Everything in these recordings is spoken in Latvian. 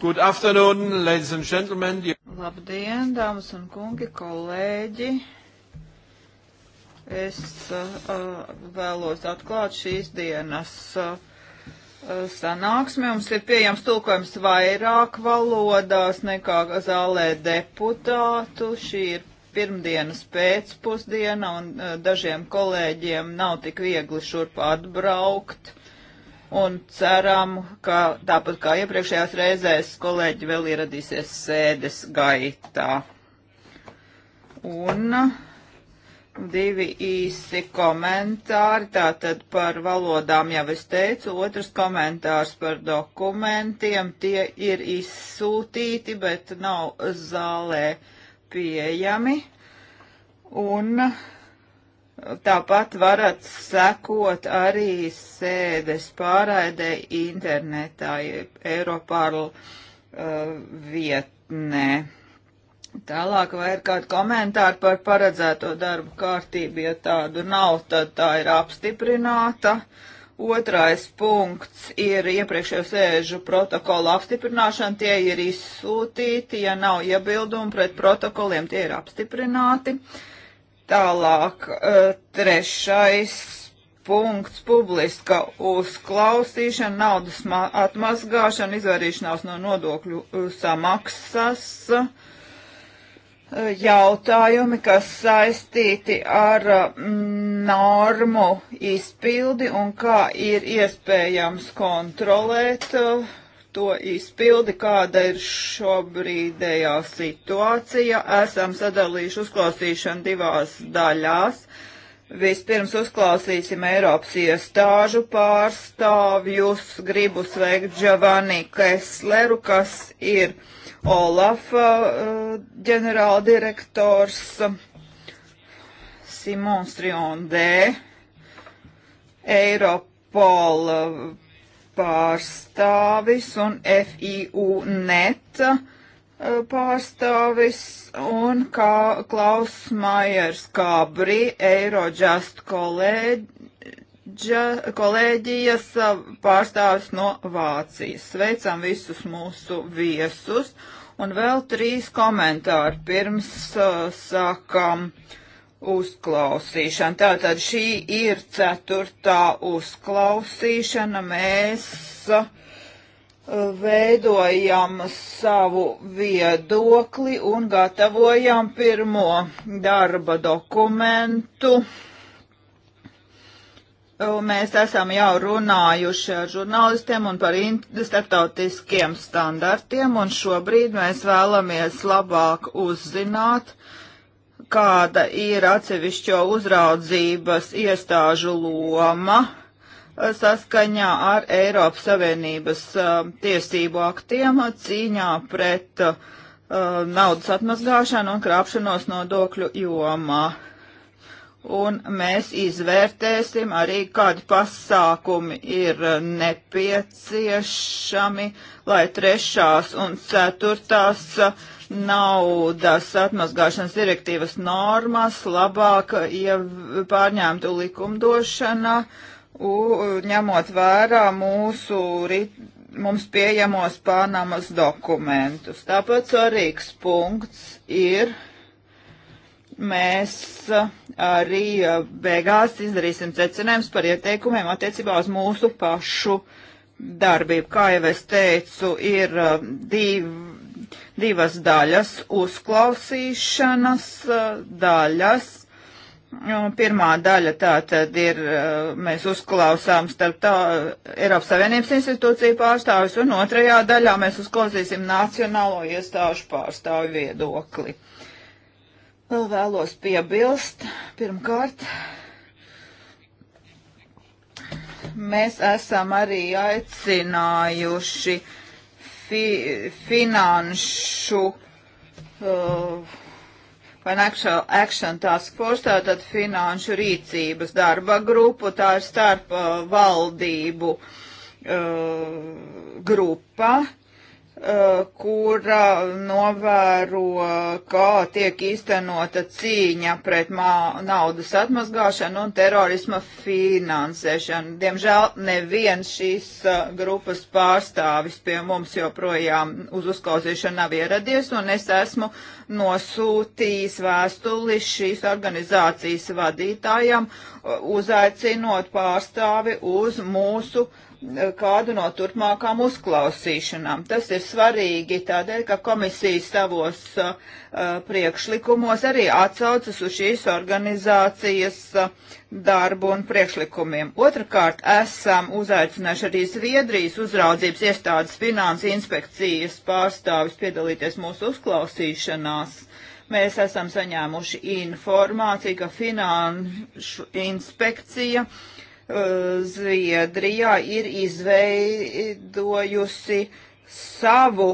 Good afternoon, ladies and gentlemen. Labdien, dāmas un kungi, kolēģi. Es uh, uh vēlos atklāt šīs dienas uh, uh, sanāksmi. Mums ir pieejams tulkojums vairāk valodās nekā zālē deputātu. Šī ir pirmdienas pēcpusdiena un uh, dažiem kolēģiem nav tik viegli šurp atbraukt un ceram, ka tāpat kā iepriekšējās reizēs kolēģi vēl ieradīsies sēdes gaitā. Un divi īsi komentāri, tātad par valodām jau es teicu, otrs komentārs par dokumentiem, tie ir izsūtīti, bet nav zālē pieejami. Un uh, Tāpat varat sekot arī sēdes pārraidē internetā, Eiroparl uh, vietnē. Tālāk vai ir kādi komentāri par paredzēto darbu kārtību, ja tādu nav, tad tā ir apstiprināta. Otrais punkts ir iepriekšējo sēžu protokola apstiprināšana, tie ir izsūtīti, ja nav iebildumi pret protokoliem, tie ir apstiprināti. Uh, Tālāk, eh, trešais punkts - publiska uzklausīšana, naudas atmazgāšana, izvairīšanās no nodokļu eh, samaksas eh, jautājumi, kas saistīti ar normu izpildi un kā ir iespējams kontrolēt uh, to izpildi, kāda ir šobrīdējā situācija. Esam sadalījuši uzklausīšanu divās daļās. Vispirms uzklausīsim Eiropas iestāžu pārstāvjus. Gribu sveikt Giovanni Kessleru, kas ir Olafa eh, ģenerāldirektors Simons Triondē, Eiropola eh, pārstāvis un FIU net eh, pārstāvis un kā Klaus Maiers Kabri, Eirojust kolēģa, kolēģijas eh, pārstāvis no Vācijas. Sveicam visus mūsu viesus un vēl trīs komentāri pirms uh, sākam. Uh, uzklausīšana. Tātad šī ir ceturtā uzklausīšana. Mēs uh, veidojam savu viedokli un gatavojam pirmo darba dokumentu. Mēs esam jau runājuši ar žurnālistiem un par starptautiskiem standartiem, un šobrīd mēs vēlamies labāk uzzināt, kāda ir atsevišķo uzraudzības iestāžu loma uh, saskaņā ar Eiropas Savienības uh, tiesību aktiem uh, cīņā pret uh, naudas atmazgāšanu un krāpšanos nodokļu jomā. Un mēs izvērtēsim arī, kādi pasākumi ir uh, nepieciešami, lai trešās un ceturtās uh, naudas atmazgāšanas direktīvas normas labāk ja pārņemtu likumdošana, u, ņemot vērā mūsu rit, mums pieejamos Panamas dokumentus. Tāpēc svarīgs punkts ir mēs arī beigās izdarīsim secinājumus par ieteikumiem attiecībā uz mūsu pašu darbību. Kā jau es teicu, ir um, divi divas daļas - uzklausīšanas eh, daļas. Nu, pirmā daļa tā tad ir, eh, mēs uzklausām starp tā Eiropas Savienības institūciju pārstāvis, un otrajā daļā mēs uzklausīsim nacionālo iestāžu pārstāvi viedokli. Vēl vēlos piebilst, pirmkārt, mēs esam arī aicinājuši uh, fi, finanšu uh, Financial Action Task Force, tātad finanšu rīcības darba grupu, tā ir starp uh, valdību uh, grupa, Uh, kura novēro, kā tiek īstenota cīņa pret naudas atmazgāšanu un terorisma finansēšanu. Diemžēl neviens šīs uh, grupas pārstāvis pie mums joprojām uz uzklausīšanu nav ieradies, un es esmu nosūtījis vēstuli šīs organizācijas vadītājam, uh, uzaicinot pārstāvi uz mūsu uh, kādu no turpmākām uzklausīšanām. Tas ir svarīgi tādēļ, ka komisija savos uh, uh, priekšlikumos arī atsaucas uz šīs organizācijas uh, darbu un priekšlikumiem. Otrakārt, esam uzaicinājuši arī Zviedrijas uzraudzības iestādes finanses inspekcijas pārstāvis piedalīties mūsu uzklausīšanās mēs esam saņēmuši informāciju, ka finanšu inspekcija uh, Zviedrijā ir izveidojusi savu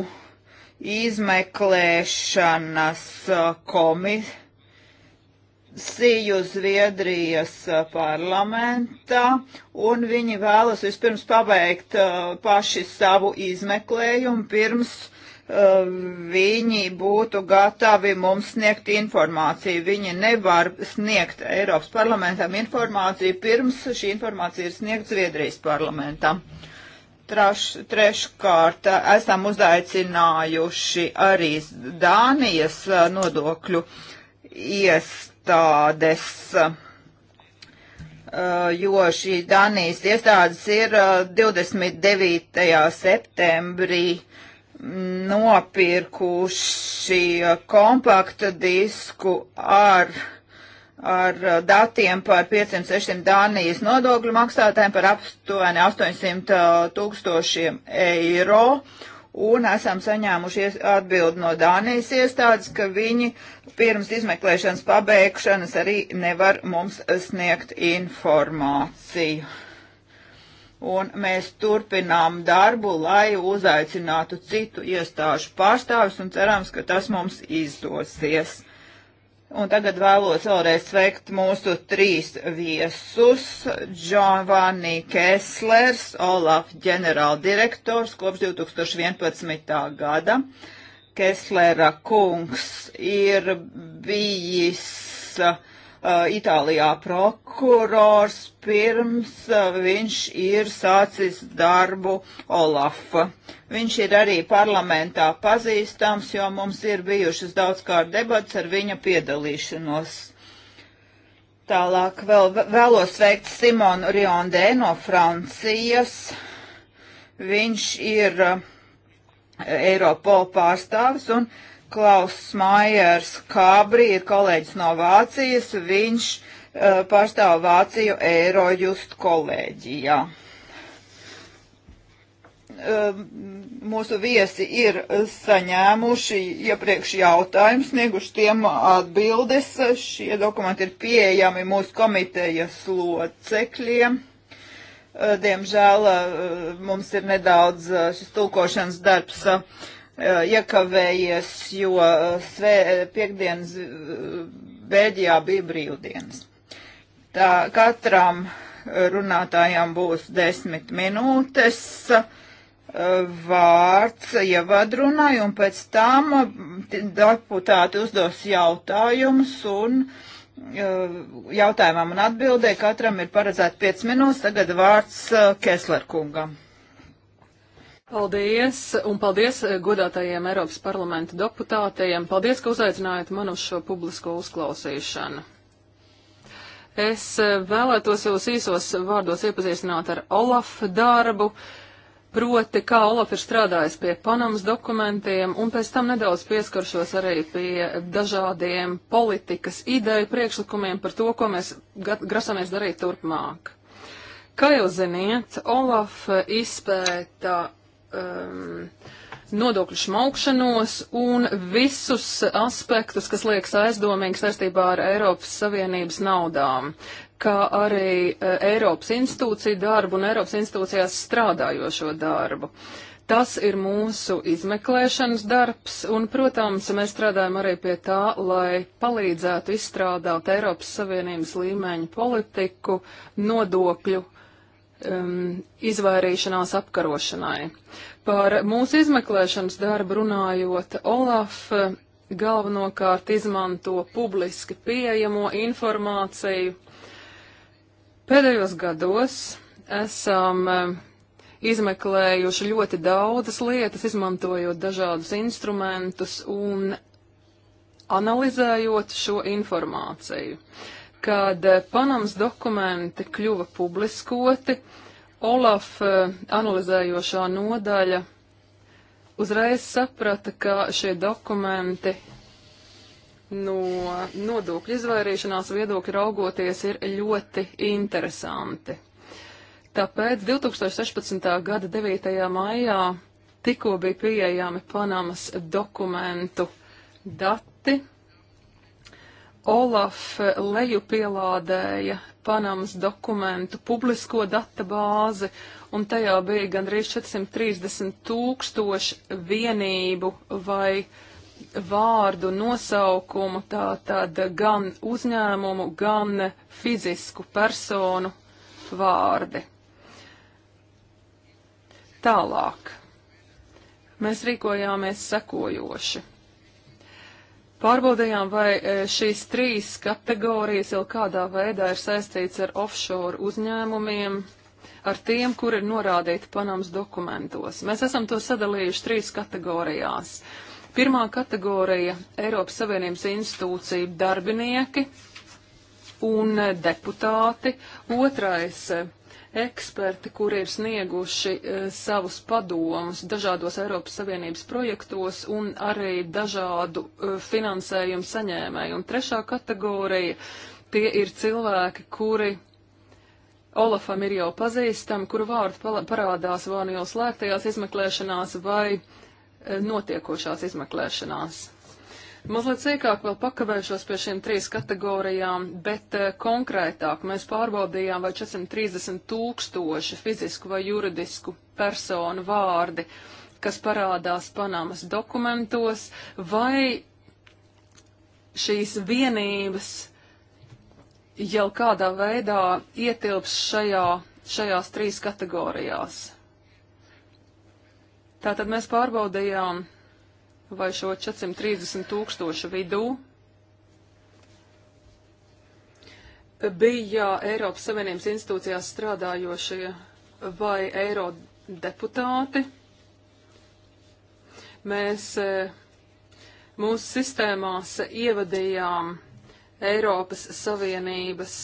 izmeklēšanas uh, komisiju Zviedrijas uh, parlamentā, un viņi vēlas vispirms pabeigt uh, paši savu izmeklējumu pirms Um, viņi būtu gatavi mums sniegt informāciju. Viņi nevar sniegt Eiropas parlamentam informāciju pirms šī informācija ir sniegta Zviedrijas parlamentam. Traš, treškārt, esam uzaicinājuši arī Dānijas uh, nodokļu iestādes, uh, jo šī Dānijas iestādes ir 29. Uh, septembrī uh, nopirkuši uh, kompaktu disku ar, ar uh, datiem par 500-600 Dānijas nodokļu maksātājiem par aptuveni 800 uh, tūkstošiem eiro. Un esam saņēmuši atbildi no Dānijas iestādes, ka viņi pirms izmeklēšanas pabeigšanas arī nevar mums sniegt informāciju un mēs turpinām darbu, lai uzaicinātu citu iestāžu pārstāvis un cerams, ka tas mums izdosies. Un tagad vēlos vēlreiz sveikt mūsu trīs viesus - Giovanni Kesslers, Olaf ģenerāldirektors kopš 2011. gada. Kesslera kungs ir bijis uh, uh, Itālijā prokurors pirms uh, viņš ir sācis darbu Olafa. Viņš ir arī parlamentā pazīstams, jo mums ir bijušas daudzkārt debats ar viņa piedalīšanos. Tālāk vēl, vēlos sveikt Simonu Riondē no Francijas. Viņš ir uh, Eiropola pārstāvis un uh, Klaus Maiers Kābri ir kolēģis no Vācijas, viņš uh, pārstāv Vāciju Eirojust kolēģijā. Uh, mūsu viesi ir saņēmuši iepriekš jautājumus, snieguši tiem atbildes. Šie dokumenti ir pieejami mūsu komitejas locekļiem. Uh, diemžēl mums ir nedaudz šis tulkošanas darbs Uh, iekavējies, jo uh, svē, piekdienas uh, Bēļģijā bija brīvdienas. Tā katram runātājām būs desmit minūtes vārds ievadrunai, ja un pēc tam deputāti uzdos jautājumus un jautājumam un atbildē katram ir paredzēta 5 minūtes. Tagad vārds Kesler kungam. Paldies, un paldies eh, godātajiem Eiropas parlamenta deputātajiem. Paldies, ka uzaicinājāt man uz šo publisko uzklausīšanu. Es eh, vēlētos jūs īsos vārdos iepazīstināt ar Olaf darbu, proti, kā Olaf ir strādājis pie Panamas dokumentiem, un pēc tam nedaudz pieskaršos arī pie dažādiem politikas ideju priekšlikumiem par to, ko mēs grasamies darīt turpmāk. Kā jau ziniet, Olaf eh, izpēta um, nodokļu šmaukšanos un visus aspektus, kas liekas aizdomīgi saistībā ar Eiropas Savienības naudām, kā arī uh, Eiropas institūciju darbu un Eiropas institūcijās strādājošo darbu. Tas ir mūsu izmeklēšanas darbs, un, protams, mēs strādājam arī pie tā, lai palīdzētu izstrādāt Eiropas Savienības līmeņu politiku nodokļu um, izvairīšanās apkarošanai. Par mūsu izmeklēšanas darbu runājot, Olaf eh, galvenokārt izmanto publiski pieejamo informāciju. Pēdējos gados esam eh, izmeklējuši ļoti daudzas lietas, izmantojot dažādus instrumentus un analizējot šo informāciju. Uh, kad eh, Panamas dokumenti kļuva publiskoti, Olaf eh, analizējošā nodaļa uzreiz saprata, ka šie dokumenti no nodokļu izvairīšanās viedokļa raugoties ir ļoti interesanti. Tāpēc 2016. gada 9. maijā tikko bija pieejami Panamas dokumentu dati, Olaf lejupielādēja Panamas dokumentu publisko databāzi, un tajā bija gandrīz 430 tūkstoši vienību vai vārdu nosaukumu, tātad gan uzņēmumu, gan fizisku personu vārdi. Tālāk. Mēs rīkojāmies sekojoši. Pārbaudījām, vai e, šīs trīs kategorijas jau kādā veidā ir saistīts ar offshore uzņēmumiem, ar tiem, kur ir norādīti Panamas dokumentos. Mēs esam to sadalījuši trīs kategorijās. Pirmā kategorija - Eiropas Savienības institūciju darbinieki un e, deputāti. Otrais e, eksperti, kuri ir snieguši e, savus padomus dažādos Eiropas Savienības projektos un arī dažādu e, finansējumu saņēmēju. Un trešā kategorija tie ir cilvēki, kuri Olafam ir jau pazīstami, kuru vārdu parādās vai nu jau slēgtajās izmeklēšanās vai e, notiekošās izmeklēšanās. Mazliet sīkāk vēl pakavējušos pie šīm trīs kategorijām, bet eh, konkrētāk mēs pārbaudījām, vai 430 tūkstoši fizisku vai juridisku personu vārdi, kas parādās Panamas dokumentos, vai šīs vienības jau kādā veidā ietilps šajā, šajās trīs kategorijās. Tātad mēs pārbaudījām vai šo 430 tūkstošu vidū bija Eiropas Savienības institūcijās strādājošie vai eiro deputāti. Mēs e, mūsu sistēmās ievadījām Eiropas Savienības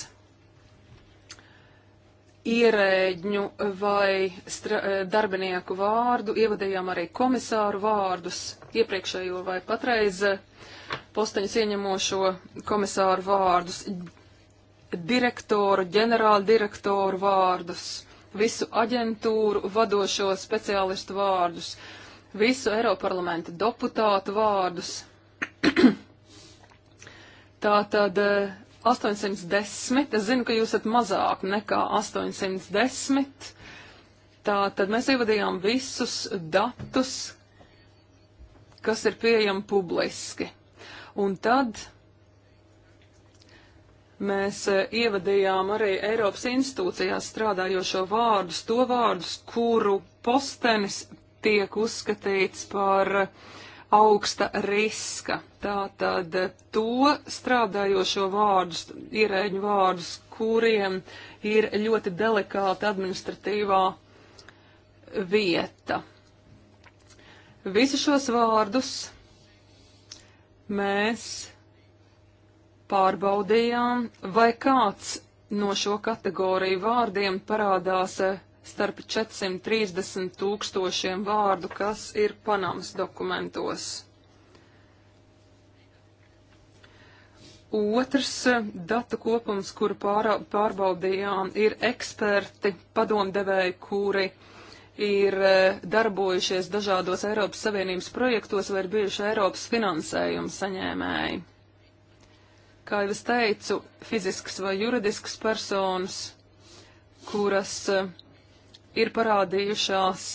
ierēģņu vai e, darbinieku vārdu, ievadījām arī komisāru vārdus iepriekšējo vai patreiz eh, posteņus ieņemošo komisāru vārdus, direktoru, ģenerāla direktoru vārdus, visu aģentūru vadošo speciālistu vārdus, visu Eiroparlamenta deputātu vārdus. Tātad 810, eh, es zinu, ka jūs esat mazāk nekā 810. Tā tad mēs ievadījām visus datus, kas ir pieejama publiski. Un tad mēs e, ievadījām arī Eiropas institūcijās strādājošo vārdus, to vārdus, kuru postenis tiek uzskatīts par e, augsta riska. Tātad e, to strādājošo vārdus, ierēģu vārdus, kuriem ir ļoti delikāta administratīvā vieta. Visu šos vārdus mēs pārbaudījām, vai kāds no šo kategoriju vārdiem parādās starp 430 tūkstošiem vārdu, kas ir Panamas dokumentos. Otrs datu kopums, kuru pārbaudījām, ir eksperti, padomdevēji, kuri uh, ir e, darbojušies dažādos Eiropas Savienības projektos vai ir bijuši Eiropas finansējuma saņēmēji. Kā jau es teicu, fizisks vai juridisks personas, kuras e, ir parādījušās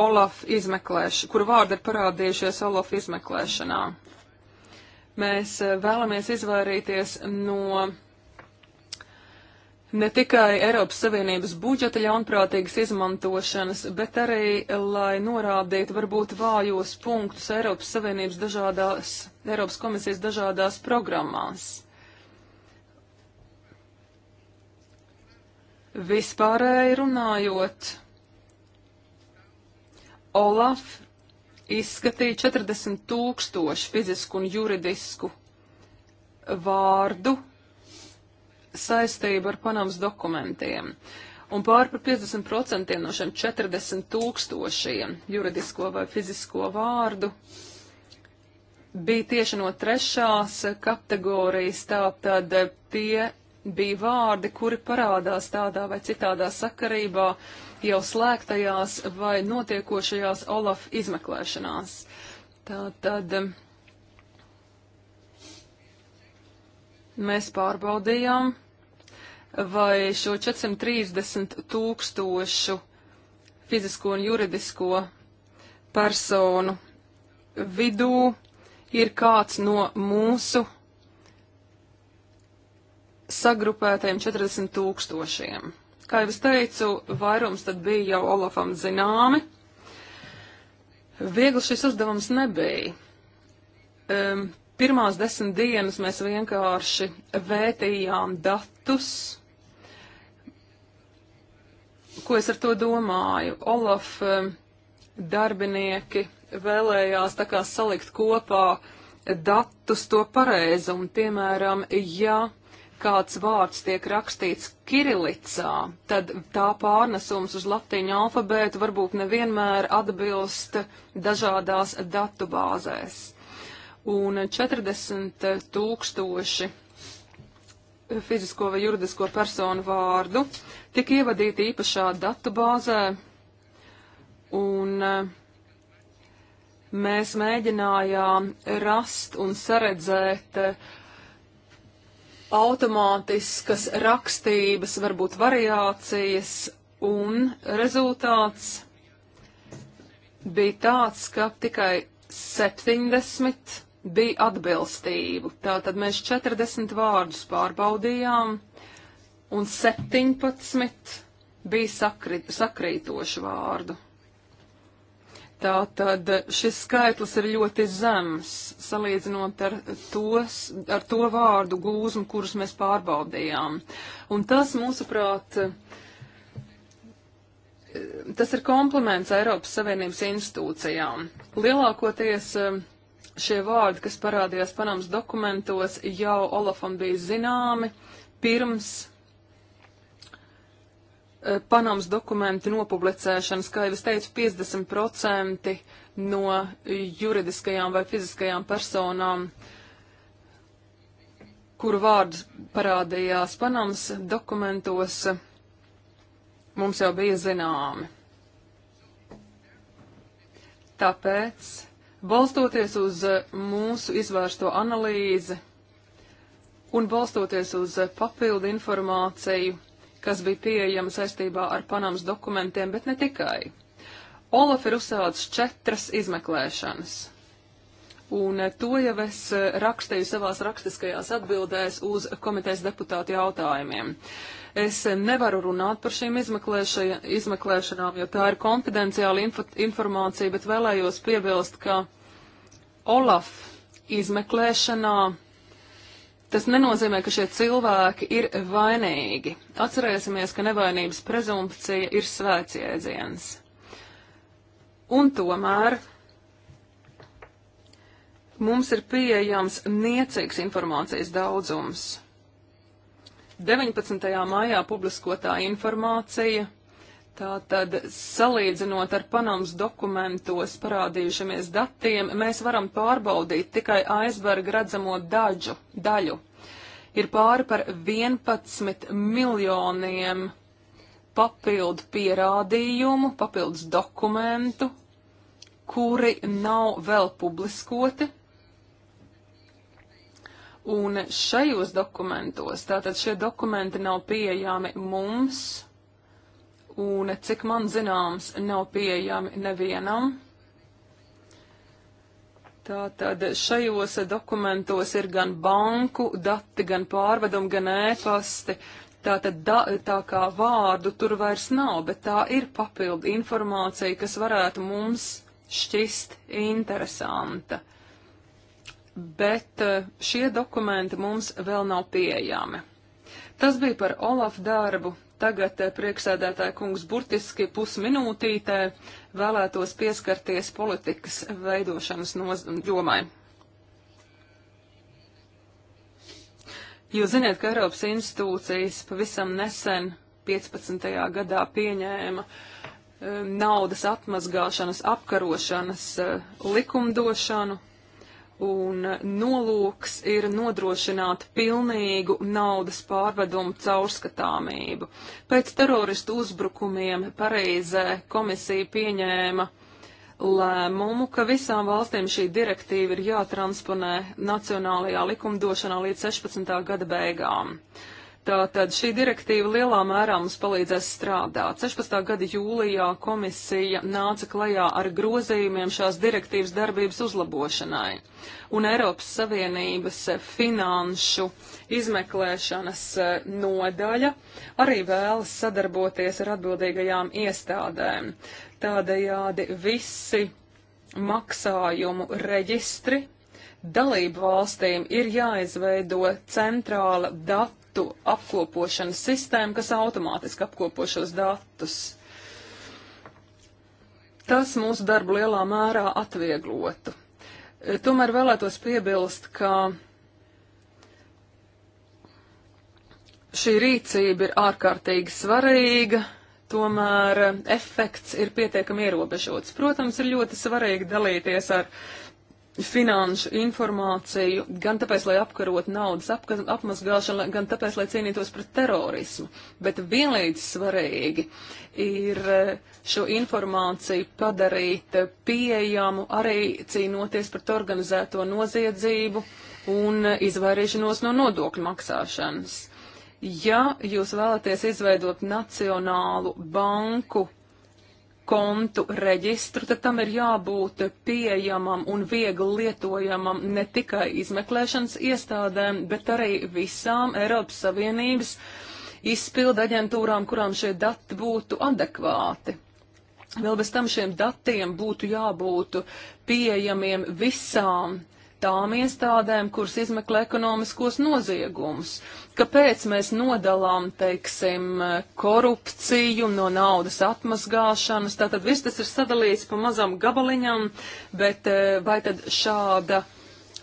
Olaf izmeklēšanā, kuru vārdi ir parādījušies Olaf izmeklēšanā. Mēs e, vēlamies izvairīties no ne tikai Eiropas Savienības budžeta ļaunprātīgas izmantošanas, bet arī, lai norādītu varbūt vājos punktus Eiropas Savienības dažādās, Eiropas komisijas dažādās programmās. Vispārēji runājot, Olaf izskatīja 40 tūkstoši fizisku un juridisku vārdu saistība ar Panamas dokumentiem. Un pār par 50% no šiem 40 tūkstošiem juridisko vai fizisko vārdu bija tieši no trešās kategorijas, tātad eh, tie bija vārdi, kuri parādās tādā vai citādā sakarībā jau slēgtajās vai notiekošajās Olaf izmeklēšanās. Tātad eh, mēs pārbaudījām vai šo 430 tūkstošu fizisko un juridisko personu vidū ir kāds no mūsu sagrupētajiem 40 tūkstošiem. Kā jau es teicu, vairums tad bija jau Olafam zināmi. Viegli šis uzdevums nebija. Um, pirmās desmit dienas mēs vienkārši vētījām datus, Ko es ar to domāju? Olaf eh, darbinieki vēlējās tā kā salikt kopā datus to pareizumu. Piemēram, ja kāds vārds tiek rakstīts kirilicā, tad tā pārnesums uz latīņu alfabētu varbūt nevienmēr atbilst dažādās datubāzēs. Un 40 tūkstoši fizisko vai juridisko personu vārdu, tika ievadīti īpašā datubāzē, un eh, mēs mēģinājām rast un saredzēt eh, automātiskas rakstības, varbūt variācijas, un rezultāts bija tāds, ka tikai 70 bija atbilstību. Tātad mēs 40 vārdus pārbaudījām, un 17 bija sakrit, sakrītošu vārdu. Tātad šis skaitlis ir ļoti zems, salīdzinot ar, tos, ar to vārdu gūzmu, kurus mēs pārbaudījām. Un tas, mūsuprāt, tas ir kompliments Eiropas Savienības institūcijām. Lielākoties Šie vārdi, kas parādījās Panamas dokumentos, jau Olafam bija zināmi pirms eh, Panamas dokumentu nopublicēšanas, kā jau es teicu, 50% no juridiskajām vai fiziskajām personām, kuru vārds parādījās Panamas dokumentos, mums jau bija zināmi. Tāpēc Balstoties uz eh, mūsu izvērsto analīzi un balstoties uz eh, papildu informāciju, kas bija pieejama saistībā ar Panamas dokumentiem, bet ne tikai. Olaf ir uzsācis četras izmeklēšanas. Un eh, to jau es rakstīju savās rakstiskajās atbildēs uz komitejas deputātu jautājumiem. Uh, Es nevaru runāt par šīm izmeklēšanām, jo tā ir konfidenciāla info informācija, bet vēlējos piebilst, ka Olaf izmeklēšanā tas nenozīmē, ka šie cilvēki ir vainīgi. Atcerēsimies, ka nevainības prezumpcija ir svēciedziens. Un tomēr mums ir pieejams niecīgs informācijas daudzums. 19. maijā publiskotā informācija, tātad salīdzinot ar Panamas dokumentos parādījušamies datiem, mēs varam pārbaudīt tikai aizberga redzamo daļu. daļu. Ir pāri par 11 miljoniem papildu pierādījumu, papildus dokumentu, kuri nav vēl publiskoti, Un šajos dokumentos, tātad šie dokumenti nav pieejami mums, un cik man zināms, nav pieejami nevienam. Tātad šajos dokumentos ir gan banku dati, gan pārvedumi, gan ēpasti. Tātad da, tā kā vārdu tur vairs nav, bet tā ir papildu informācija, kas varētu mums šķist interesanta bet eh, šie dokumenti mums vēl nav pieejami. Tas bija par Olaf darbu. Tagad eh, priekšsēdētāja kungs burtiski pusminūtītē vēlētos pieskarties politikas veidošanas jomai. Jūs ziniet, ka Eiropas institūcijas pavisam nesen 15. gadā pieņēma eh, naudas atmazgāšanas, apkarošanas likumdošanu, un nolūks ir nodrošināt pilnīgu naudas pārvedumu caurskatāmību. Pēc teroristu uzbrukumiem Parīzē komisija pieņēma lēmumu, ka visām valstīm šī direktīva ir jātransponē nacionālajā likumdošanā līdz 16. gada beigām. Uh, Tātad šī direktīva lielā mērā mums palīdzēs strādāt. 16. gada jūlijā komisija nāca klajā ar grozījumiem šās direktīvas darbības uzlabošanai, un Eiropas Savienības finanšu izmeklēšanas e, nodaļa arī vēlas sadarboties ar atbildīgajām iestādēm. Tādējādi visi maksājumu reģistri dalību valstīm ir jāizveido centrāla datu datu apkopošanas sistēma, kas automātiski apkopo šos datus. Tas mūsu darbu lielā mērā atvieglotu. E, tomēr vēlētos piebilst, ka šī rīcība ir ārkārtīgi svarīga, tomēr e, efekts ir pietiekami ierobežots. Protams, ir ļoti svarīgi dalīties ar uh, finanšu informāciju, gan tāpēc, lai apkarot naudas apka, apmazgāšanu, gan tāpēc, lai cīnītos pret terorismu. Bet vienlīdz svarīgi ir e, šo informāciju padarīt e, pieejamu arī cīnoties pret organizēto noziedzību un e, izvairīšanos no nodokļu maksāšanas. Ja jūs vēlaties izveidot Nacionālu banku kontu reģistru, tad tam ir jābūt pieejamam un viegli lietojamam ne tikai izmeklēšanas iestādēm, bet arī visām Eiropas Savienības izpilda aģentūrām, kurām šie dati būtu adekvāti. Vēl bez tam šiem datiem būtu jābūt pieejamiem visām uh, tām iestādēm, kuras izmeklē ekonomiskos noziegumus. Kāpēc mēs nodalām, teiksim, korupciju no naudas atmazgāšanas? Tātad viss tas ir sadalīts pa mazam gabaliņam, bet eh, vai tad šāda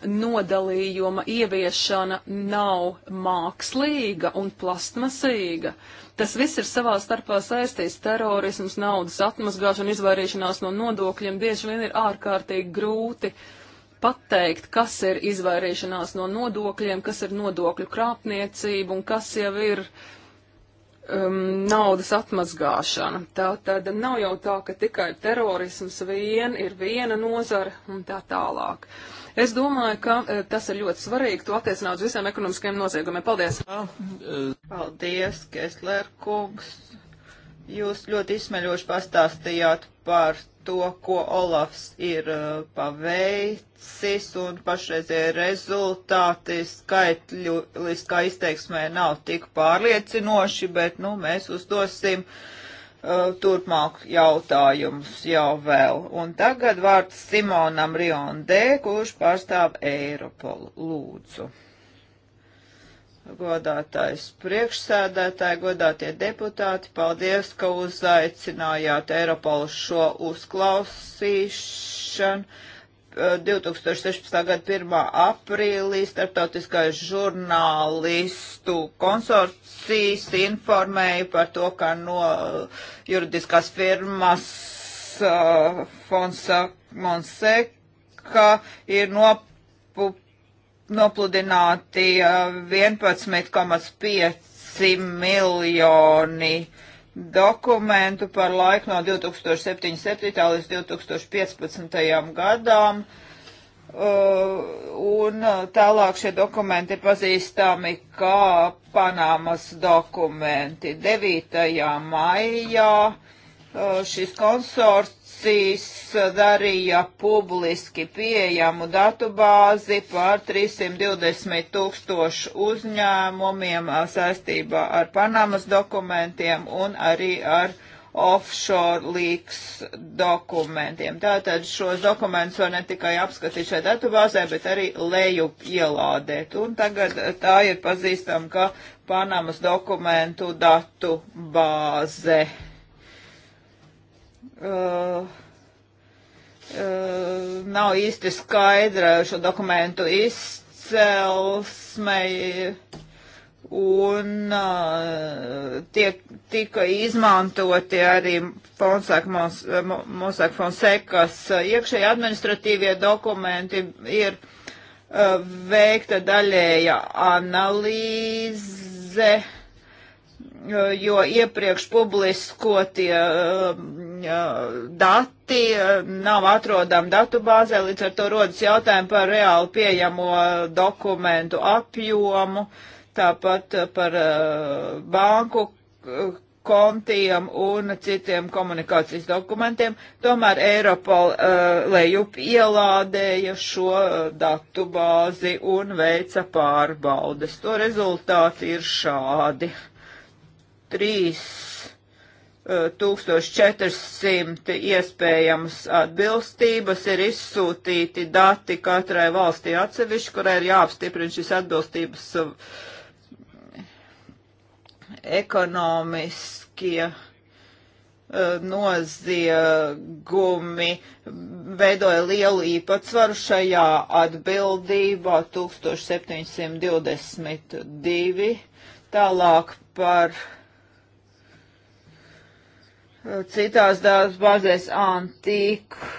nodalījuma ieviešana nav mākslīga un plastmasīga? Tas viss ir savā starpā saistīts - terorisms, naudas atmazgāšana, izvairīšanās no nodokļiem bieži vien ir ārkārtīgi grūti pateikt, kas ir izvairīšanās no nodokļiem, kas ir nodokļu krāpniecība un kas jau ir um, naudas atmazgāšana. Tā tad nav jau tā, ka tikai terorisms vien ir viena nozara un tā tālāk. Es domāju, ka e, tas ir ļoti svarīgi, to attiecināt uz visiem ekonomiskajiem noziegumiem. Paldies! Eh, Paldies, Kesler kungs! Jūs ļoti izsmeļoši pastāstījāt par to, ko Olafs ir uh, paveicis, un pašreizie rezultāti skaitļuliskā izteiksmē nav tik pārliecinoši, bet, nu, mēs uzdosim uh, turpmāk jautājumus jau vēl. Un tagad vārds Simonam Riondē, kurš pārstāv Eiropolu. Lūdzu godātais priekšsēdētāji, godātie deputāti, paldies, ka uzaicinājāt Eiropolu šo uzklausīšanu. 2016. gada 1. aprīlī starptautiskais žurnālistu konsorcijas informēja par to, ka no juridiskās firmas uh, Fonsa Monseka ir nopirkt nopludināti 11,5 miljoni dokumentu par laiku no 2077. līdz 2015. gadām. Uh, un tālāk šie dokumenti ir pazīstami kā Panamas dokumenti. 9. maijā uh, šis konsors valstīs eh, darīja publiski pieejamu datubāzi par 320 tūkstošu uzņēmumiem eh, saistībā ar Panamas dokumentiem un arī ar offshore leaks dokumentiem. Tātad šos dokumentus var ne tikai apskatīt šajā datubāzē, bet arī lejup ielādēt. Un tagad eh, tā ir pazīstama kā Panamas dokumentu datubāze. bāze. Uh, uh, nav īsti skaidra šo dokumentu izcelsme un uh, tiek, tika izmantoti arī Mosāk uh, Fonsekas uh, iekšēji administratīvie dokumenti ir uh, veikta daļēja analīze jo iepriekš publiskotie um, dati nav atrodami datubāzē, līdz ar to rodas jautājumi par reāli pieejamo dokumentu apjomu, tāpat par uh, banku uh, kontiem un citiem komunikācijas dokumentiem. Tomēr Eiropol uh, lejup ielādēja šo datubāzi un veica pārbaudes. To rezultāti ir šādi. Uh, 3400 eh, iespējamas atbilstības ir izsūtīti dati katrai valstī atsevišķi, kurai ir jāapstiprina šis atbilstības eh, ekonomiskie eh, noziegumi veidoja lielu īpatsvaru šajā atbildībā 1722, tālāk par citās daudz bazēs antīku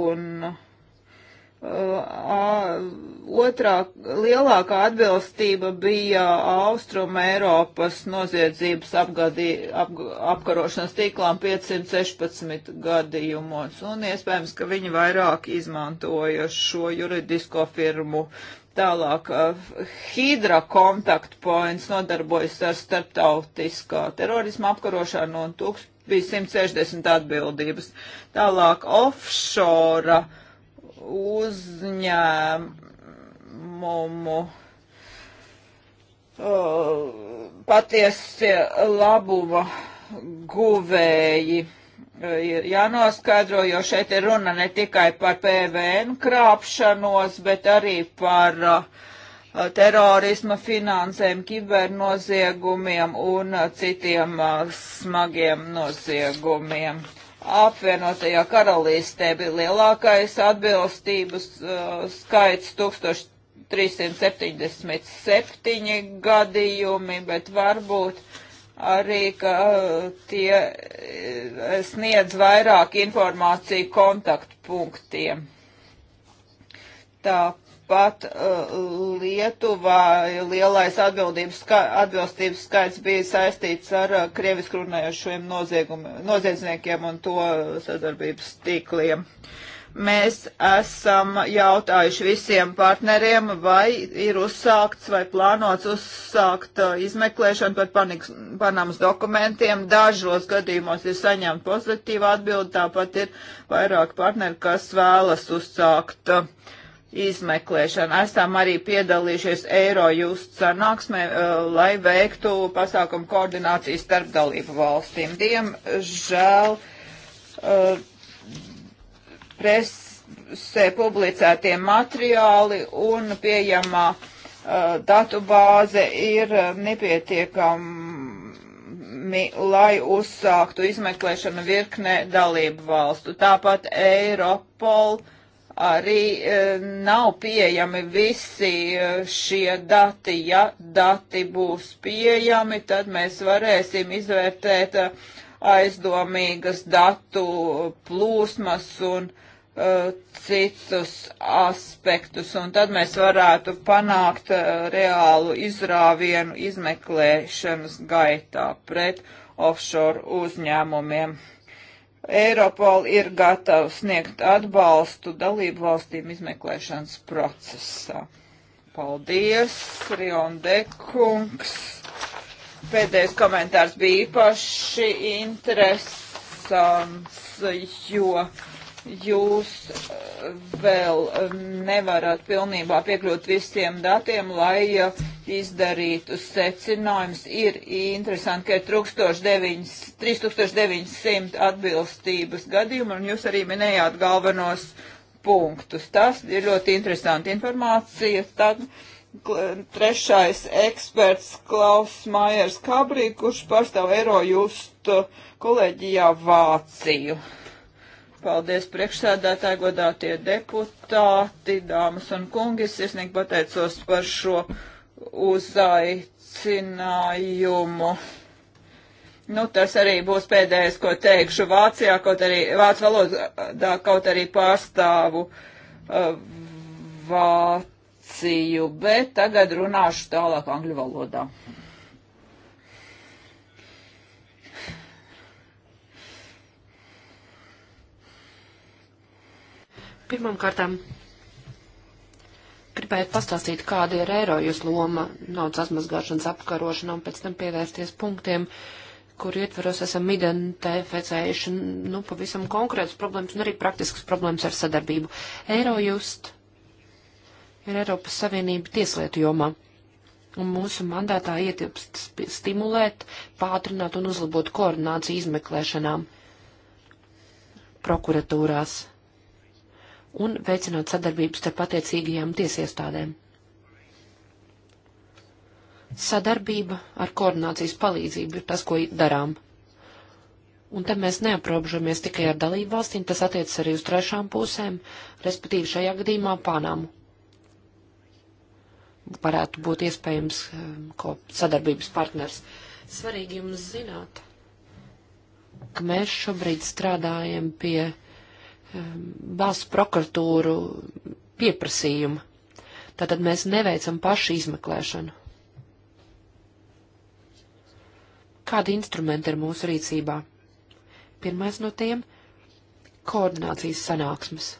un uh, otrā lielākā atbilstība bija Austrum Eiropas noziedzības apgadī, ap, apkarošanas tīklām 516 gadījumos, un iespējams, ka viņi vairāk izmantoja šo juridisko firmu. Tālāk, uh, Hydra Contact Points nodarbojas ar starptautiskā terorisma apkarošanu un tūkst bija 160 atbildības. Tālāk offshore uzņēmumu uh, patiesi labuma guvēji e, ir jānoskaidro, jo šeit ir runa ne tikai par PVN krāpšanos, bet arī par uh, Uh, terorisma finansēm, kibernoziegumiem un uh, citiem uh, smagiem noziegumiem. Apvienotajā karalīstē bija lielākais atbilstības skaits 1377 gadījumi, bet varbūt arī, ka tie sniedz vairāk informāciju kontaktpunktiem. Tāpēc pat uh, Lietuvā lielais atbildības ska, atbilstības skaits bija saistīts ar uh, krievisku runājošiem noziedzniekiem un to sadarbības tīkliem. Mēs esam jautājuši visiem partneriem, vai ir uzsākts vai plānots uzsākt uh, izmeklēšanu par paniks, Panamas dokumentiem. Dažos gadījumos ir saņemta pozitīva atbilde, tāpat ir vairāk partneri, kas vēlas uzsākt uh, izmeklēšana. Esam arī piedalījušies Eirojust sanāksmē, eh, lai veiktu pasākumu koordināciju starp dalību valstīm. Diemžēl eh, presē publicētie materiāli un pieejamā eh, datu bāze ir nepietiekami, lai uzsāktu izmeklēšanu virknē dalību valstu. Tāpat Eiropol uh, arī e, nav pieejami visi e, šie dati. Ja dati būs pieejami, tad mēs varēsim izvērtēt e, aizdomīgas datu plūsmas un e, citus aspektus, un tad mēs varētu panākt e, reālu izrāvienu izmeklēšanas gaitā pret offshore uzņēmumiem. Eiropola ir gatava sniegt atbalstu dalību valstīm izmeklēšanas procesā. Paldies, Rionde kungs. Pēdējais komentārs bija īpaši interesants, jo jūs eh, vēl eh, nevarat pilnībā piekļūt visiem datiem, lai eh, izdarītu secinājumus. Ir interesanti, ka ir 19, 3900 atbilstības gadījumu, un jūs arī minējāt galvenos punktus. Tas ir ļoti interesanti informācija. Tad trešais eksperts Klaus Maiers Kabrī, kurš pārstāv Eiro just kolēģijā Vāciju. Paldies priekšsēdētāji, godātie deputāti, dāmas un kungi. Es iesnieku pateicos par šo uzaicinājumu. Nu, tas arī būs pēdējais, ko teikšu Vācijā, kaut arī vācu valodā, kaut arī pārstāvu uh, Vāciju, bet tagad runāšu tālāk angļu valodā. Pirmkārtām, gribētu pastāstīt, kāda ir eirojas loma naudas atmazgāšanas apkarošanā un pēc tam pievērsties punktiem, kur ietveros esam identificējuši, nu, pavisam konkrētas problēmas un arī praktiskas problēmas ar sadarbību. Eirojust ir Eiropas Savienība tieslietu jomā. Un mūsu mandātā ietilpst stimulēt, pātrināt un uzlabot koordināciju izmeklēšanām prokuratūrās un veicināt sadarbības starp attiecīgajām tiesiestādēm. Sadarbība ar koordinācijas palīdzību ir tas, ko darām. Un te mēs neaprobežamies tikai ar dalību valstīm, tas attiecas arī uz trešām pusēm, respektīvi šajā gadījumā Panamu. Varētu būt iespējams um, ko sadarbības partners. Svarīgi jums zināt, ka mēs šobrīd strādājam pie Um, valsts prokuratūru pieprasījumu. Tātad mēs neveicam pašu izmeklēšanu. Kādi instrumenti ir mūsu rīcībā? Pirmais no tiem - koordinācijas sanāksmes.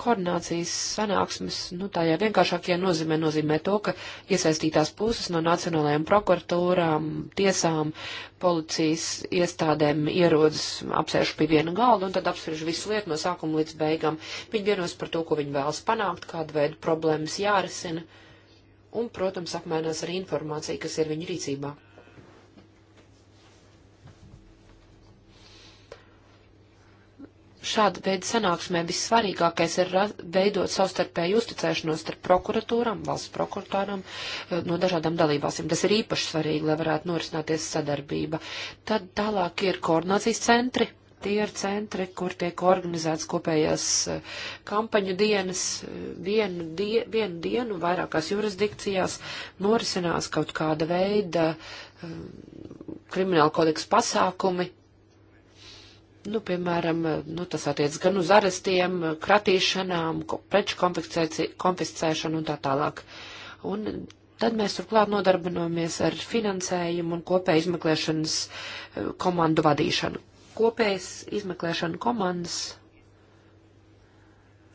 koordinācijas sanāksmes, nu tā jau vienkāršākie nozīmē, nozīmē to, ka iesaistītās puses no nacionālajām prokuratūrām, tiesām, policijas iestādēm ierodas, apsēž pie viena galda un tad apspriež visu lietu no sākuma līdz beigām. Viņi vienos par to, ko viņi vēlas panākt, kādu veidu problēmas jārisina un, protams, apmainās ar informāciju, kas ir viņu rīcībā. šāda veida sanāksmē vissvarīgākais ir veidot savstarpēju uzticēšanos starp prokuratūram, valsts prokuratūram eh, no dažādām dalībvalstīm. Tas ir īpaši svarīgi, lai varētu norisināties sadarbība. Tad tālāk ir koordinācijas centri. Tie ir centri, kur tiek organizēts kopējās eh, kampaņu dienas, eh, vienu, die, vienu dienu vairākās jurisdikcijās norisinās kaut kāda veida krimināla kodeksa pasākumi, Nu, piemēram, nu, tas attiec gan uz arestiem, kratīšanām, preču konfiscēšanu un tā tālāk. Un tad mēs turklāt nodarbinojamies ar finansējumu un kopēju izmeklēšanas eh, komandu vadīšanu. Kopējas izmeklēšana komandas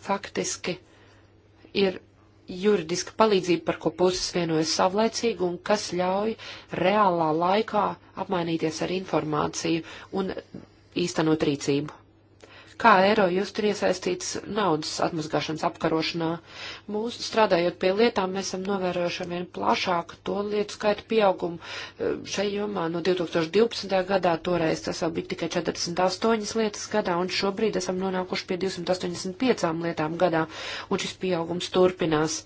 faktiski ir juridiska palīdzība, par ko puses vienojas savlaicīgi un kas ļauj reālā laikā apmainīties ar informāciju un īstenot rīcību. Kā eiro jūs tur iesaistīts naudas atmazgāšanas apkarošanā? Mūsu strādājot pie lietām, mēs esam novērojuši vien plašāku to lietu skaitu pieaugumu e, šai jomā no 2012. gadā, toreiz tas vēl bija tikai 48 lietas gadā, un šobrīd esam nonākuši pie 285 lietām gadā, un šis pieaugums turpinās.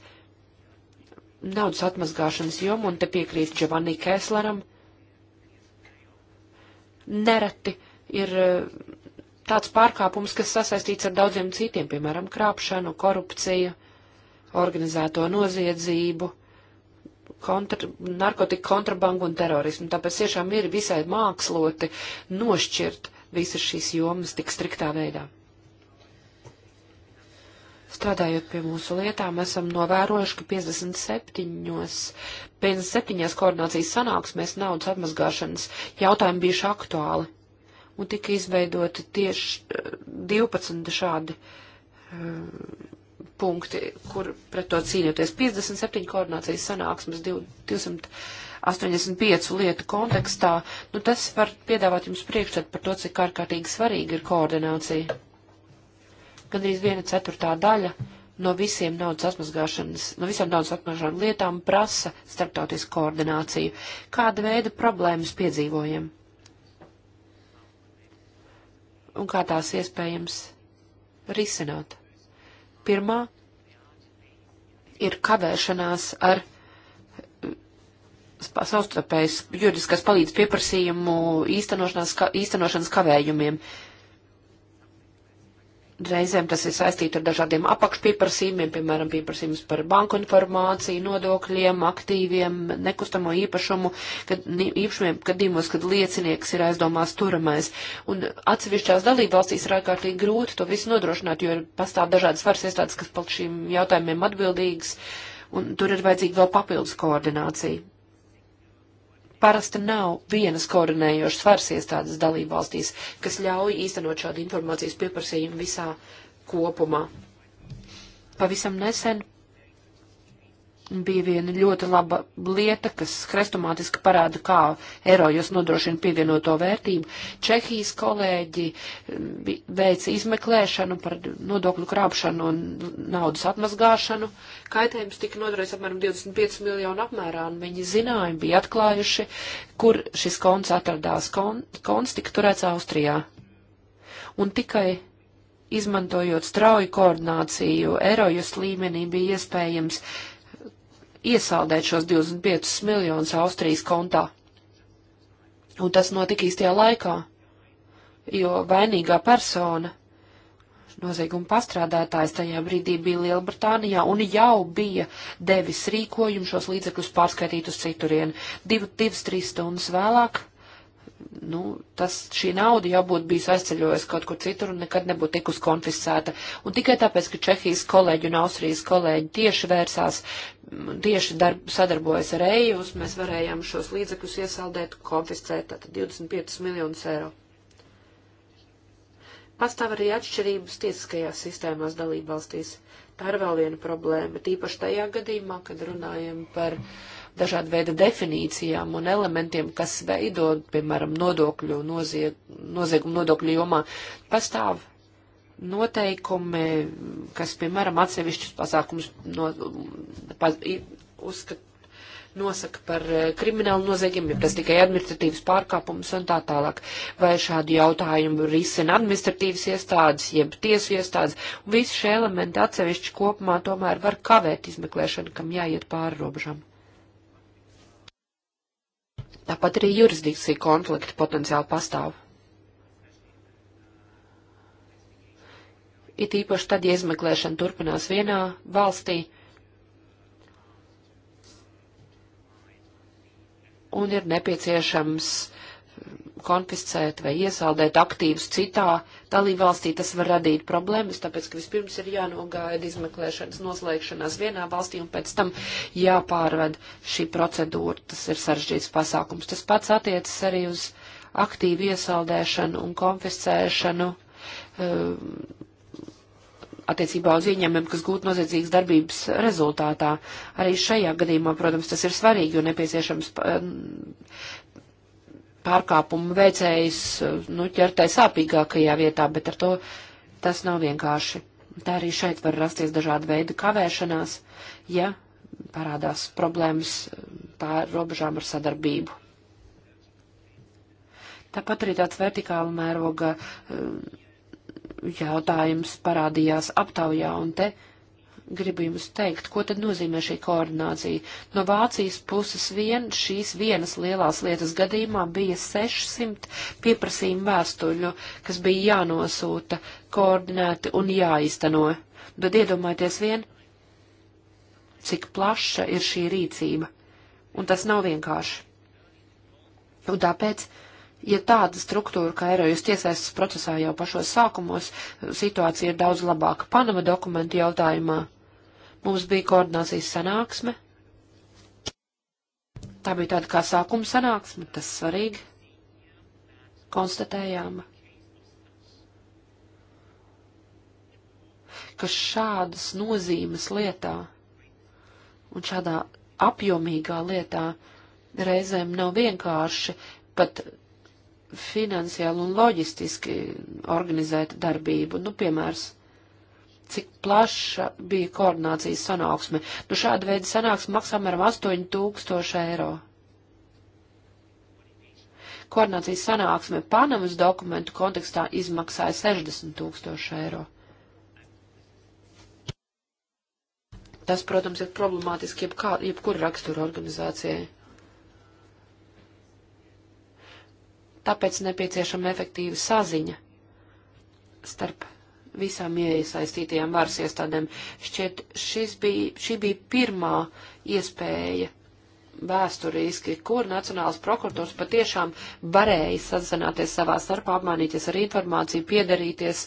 Naudas atmazgāšanas jomu, un te piekrīt Giovanni Kēsleram, nereti ir eh, tāds pārkāpums, kas sasaistīts ar daudziem citiem, piemēram, krāpšanu, korupciju, organizēto noziedzību, kontra, narkotiku kontrabandu un terorismu. Tāpēc tiešām ir visai māksloti nošķirt visas šīs jomas tik striktā veidā. Strādājot pie mūsu lietām, esam novērojuši, ka 57. 57. koordinācijas sanāksmēs naudas atmazgāšanas jautājumi bijuši aktuāli un tika izveidoti tieši 12 eh, šādi eh, punkti, kur pret to cīnīties. 57 koordinācijas sanāksmes 285 lietu kontekstā, nu tas var piedāvāt jums priekšstat par to, cik ārkārtīgi svarīga ir koordinācija. Gadrīz viena ceturtā daļa no visiem naudas atmazgāšanas, no visām naudas atmazgāšanas lietām prasa starptautisku koordināciju. Kāda veida problēmas piedzīvojam? un kā tās iespējams risināt. Pirmā ir kavēšanās ar mm, savstarpējas juridiskās palīdzības pieprasījumu īstenošanas, ka, īstenošanas kavējumiem. Uh, Reizēm tas ir saistīts ar dažādiem apakšpieprasījumiem, piemēram, pieprasījums par banku informāciju, nodokļiem, aktīviem, nekustamo īpašumu, kad, īpašumiem gadījumos, kad liecinieks ir aizdomās turamais. Un atsevišķās dalībvalstīs ir ārkārtīgi grūti to visu nodrošināt, jo pastāv dažādas varas iestādes, kas par šīm jautājumiem atbildīgas, un tur ir vajadzīga vēl papildus koordinācija. Parasti nav vienas koordinējošas varas iestādes dalībvalstīs, kas ļauj īstenot šādu informācijas pieprasījumu visā kopumā. Pavisam nesen bija viena ļoti laba lieta, kas hrestomātiski parāda, kā erojas nodrošina pievienoto vērtību. Čehijas kolēģi veica izmeklēšanu par nodokļu krāpšanu un naudas atmazgāšanu. Kaitējums tika nodarīts apmēram 25 miljonu apmērā, un viņi zināja, bija atklājuši, kur šis konts atradās. Kon, konts tika turēts Austrijā. Un tikai izmantojot strauju koordināciju, erojas līmenī bija iespējams uh, iesaldēt šos 25 miljonus Austrijas kontā. Un tas notika īstajā laikā, jo vainīgā persona, nozieguma pastrādātājs tajā brīdī bija Lielbritānijā un jau bija devis rīkojumu šos līdzekļus pārskaitīt uz citurienu. Div, divas, trīs stundas vēlāk nu, tas, šī nauda jau būtu bijusi aizceļojusi kaut kur citur un nekad nebūtu tikus konfiscēta. Un tikai tāpēc, ka Čehijas kolēģi un Austrijas kolēģi tieši vērsās, tieši darb, sadarbojas ar EIUS, mēs varējām šos līdzekļus iesaldēt, konfiscēt, tātad 25 miljonus eiro. Pastāv arī atšķirības tiesiskajās sistēmās dalībvalstīs. Tā ir vēl viena problēma, tīpaši tajā gadījumā, kad runājam par. Uh, dažāda veida definīcijām un elementiem, kas veido, piemēram, nodokļu nozieg, noziegumu nodokļu jomā, pastāv noteikumi, kas, piemēram, atsevišķus pasākumus no, pa, uzskat, nosaka par eh, kriminālu noziegumiem, tas tikai administratīvas pārkāpumus un tā tālāk. Vai šādu jautājumu risina administratīvas iestādes, jeb tiesu iestādes, un visi šie elementi atsevišķi kopumā tomēr var kavēt izmeklēšanu, kam jāiet pāri robežām. Tāpat arī jurisdikcija konflikti potenciāli pastāv. It īpaši tad, ja izmeklēšana turpinās vienā valstī, un ir nepieciešams uh, konfiscēt vai iesaldēt aktīvus citā dalībvalstī, tas var radīt problēmas, tāpēc, ka vispirms ir jānogaida izmeklēšanas noslēgšanās vienā valstī un pēc tam jāpārved šī procedūra. Tas ir sarežģīts pasākums. Tas pats attiecas arī uz aktīvu iesaldēšanu un konfiscēšanu. Um, attiecībā uz ieņēmumiem, kas gūti noziedzīgas darbības rezultātā. Arī šajā gadījumā, protams, tas ir svarīgi un nepieciešams um, pārkāpumu veicējs eh, nu, ķertai sāpīgākajā vietā, bet ar to tas nav vienkārši. Tā arī šeit var rasties dažādi veidi kavēšanās, ja parādās problēmas eh, pār robežām ar sadarbību. Tāpat arī tāds vertikāla mēroga eh, jautājums parādījās aptaujā, un te uh, gribu jums teikt, ko tad nozīmē šī koordinācija. No Vācijas puses vien šīs vienas lielās lietas gadījumā bija 600 pieprasījumu vēstuļu, kas bija jānosūta, koordinēti un jāizteno. Tad iedomājieties vien, cik plaša ir šī rīcība. Un tas nav vienkārši. Un tāpēc ja tāda struktūra kā Eiropas tiesaistas procesā jau pašos sākumos, situācija ir daudz labāka Panama dokumentu jautājumā. Mums bija koordinācijas sanāksme. Tā bija tāda kā sākuma sanāksme, tas svarīgi. Konstatējām, ka šādas nozīmes lietā un šādā apjomīgā lietā reizēm nav vienkārši pat finansiāli un loģistiski organizēt darbību. Nu, piemērs, cik plaša bija koordinācijas sanāksme. Nu, šāda veida sanāksme maksā apmēram 8000 eiro. Koordinācijas sanāksme Panamas dokumentu kontekstā izmaksāja 60 tūkstoši eiro. Tas, protams, ir problemātiski jebkā, jebkura rakstura organizācijai. Tāpēc nepieciešama efektīva saziņa starp visām iesaistītajām varas iestādēm. Šķiet, šis bija, šī bija pirmā iespēja vēsturiski, kur Nacionāls prokurators patiešām varēja sazināties savā starpā, apmainīties ar informāciju, piedarīties,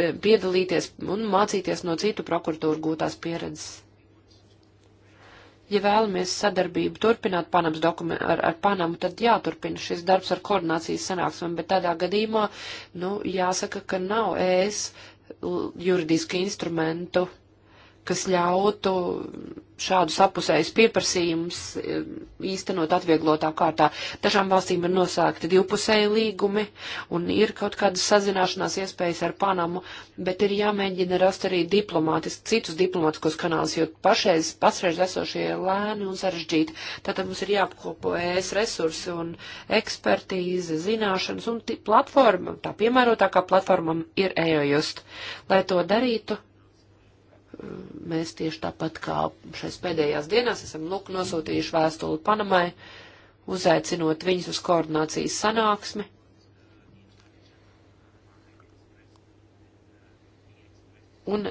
piedalīties un mācīties no citu prokuratūru gūtās pieredzes. Ja vēlamies sadarbību turpināt Panams ar, ar Panamu, tad jāturpina šis darbs ar koordinācijas sanāksmēm, bet tādā gadījumā, nu, jāsaka, ka nav ēs juridisku instrumentu kas ļautu šādu sapusējus pieprasījumus e, īstenot atvieglotā kārtā. Dažām valstīm ir nosākti divpusēji līgumi un ir kaut kādas sazināšanās iespējas ar Panamu, bet ir jāmēģina rast arī diplomātiski, citus diplomātiskos kanālus, jo pašreiz, pašreiz esošie lēni un sarežģīti. Tātad mums ir jāapkopo ES resursi un ekspertīze, zināšanas un platforma, tā piemērotākā platformam ir EOJUST. Lai to darītu, Mēs tieši tāpat kā šais pēdējās dienās esam lūk nu, nosūtījuši vēstuli Panamai, uzaicinot viņus uz koordinācijas sanāksmi. Un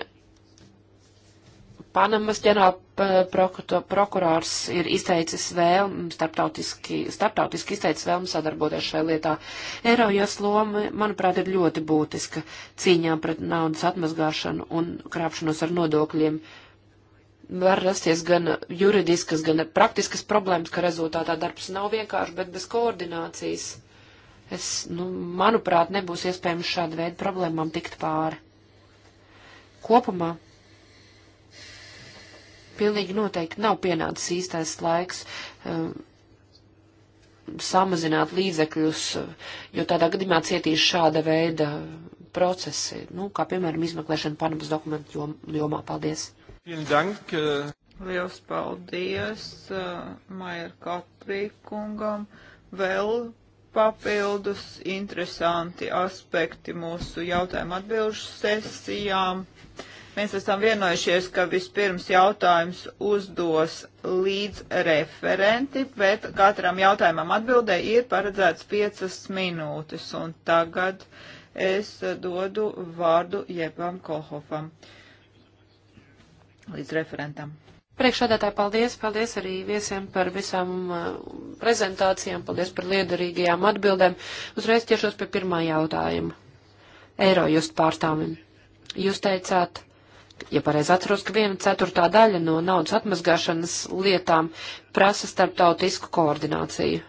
Panamas ģenerāla prokurors ir izteicis vēlmi, starptautiski, starptautiski izteicis vēlmi sadarboties šajā lietā. Eirojas loma, manuprāt, ir ļoti būtiska cīņā pret naudas atmazgāšanu un krāpšanos ar nodokļiem. Var rasties gan juridiskas, gan praktiskas problēmas, ka rezultātā darbs nav vienkārši, bet bez koordinācijas. Es, nu, manuprāt, nebūs iespējams šāda veida problēmām tikt pāri. Kopumā Pilnīgi noteikti nav pienācis īstais laiks um, samazināt līdzekļus, jo tādā gadījumā cietīs šāda veida procesi, nu, kā piemēram izmeklēšana Panamas dokumentu jom, jomā. Paldies! Dank, uh... Liels paldies uh, Maier Kaprīkungam! Vēl papildus interesanti aspekti mūsu jautājumu atbilžu sesijām. Mēs esam vienojušies, ka vispirms jautājums uzdos līdz referenti, bet katram jautājumam atbildē ir paredzēts piecas minūtes. Un tagad es dodu vārdu Jebam Kohofam līdz referentam. Priekšādātāji, paldies, paldies arī viesiem par visām uh, prezentācijām, paldies par liederīgajām atbildēm. Uzreiz ķeršos pie pirmā jautājuma. Eiro just pārstāvim. Jūs teicāt, ja pareizi atceros, ka viena ceturtā daļa no naudas atmazgāšanas lietām prasa starptautisku koordināciju.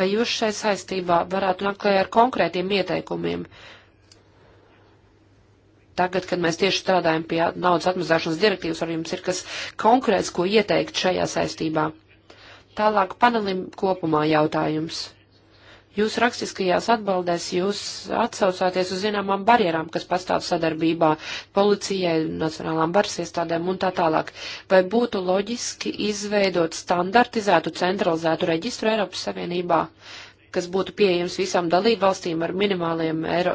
Vai jūs šai saistībā varētu nākt klajā ar konkrētiem ieteikumiem? Tagad, kad mēs tieši strādājam pie naudas atmazgāšanas direktīvas, ar jums ir kas konkrēts, ko ieteikt šajā saistībā. Tālāk panelim kopumā jautājums. Jūs rakstiskajās atbaldēs jūs atsaucāties uz zināmām barjerām, kas pastāv sadarbībā policijai, nacionālām varas iestādēm un tā tālāk. Vai būtu loģiski izveidot standartizētu, centralizētu reģistru Eiropas Savienībā, kas būtu pieejams visām dalībvalstīm ar minimāliem eiro,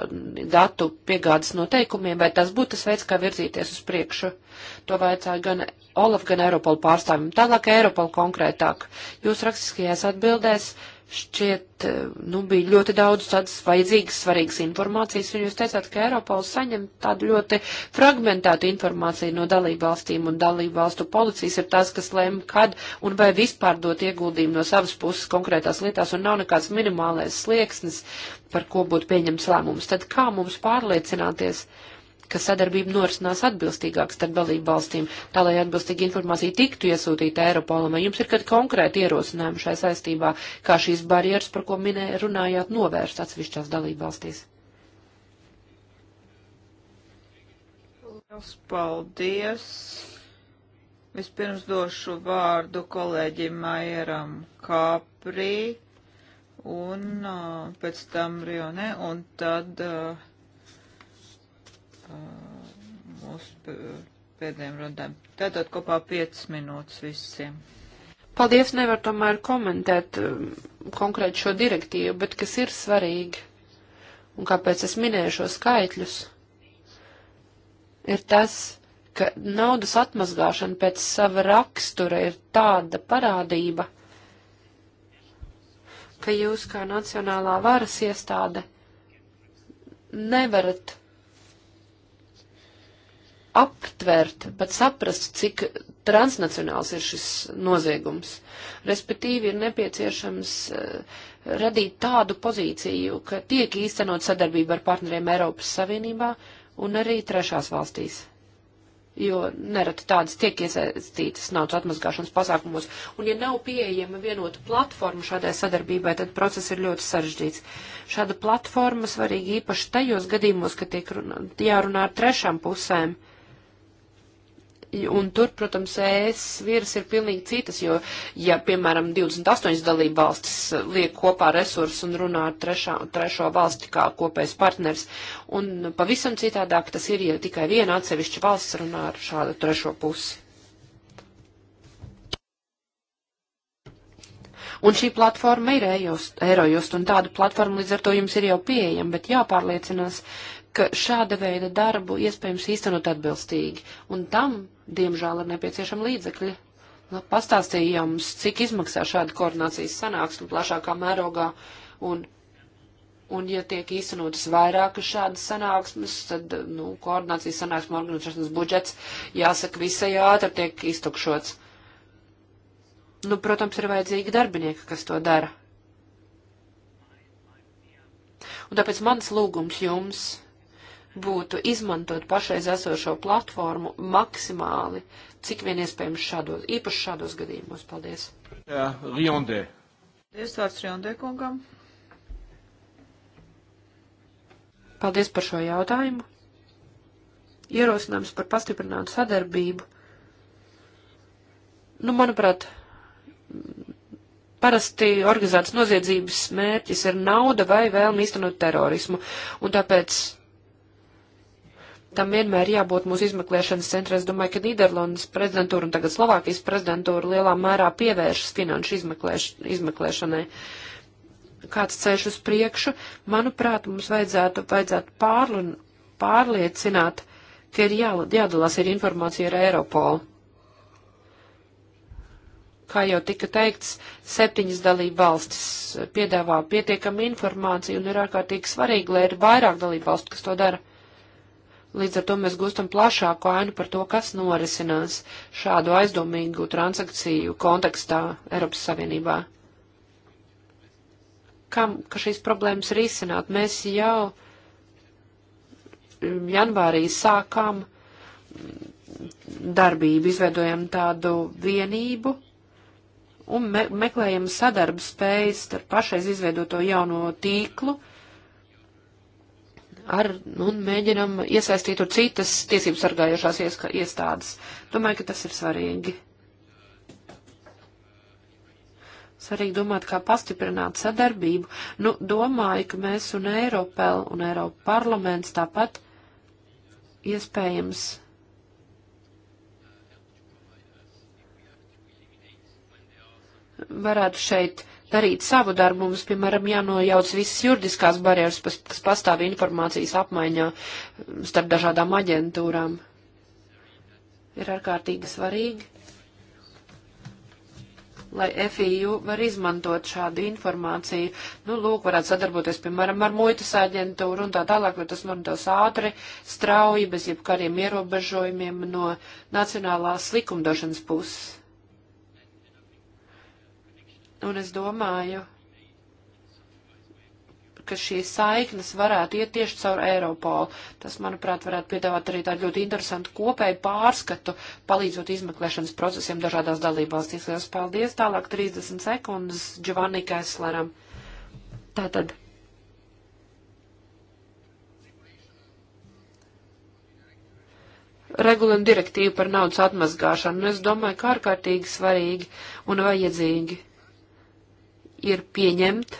datu piegādes noteikumiem, vai tas būtu tas veids, kā virzīties uz priekšu? To vajadzēja gan Olaf, gan Eiropola pārstāvjiem. Tālāk Eiropola konkrētāk. Jūs rakstiskajās atbildēs šķiet, eh, nu, bija ļoti daudz tādas vajadzīgas, svarīgas informācijas, un jūs teicāt, ka Eiropols saņem tādu ļoti fragmentētu informāciju no dalību valstīm, un dalību valstu policijas ir tas, kas lēma, kad un vai vispār dot ieguldījumu no savas puses konkrētās lietās, un nav nekāds minimālais slieksnis, par ko būtu pieņemts lēmums. Tad kā mums pārliecināties? Uh, ka sadarbība norisinās atbilstīgāk starp dalību valstīm, tā lai atbilstīga informācija tiktu iesūtīta Eiropolam. Vai jums ir kādi konkrēti ierosinājumi šai saistībā, kā šīs barjeras, par ko minē, runājāt, novērst atsevišķās dalību valstīs? Liels paldies! Vispirms došu vārdu kolēģim Maieram Kāprī un uh, pēc tam Rionē, un tad uh, mūsu pēdējiem rundām. Tātad kopā 5 minūtes visiem. Paldies, nevar tomēr komentēt um, konkrēti šo direktīvu, bet kas ir svarīgi un kāpēc es minēju šo skaitļus, ir tas, ka naudas atmazgāšana pēc sava rakstura ir tāda parādība, ka jūs kā nacionālā varas iestāde nevarat aptvert, pat saprast, cik transnacionāls ir šis noziegums. Respektīvi ir nepieciešams uh, radīt tādu pozīciju, ka tiek īstenot sadarbība ar partneriem Eiropas Savienībā un arī trešās valstīs. Jo nereti tādas tiek iesaistītas naudas atmazgāšanas pasākumos. Un ja nav pieejama vienota platforma šādai sadarbībai, tad process ir ļoti sarežģīts. Šāda platforma svarīga īpaši tajos gadījumos, kad tiek runā, jārunā ar trešām pusēm. Uh, un tur, protams, ES virs ir pilnīgi citas, jo, ja, piemēram, 28 dalība valstis eh, liek kopā resursus un runā ar trešā, trešo valsti kā kopējs partners, un pavisam citādāk tas ir, ja tikai viena atsevišķa valsts runā ar šādu trešo pusi. Un šī platforma ir Eirojust, un tāda platforma līdz ar to jums ir jau pieejama, bet jāpārliecinās, uh, ka šāda veida darbu iespējams īstenot atbilstīgi, un tam, diemžēl, ir nepieciešama līdzekļa. Nu, pastāstīja jums, cik izmaksā šāda koordinācijas sanāksme plašākā mērogā, un, un ja tiek īstenotas vairākas šādas sanāksmes, tad, nu, koordinācijas sanāksme organizēšanas budžets, jāsaka, visai ātri tiek iztukšots. Nu, protams, ir vajadzīgi darbinieki, kas to dara. Un tāpēc mans lūgums jums būtu izmantot pašreiz esošo platformu maksimāli, cik vien iespējams šādos, īpaši šādos gadījumos. Paldies. Jā, Riondē. Paldies vārds Riondē kungam. Paldies par šo jautājumu. Ierosinājums par pastiprinātu sadarbību. Nu, manuprāt, parasti organizētas noziedzības mērķis ir nauda vai vēlme īstenot terorismu, un tāpēc tam vienmēr jābūt mūsu izmeklēšanas centrā. Es domāju, ka Nīderlandes prezidentūra un tagad Slovākijas prezidentūra lielā mērā pievēršas finanšu izmeklēš izmeklēšanai. Kāds ceļš uz priekšu? Manuprāt, mums vajadzētu, vajadzētu pārli pārliecināt, ka ir jā, jādalās ir informācija ar Eiropolu. Kā jau tika teikts, septiņas dalība valstis piedāvā pietiekami informāciju un ir ārkārtīgi svarīgi, lai ir vairāk dalība valstu, kas to dara. Līdz ar to mēs gūstam plašāku ainu par to, kas norisinās šādu aizdomīgu transakciju kontekstā Eiropas Savienībā. Kam, ka šīs problēmas risināt? Mēs jau mm, janvārī sākām mm, darbību, izveidojam tādu vienību un me meklējam sadarbu spējas ar pašreiz izveidoto jauno tīklu, uh, ar, un nu, mēģinam iesaistīt tur citas tiesības sargājošās iestādes. Domāju, ka tas ir svarīgi. Svarīgi domāt, kā pastiprināt sadarbību. Nu, domāju, ka mēs un Eiropel un Eiropa parlaments tāpat iespējams. Varētu šeit uh, darīt savu darbu. Mums, piemēram, jānojauc visas juridiskās barjeras, kas pastāv informācijas apmaiņā mm, starp dažādām aģentūrām. Ir ārkārtīgi svarīgi, lai FIU var izmantot šādu informāciju. Nu, lūk, varētu sadarboties, piemēram, ar muitas aģentūru un tā tālāk, lai tas noritos ātri, strauji, bez jebkādiem ierobežojumiem no nacionālās likumdošanas puses Un es domāju, ka šīs saiknes varētu iet tieši caur Eiropolu. Tas, manuprāt, varētu piedāvāt arī tādu ļoti interesantu kopēju pārskatu, palīdzot izmeklēšanas procesiem dažādās dalībvalstīs. Lielas paldies! Tālāk 30 sekundes Giovanni Kessleram. Tātad. Regulējuma direktīva par naudas atmazgāšanu, es domāju, kā ārkārtīgi svarīgi un vajadzīgi ir pieņemt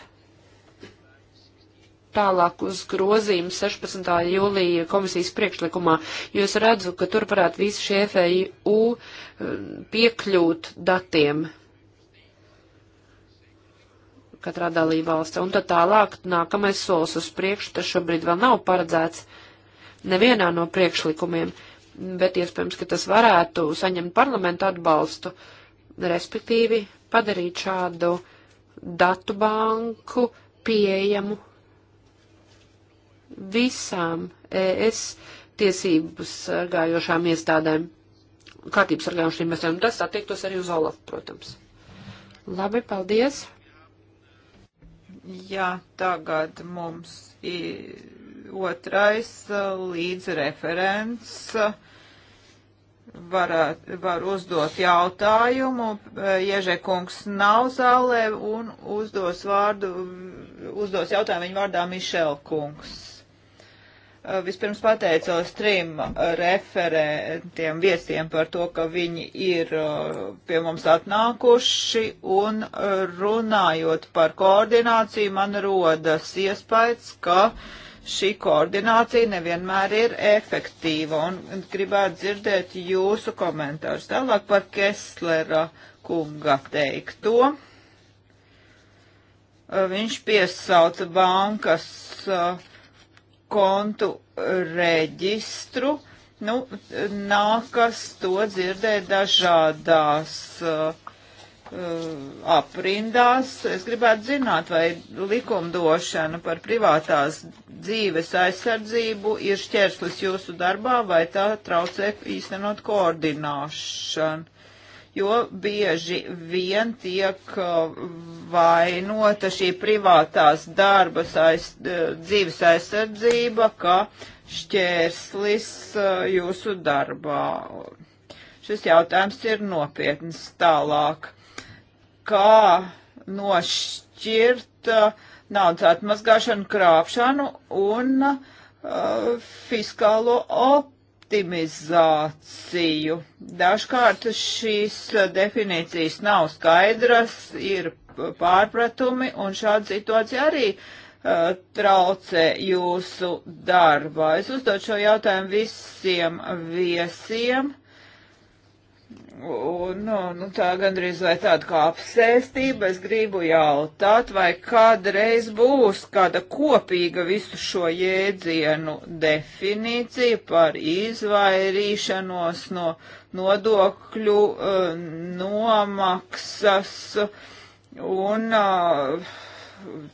tālāk uz grozījumu 16. jūlija komisijas priekšlikumā, jo es redzu, ka tur varētu visi šie FIU e um, piekļūt datiem katrā dalībvalstī. Un tad tālāk nākamais solis uz priekšu, tas šobrīd vēl nav paredzēts nevienā no priekšlikumiem, bet iespējams, ka tas varētu saņemt parlamentu atbalstu, respektīvi padarīt šādu uh, datu banku pieejamu visām ES tiesību sargājošām iestādēm, kārtības sargājošām iestādēm. Tas attiektos arī uz Olafu, protams. Labi, paldies. Jā, tagad mums ir otrais uh, līdzreferents. Uh, varētu, var uzdot jautājumu. Iežekungs nav zālē un uzdos, vārdu, uzdos jautājumu viņa vārdā Mišelkungs. Vispirms pateicos trim referentiem viesiem par to, ka viņi ir uh, pie mums atnākuši un uh, runājot par koordināciju, man rodas iespējas, ka uh, šī koordinācija nevienmēr ir efektīva, un gribētu dzirdēt jūsu komentārus. Tālāk par Kesslera kunga teikto. Viņš piesauca bankas kontu reģistru. Nu, nākas to dzirdēt dažādās uh, Uh, aprindās. Es gribētu zināt, vai likumdošana par privātās dzīves aizsardzību ir šķērslis jūsu darbā, vai tā traucē īstenot koordināšanu. Jo bieži vien tiek uh, vainota šī privātās darbas aiz, uh, dzīves aizsardzība, kā šķērslis jūsu darbā. Šis jautājums ir nopietns tālāk kā nošķirt uh, naudas atmazgāšanu, krāpšanu un uh, fiskālo operāciju optimizāciju. Dažkārt šīs uh, definīcijas nav skaidras, ir pārpratumi, un šāda situācija arī uh, traucē jūsu darbā. Es uzdodu šo jautājumu visiem viesiem. Uh, Un, nu, nu, tā gandrīz vai tāda kā apsēstība, es gribu jautāt, vai kādreiz būs kāda kopīga visu šo jēdzienu definīcija par izvairīšanos no nodokļu uh, nomaksas un uh,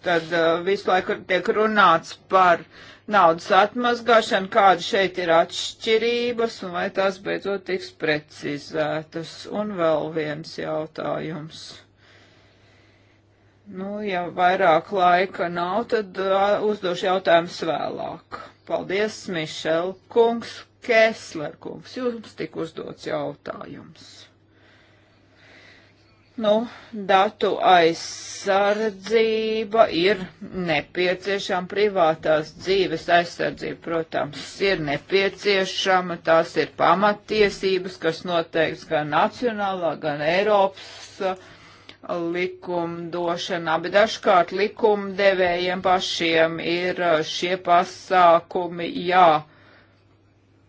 tad uh, visu laiku tiek runāts par uh, naudas atmazgāšanu, kāda šeit ir atšķirības un vai tās beidzot tiks precizētas. Un vēl viens jautājums. Nu, ja vairāk laika nav, tad uh, uzdošu jautājumus vēlāk. Paldies, Mišel kungs, Kesler kungs, jums tik uzdots jautājums. Nu, datu aizsardzība ir nepieciešama, privātās dzīves aizsardzība, protams, ir nepieciešama, tās ir pamattiesības, kas noteikts gan nacionālā, gan Eiropas uh, likumdošanā, bet dažkārt likumdevējiem pašiem ir uh, šie pasākumi jā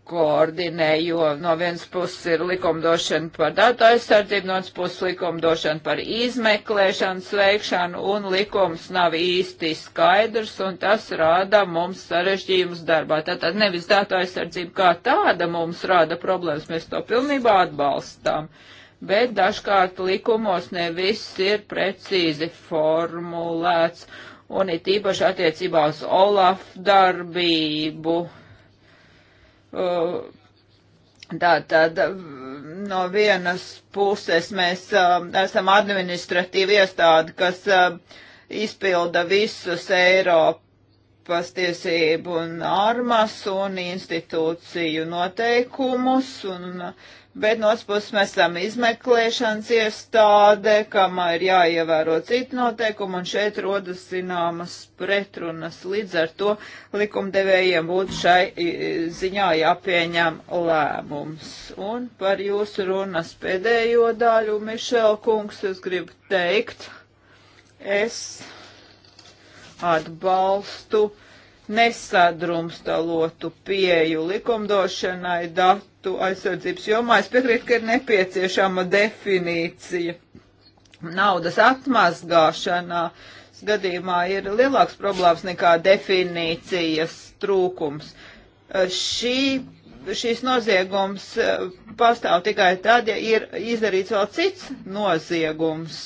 koordinē, jo no vienas puses ir likumdošana par datu aizsardzību, no otras puses likumdošana par izmeklēšanas veikšanu, un likums nav īsti skaidrs, un tas rāda mums sarežģījumus darbā. Tātad nevis datu aizsardzība kā tāda mums rāda problēmas, mēs to pilnībā atbalstām, bet dažkārt likumos ne viss ir precīzi formulēts, un it īpaši attiecībā uz Olaf darbību Uh, Tātad uh, no vienas puses mēs uh, esam administratīva iestāde, kas izpilda visus Eiropas tiesību normas un institūciju noteikumus un uh, bet no otras puses mēs esam izmeklēšanas iestāde, kam ir jāievēro citi noteikumi, un šeit rodas zināmas pretrunas. Līdz ar to likumdevējiem būtu šai ziņā jāpieņem lēmums. Un par jūsu runas pēdējo daļu, Mišel kungs, es gribu teikt, es atbalstu nesadrumstalotu pieju likumdošanai datu aizsardzības jomā. Es piekrītu, ka ir nepieciešama definīcija. Naudas atmazgāšanā gadījumā ir lielāks problēmas nekā definīcijas trūkums. Šī, šīs noziegums eh, pastāv tikai tad, ja ir izdarīts vēl cits noziegums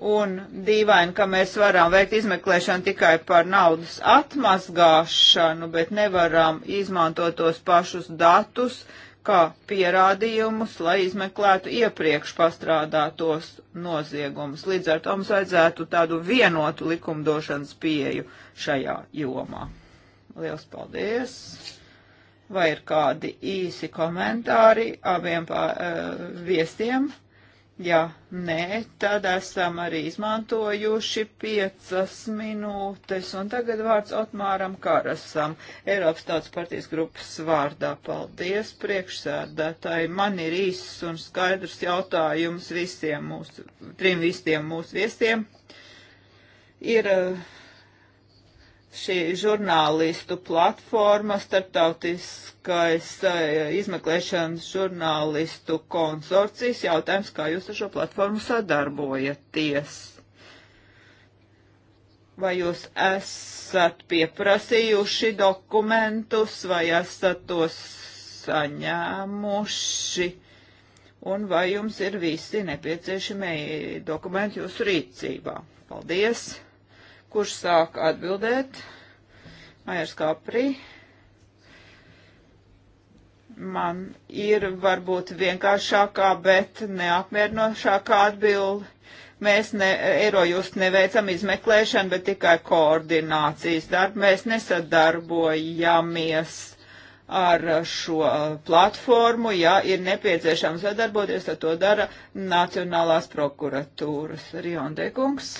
Un dīvaini, ka mēs varam veikt izmeklēšanu tikai par naudas atmazgāšanu, bet nevaram izmantot tos pašus datus kā pierādījumus, lai izmeklētu iepriekš pastrādātos noziegumus. Līdz ar to mums vajadzētu tādu vienotu likumdošanas pieju šajā jomā. Liels paldies! Vai ir kādi īsi komentāri abiem pā, uh, eh, viestiem? Ja nē, tad esam arī izmantojuši piecas minūtes, un tagad vārds Otmāram Karasam, Eiropas tautas partijas grupas vārdā. Paldies, priekšsēdētāji, man ir īss un skaidrs jautājums visiem mūsu, trim visiem mūsu viestiem. Ir uh, šī žurnālistu platforma, starptautiskais eh, izmeklēšanas žurnālistu konsorcijas. Jautājums, kā jūs ar šo platformu sadarbojaties? Vai jūs esat pieprasījuši dokumentus, vai esat tos saņēmuši? Un vai jums ir visi nepieciešamie dokumenti jūsu rīcībā? Paldies! Kurš sāk atbildēt? Maiers Kaprī. Man ir varbūt vienkāršākā, bet neapmierinošākā atbilde. Mēs ne, Eirojust neveicam izmeklēšanu, bet tikai koordinācijas darbu. Mēs nesadarbojamies ar šo uh, platformu. Ja ir nepieciešams sadarboties, tad to dara Nacionālās prokuratūras Riondekungs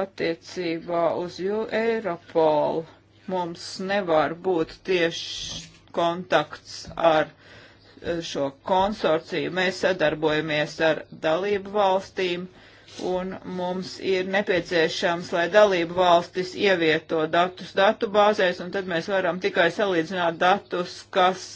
attiecībā uz Europolu. Mums nevar būt tieši kontakts ar eh, šo konsorciju. Mēs sadarbojamies ar dalību valstīm un mums ir nepieciešams, lai dalību valstis ievieto datus datu bāzēs, un tad mēs varam tikai salīdzināt datus, kas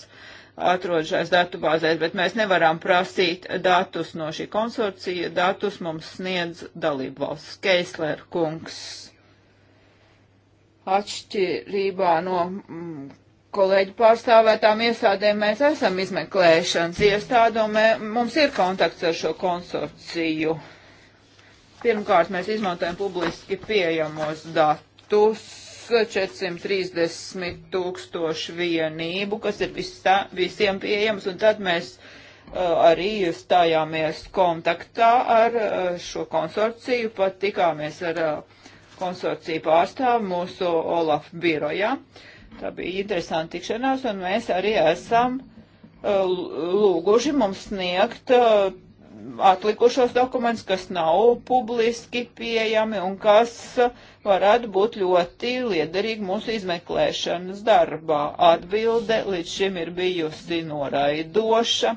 atrod šais datu bāzēs, bet mēs nevaram prasīt datus no šī konsorcija. Datus mums sniedz dalību valsts Keisler kungs. Atšķirībā no mm, kolēģi pārstāvētām iestādēm mēs esam izmeklēšanas iestāde un mē, mums ir kontakts ar šo konsorciju. Pirmkārt, mēs izmantojam publiski pieejamos datus 430 tūkstošu vienību, kas ir visā, visiem pieejams, un tad mēs uh, arī stājāmies kontaktā ar uh, šo konsorciju, pat tikāmies ar uh, konsorciju pārstāvu mūsu Olaf birojā. Tā bija interesanti tikšanās, un mēs arī esam uh, lūguši mums sniegt uh, atlikušos dokumentus, kas nav publiski pieejami un kas varētu būt ļoti liederīgi mūsu izmeklēšanas darbā. Atbilde līdz šim ir bijusi noraidoša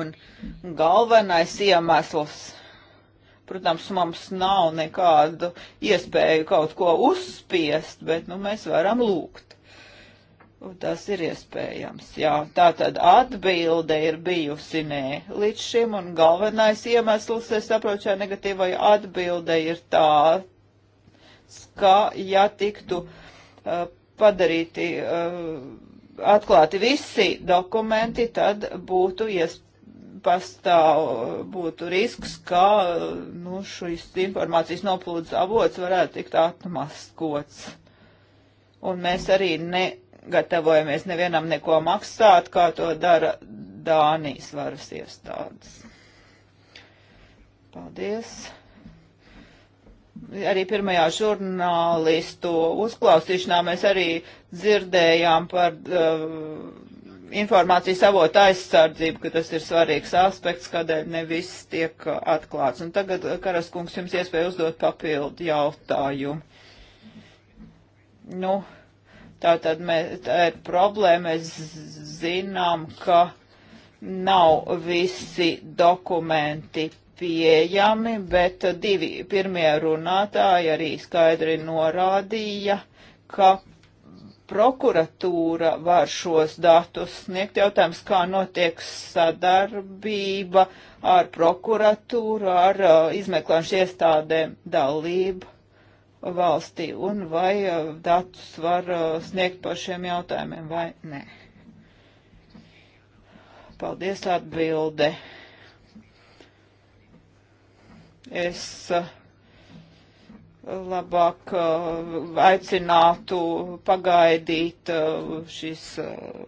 un galvenais iemesls. Protams, mums nav nekādu iespēju kaut ko uzspiest, bet nu, mēs varam lūgt. Tas ir iespējams, jā. Tā tad atbilde ir bijusi nē līdz šim, un galvenais iemesls, es saprotu, šai negatīvai atbilde ir tā, ka, ja tiktu uh, padarīti, uh, atklāti visi dokumenti, tad būtu iespējams pastāv, būtu risks, ka, nu, šīs informācijas noplūdes avots varētu tikt atmaskots. Un mēs arī ne negatavojamies nevienam neko maksāt, kā to dara Dānijas varas iestādes. Paldies! arī pirmajā žurnālistu uzklausīšanā mēs arī dzirdējām par uh, informācijas avotu aizsardzību, ka tas ir svarīgs aspekts, kādēļ ne viss tiek atklāts. Un tagad, uh, Karas kungs, jums iespēja uzdot papildu jautājumu. Nu, Tātad mēs, tā ir problēma, mēs zinām, ka nav visi dokumenti pieejami, bet divi pirmie runātāji arī skaidri norādīja, ka prokuratūra var šos datus sniegt. Jautājums, kā notiek sadarbība ar prokuratūru, ar uh, izmeklēšanas iestādēm dalību valstī un vai uh, datus var uh, sniegt par šiem jautājumiem vai nē. Paldies atbilde. Es uh, labāk aicinātu pagaidīt šīs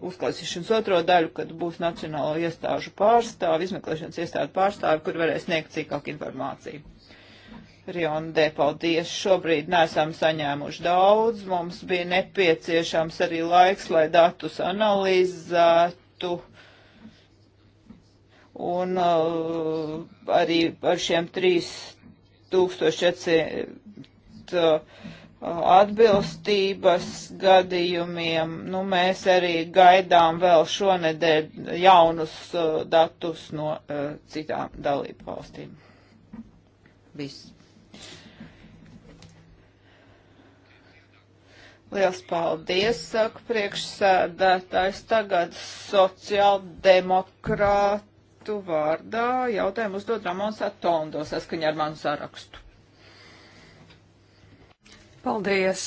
uzklausīšanas otro daļu, kad būs nacionālo iestāžu pārstāvi, izmeklēšanas iestāžu pārstāvi, kur varēs sniegt cīkāk informāciju. Riondē, paldies. Šobrīd nesam saņēmuši daudz. Mums bija nepieciešams arī laiks, lai datus analizētu. Un uh, arī ar šiem 3400 uh, atbilstības gadījumiem, nu, mēs arī gaidām vēl šonedēļ jaunus uh, datus no uh, citām dalību valstīm. Viss. Liels paldies, saka priekšsēdētājs. Tagad sociāldemokrātu vārdā jautājumu uzdod Ramons Atondo saskaņā ar manu sarakstu. Paldies!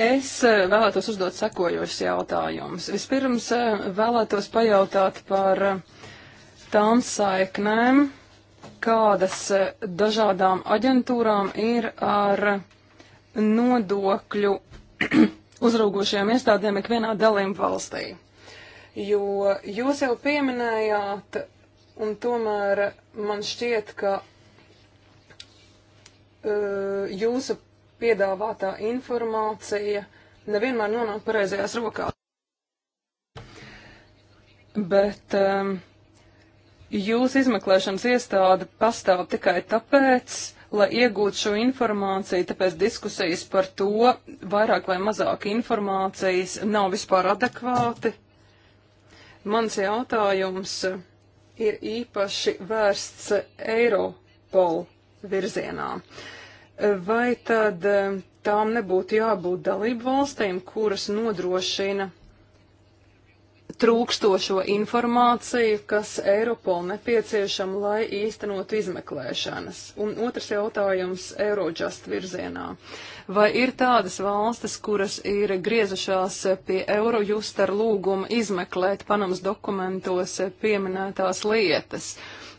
Es eh, vēlētos uzdot sekojošus jautājumus. Vispirms eh, vēlētos pajautāt par eh, tām saiknēm, kādas dažādām aģentūrām ir ar nodokļu uzraugošajām iestādēm ikvienā dalību valstī. Jo jūs jau pieminējāt, un tomēr man šķiet, ka uh, jūsu piedāvātā informācija nevienmēr nonāk pareizajās rokās. Bet um, jūsu izmeklēšanas iestāde pastāv tikai tāpēc, lai iegūtu šo informāciju, tāpēc diskusijas par to vairāk vai mazāk informācijas nav vispār adekvāti. Mans jautājums ir īpaši vērsts Eiropol virzienā. Vai tad eh, tām nebūtu jābūt dalību valstīm, kuras nodrošina trūkstošo informāciju, kas Eiropol nepieciešama, lai īstenotu izmeklēšanas. Un otrs jautājums Eurojust virzienā. Vai ir tādas valstis, kuras ir griezušās pie Eurojust ar lūgumu izmeklēt Panamas dokumentos pieminētās lietas?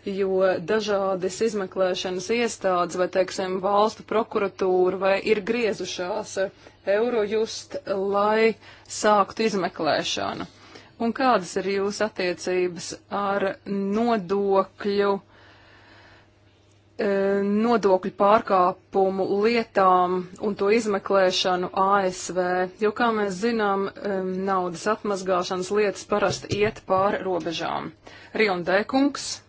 jo dažādas izmeklēšanas iestādes vai, teiksim, valstu prokuratūra vai ir griezušās Eurojust, lai sāktu izmeklēšanu un kādas ir jūsu attiecības ar nodokļu, eh, nodokļu pārkāpumu lietām un to izmeklēšanu ASV, jo, kā mēs zinām, naudas atmazgāšanas lietas parasti iet pāri robežām. Rion Dēkungs.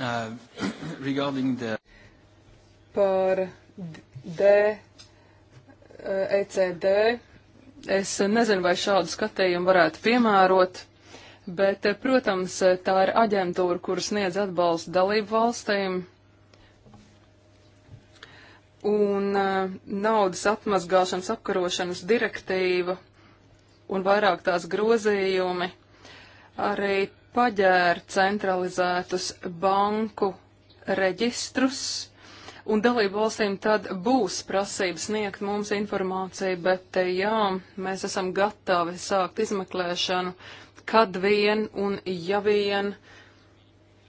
Uh, the... Par D, ECD eh, e Es nezinu, vai šādu skatījumu varētu piemērot, bet, protams, tā ir aģentūra, kuras sniedz atbalstu dalību valstīm. Un eh, naudas atmazgāšanas apkarošanas direktīva un vairāk tās grozījumi arī paģēra centralizētus banku reģistrus un dalību valstīm tad būs prasības sniegt mums informāciju, bet eh, jā, mēs esam gatavi sākt izmeklēšanu, kad vien un ja vien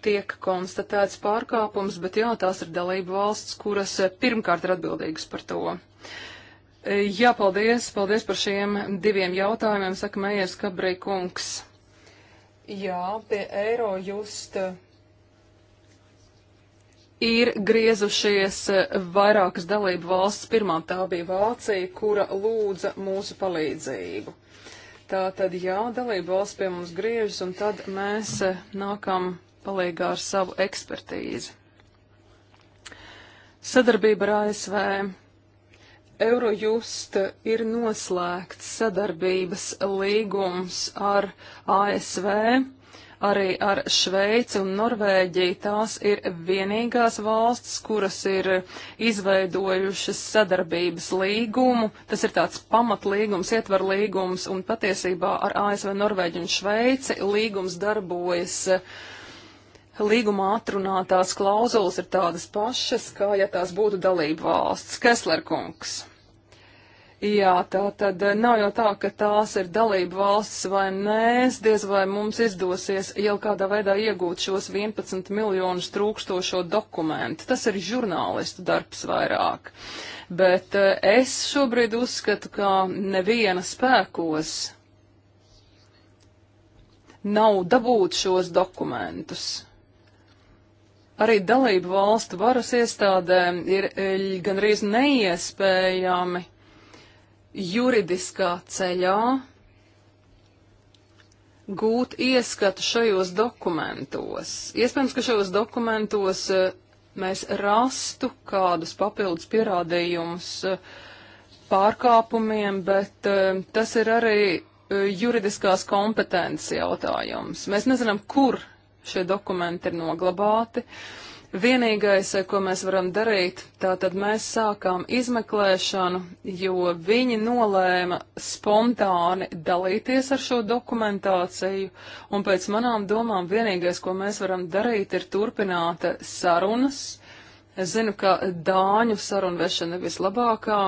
tiek konstatēts pārkāpums, bet jā, tās ir dalību valsts, kuras eh, pirmkārt ir atbildīgas par to. Eh, jā, paldies, paldies par šiem diviem jautājumiem, saka Mējies Kabrī kungs. Jā, pie eiro just. Uh, ir griezušies eh, vairākas dalību valsts. Pirmā tā bija Vācija, kura lūdza mūsu palīdzību. Tā tad jā, dalību valsts pie mums griežas, un tad mēs eh, nākam palīgā ar savu ekspertīzi. Sadarbība ar ASV. Eurojust ir noslēgts sadarbības līgums ar ASV Arī ar Šveici un Norvēģiju tās ir vienīgās valsts, kuras ir izveidojušas sadarbības līgumu. Tas ir tāds pamatlīgums, ietver līgums, un patiesībā ar ASV, Norvēģi un Šveici līgums darbojas. Eh, līgumā atrunātās klauzulas ir tādas pašas, kā ja tās būtu dalību valsts. Keslerkungs. Jā, tā tad eh, nav jau tā, ka tās ir dalība valsts vai nē, diez vai mums izdosies jau kādā veidā iegūt šos 11 miljonus trūkstošo dokumentu. Tas ir žurnālistu darbs vairāk. Bet eh, es šobrīd uzskatu, ka neviena spēkos nav dabūt šos dokumentus. Arī dalību valstu varas iestādēm ir eh, gandrīz neiespējami juridiskā ceļā gūt ieskatu šajos dokumentos. Iespējams, ka šajos dokumentos eh, mēs rastu kādus papildus pierādījumus eh, pārkāpumiem, bet eh, tas ir arī juridiskās kompetences jautājums. Mēs nezinām, kur šie dokumenti ir noglabāti. Uh, Vienīgais, ko mēs varam darīt, tātad mēs sākām izmeklēšanu, jo viņi nolēma spontāni dalīties ar šo dokumentāciju, un pēc manām domām vienīgais, ko mēs varam darīt, ir turpināt sarunas. Es zinu, ka Dāņu sarunvešana vislabākā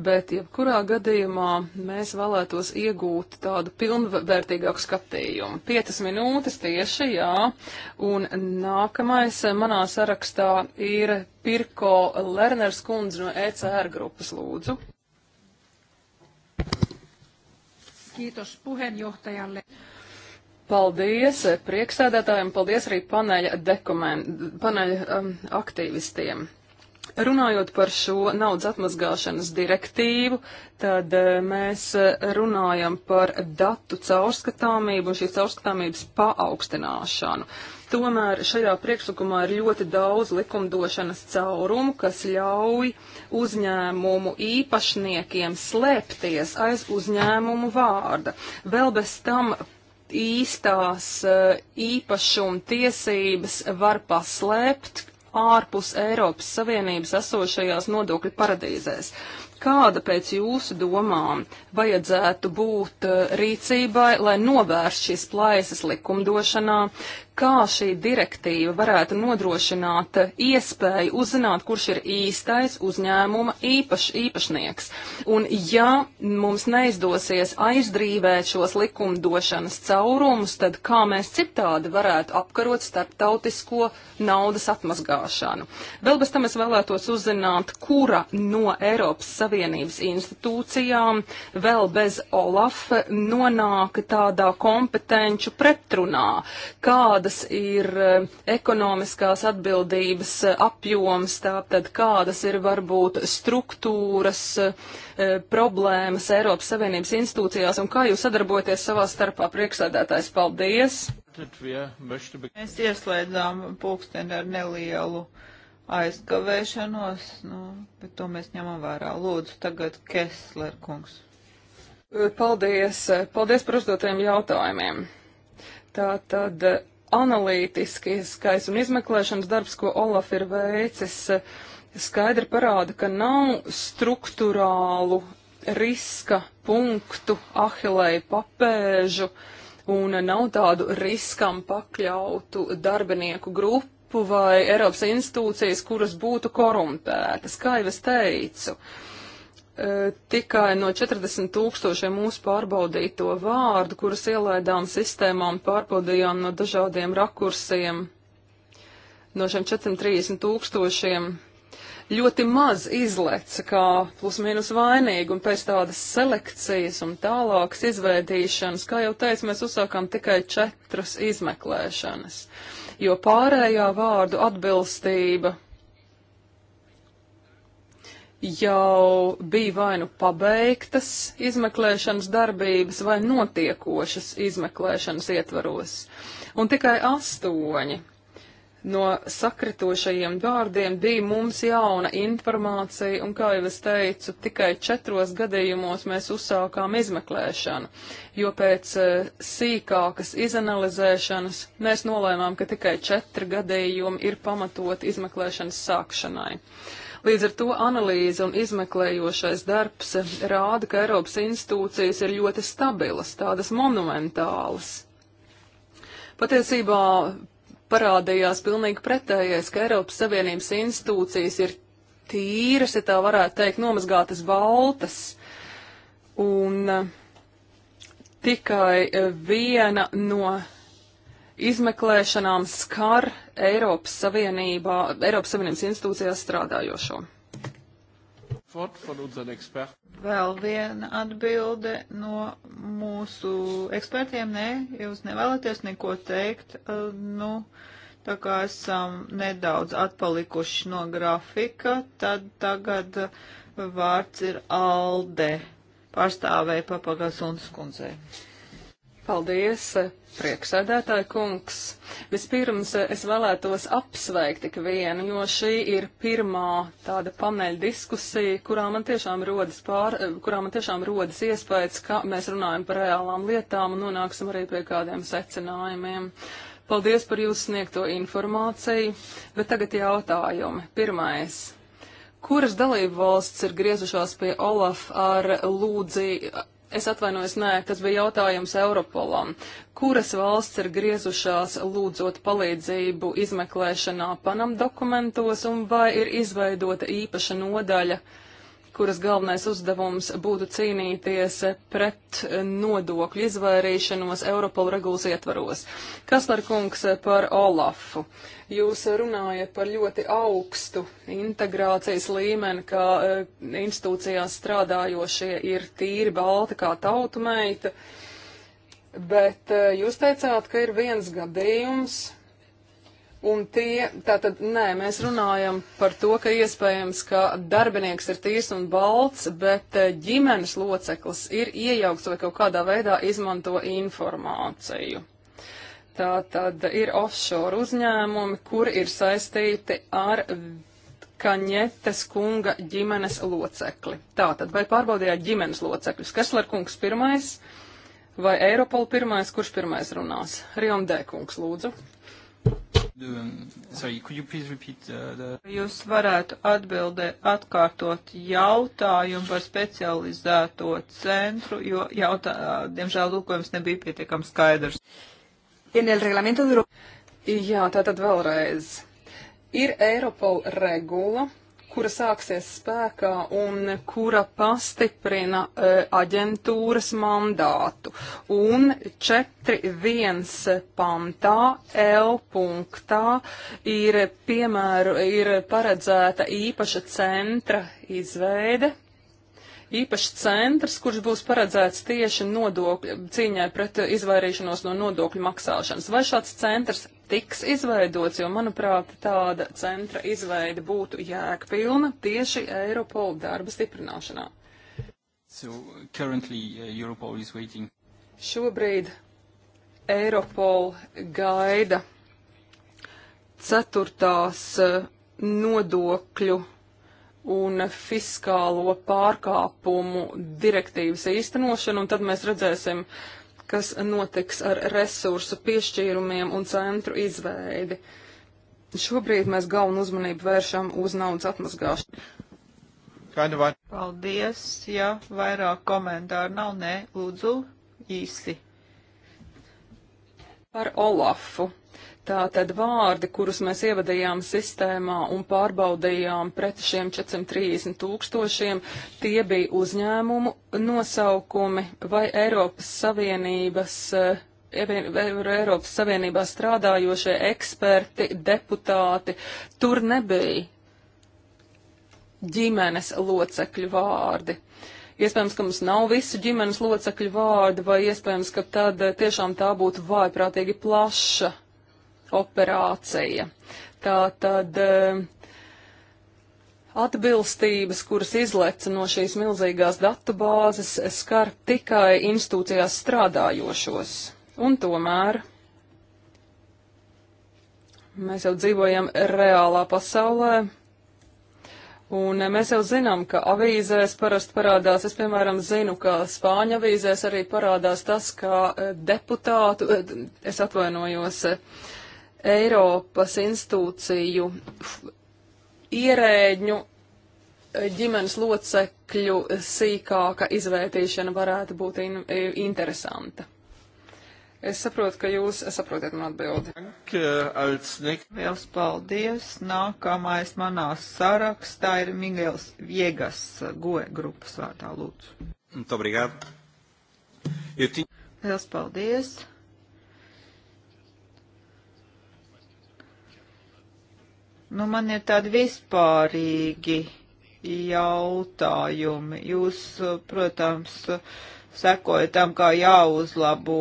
bet jebkurā gadījumā mēs vēlētos iegūt tādu pilnvērtīgāku skatījumu. Piecas minūtes tieši, jā, un nākamais manā sarakstā ir Pirko Lerners kundze no ECR grupas lūdzu. Kiitos puheenjohtajalle. Paldies priekšsēdētājiem, paldies arī paneļa, dokument, paneļa um, aktīvistiem. Runājot par šo naudas atmazgāšanas direktīvu, tad eh, mēs eh, runājam par datu caurskatāmību un šīs caurskatāmības paaugstināšanu. Tomēr šajā priekšlikumā ir ļoti daudz likumdošanas caurumu, kas ļauj uzņēmumu īpašniekiem slēpties aiz uzņēmumu vārda. Vēl bez tam īstās eh, īpašuma tiesības var paslēpt ārpus Eiropas Savienības esošajās nodokļu paradīzēs. Kāda pēc jūsu domām vajadzētu būt eh, rīcībai, lai novērst šīs plaisas likumdošanā? kā šī direktīva varētu nodrošināt iespēju uzzināt, kurš ir īstais uzņēmuma īpaš, īpašnieks. Un ja mums neizdosies aizdrīvēt šos likumdošanas caurumus, tad kā mēs citādi varētu apkarot starptautisko naudas atmazgāšanu. Vēl bez tam es vēlētos uzzināt, kura no Eiropas Savienības institūcijām vēl bez OLAF nonāk tādā kompetenču pretrunā. Kāda kādas ir e, ekonomiskās atbildības e, apjoms, tātad kādas ir varbūt struktūras e, problēmas Eiropas Savienības institūcijās un kā jūs sadarbojaties savā starpā priekšsēdētājs. Paldies! Mēs ieslēdzām pulksteni ar nelielu aizkavēšanos, nu, bet to mēs ņemam vērā. Lūdzu, tagad Kessler kungs. Paldies, paldies par uzdotajiem jautājumiem. Tā tad analītiskais un izmeklēšanas darbs, ko Olaf ir veicis, skaidri parāda, ka nav struktūrālu riska punktu ahilēju papēžu un nav tādu riskam pakļautu darbinieku grupu vai Eiropas institūcijas, kuras būtu korumpētas, kā jau es teicu. Uh, E, tikai no 40 tūkstošiem mūsu pārbaudīto vārdu, kurus ielaidām sistēmā un pārbaudījām no dažādiem rakursiem, no šiem 430 tūkstošiem ļoti maz izleca kā plus mīnus vainīgi un pēc tādas selekcijas un tālākas izveidīšanas, kā jau teicu, mēs uzsākām tikai četras izmeklēšanas, jo pārējā vārdu atbilstība jau bija vai nu pabeigtas izmeklēšanas darbības vai notiekošas izmeklēšanas ietvaros. Un tikai astoņi no sakritošajiem vārdiem bija mums jauna informācija, un, kā jau es teicu, tikai četros gadījumos mēs uzsākām izmeklēšanu, jo pēc uh, sīkākas izanalizēšanas mēs nolēmām, ka tikai četri gadījumi ir pamatot izmeklēšanas sākšanai. Uh, Līdz ar to analīze un izmeklējošais darbs rāda, ka Eiropas institūcijas ir ļoti stabilas, tādas monumentālas. Patiesībā parādījās pilnīgi pretējais, ka Eiropas Savienības institūcijas ir tīras, ja tā varētu teikt, nomazgātas baltas. Un eh, tikai eh, viena no izmeklēšanām skar Eiropas Savienībā, Eiropas Savienības institūcijās strādājošo. Vēl viena atbilde no mūsu ekspertiem. Nē, jūs nevēlaties neko teikt. Uh, nu, tā kā esam nedaudz atpalikuši no grafika, tad tagad vārds ir Alde pārstāvēja papagas un skundzei. Paldies, eh, priekšsēdētāji kungs. Vispirms eh, es vēlētos apsveikt tik vienu, jo šī ir pirmā tāda paneļa diskusija, kurā man tiešām rodas, pār, eh, kurā man tiešām rodas iespējas, ka mēs runājam par reālām lietām un nonāksim arī pie kādiem secinājumiem. Paldies par jūsu sniegto informāciju, bet tagad jautājumi. Pirmais. Kuras dalību valsts ir griezušās pie Olaf ar lūdzi, Es atvainojos, nē, tas bija jautājums Europolam. Kuras valsts ir griezušās lūdzot palīdzību izmeklēšanā panam dokumentos un vai ir izveidota īpaša nodaļa kuras galvenais uzdevums būtu cīnīties pret nodokļu izvairīšanos Europol regulas ietvaros. Kaslar kungs par Olafu. Jūs runājat par ļoti augstu integrācijas līmeni, ka eh, institūcijās strādājošie ir tīri balti kā tautu meita, bet eh, jūs teicāt, ka ir viens gadījums Un tie, tātad, nē, mēs runājam par to, ka iespējams, ka darbinieks ir tīs un balts, bet eh, ģimenes loceklis ir iejaukts vai kaut kādā veidā izmanto informāciju. Tātad ir offshore uzņēmumi, kur ir saistīti ar Kaņetes kunga ģimenes locekli. Tātad, vai pārbaudījāt ģimenes locekļus? Kesler kungs pirmais vai Eiropol pirmais? Kurš pirmais runās? Riondē kungs, lūdzu. Uh, jūs varētu atbildēt, atkārtot jautājumu par specializēto centru, jo jautā, diemžēl lūkojums nebija pietiekami skaidrs. Jā, tātad vēlreiz. Ir Eiropola regula, kura sāksies spēkā un kura pastiprina e, aģentūras mandātu. Un 4.1. pantā L punktā ir, piemēru, ir paredzēta īpaša centra izveide. Īpašs centrs, kurš būs paredzēts tieši nodokļu, cīņai pret izvairīšanos no nodokļu maksāšanas. Vai šāds centrs tiks izveidots, jo, manuprāt, tāda centra izveida būtu jēgpilna tieši Eiropola darba stiprināšanā. So, currently, uh, Europol is waiting. Šobrīd Eiropol gaida ceturtās uh, nodokļu un fiskālo pārkāpumu direktīvas īstenošanu, un tad mēs redzēsim, uh, kas notiks ar resursu piešķīrumiem un centru izveidi. Šobrīd mēs galvenu uzmanību vēršam uz naudas atmazgāšanu. Paldies, ja vairāk komentāru nav, nē, lūdzu, īsi. Par Olafu Tātad vārdi, kurus mēs ievadījām sistēmā un pārbaudījām pret šiem 430 tūkstošiem, tie bija uzņēmumu nosaukumi vai Eiropas Savienības. Eh, Eiropas Savienībā strādājošie eksperti, deputāti, tur nebija ģimenes locekļu vārdi. Iespējams, ka mums nav visu ģimenes locekļu vārdi, vai iespējams, ka tad eh, tiešām tā būtu vājprātīgi plaša operācija. Tā tad eh, atbilstības, kuras izleca no šīs milzīgās datubāzes, skar tikai institūcijās strādājošos. Un tomēr mēs jau dzīvojam reālā pasaulē, Un mēs jau zinām, ka avīzēs parasti parādās, es piemēram zinu, ka Spāņu avīzēs arī parādās tas, ka eh, deputātu, eh, es atvainojos, Eiropas institūciju ierēģu eh, ģimenes locekļu sīkāka izvērtīšana varētu būt in eh, interesanta. Es saprotu, ka jūs saprotat man atbildi. Liels paldies. Nākamais manā sarakstā ir Miguels Viegas goe grupas vārdā lūdzu. Liels paldies. Nu, man ir tādi vispārīgi jautājumi. Jūs, protams, sekojat tam, kā jāuzlabo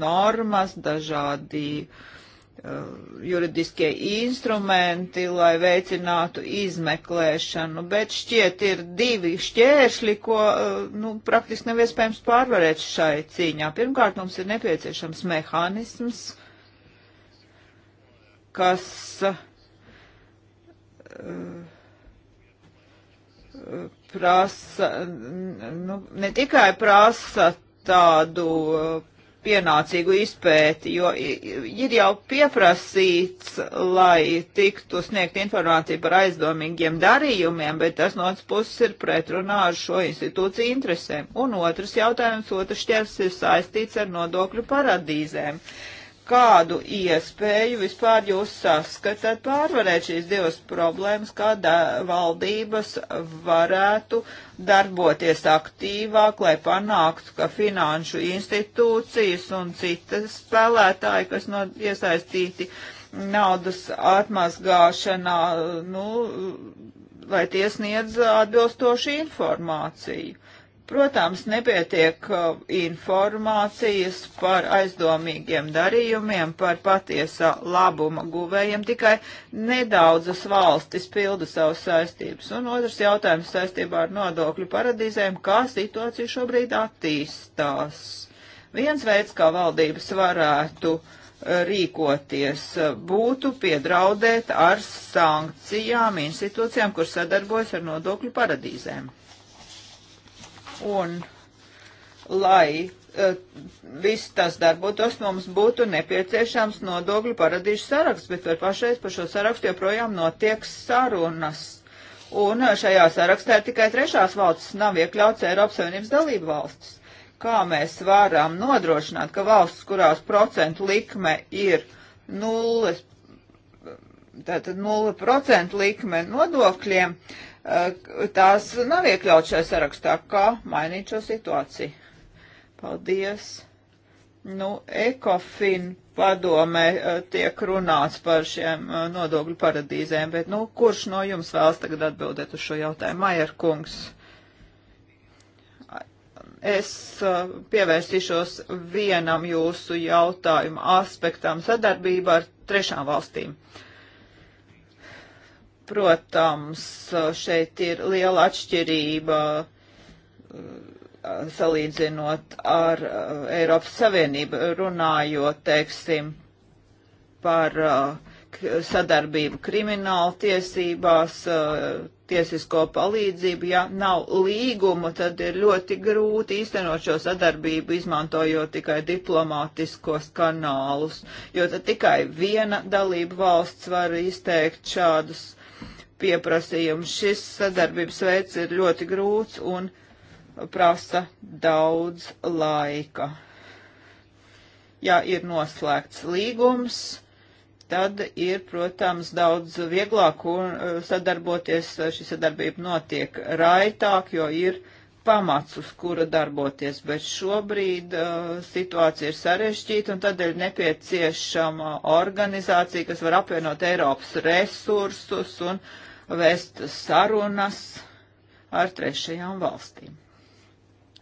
normas, dažādi uh, juridiskie instrumenti, lai veicinātu izmeklēšanu, bet šķiet ir divi šķēršļi, ko uh, nu, praktiski nav iespējams pārvarēt šai cīņā. Pirmkārt, mums ir nepieciešams mehānisms, kas uh, prasa, nu, ne tikai prasa tādu pienācīgu izpēti, jo ir jau pieprasīts, lai tiktu sniegt informāciju par aizdomīgiem darījumiem, bet tas no otras puses ir pretrunā ar šo institūciju interesēm. Un otrs jautājums, otrs šķērs ir saistīts ar nodokļu paradīzēm. Uh, kādu iespēju vispār jūs saskatāt pārvarēt šīs divas problēmas, kā valdības varētu darboties aktīvāk, lai panāktu, ka finanšu institūcijas un citas spēlētāji, kas no iesaistīti naudas atmazgāšanā, nu, lai tie sniedz atbilstošu informāciju. Protams, nepietiek uh, informācijas par aizdomīgiem darījumiem, par patiesā labuma guvējiem. Tikai nedaudzas valstis pilda savas saistības. Un otrs jautājums saistībā ar nodokļu paradīzēm - kā situācija šobrīd attīstās. Viens veids, kā valdības varētu uh, rīkoties, uh, būtu piedraudēt ar sankcijām institūcijām, kur sadarbojas ar nodokļu paradīzēm. Un, lai uh, viss tas darbotos, mums būtu nepieciešams nodokļu paradīžu saraksts, bet par pašreiz par šo sarakstu joprojām notiek sarunas. Un eh, šajā sarakstā ir tikai trešās valstis, nav iekļauts Eiropas Savienības dalību valstis. Kā mēs varam nodrošināt, ka valsts, kurās procentu likme ir nulles, tātad nulle procentu likme nodokļiem, uh, Eh, tās nav iekļauts šajā sarakstā. Kā mainīt šo situāciju? Paldies! Nu, ECOFIN padomē eh, tiek runāts par šiem eh, nodokļu paradīzēm, bet, nu, kurš no jums vēlas tagad atbildēt uz šo jautājumu? Maier kungs. Es pievērsīšos vienam jūsu jautājumu aspektam sadarbība ar trešām valstīm. Uh, Protams, šeit ir liela atšķirība eh, salīdzinot ar eh, Eiropas Savienību, runājot, teiksim, par eh, sadarbību krimināla tiesībās, tiesisko palīdzību. Ja nav līguma, tad ir ļoti grūti īstenot šo sadarbību, izmantojot tikai diplomātiskos kanālus, jo tad tikai viena dalība valsts var izteikt šādus pieprasījums. Šis sadarbības veids ir ļoti grūts un prasa daudz laika. Ja ir noslēgts līgums, tad ir, protams, daudz vieglāk un, eh, sadarboties, eh, šī sadarbība notiek raitāk, jo ir pamats, uz kura darboties, bet šobrīd uh, situācija ir sarežģīta un tādēļ nepieciešama organizācija, kas var apvienot Eiropas resursus un uh, vest sarunas ar trešajām valstīm.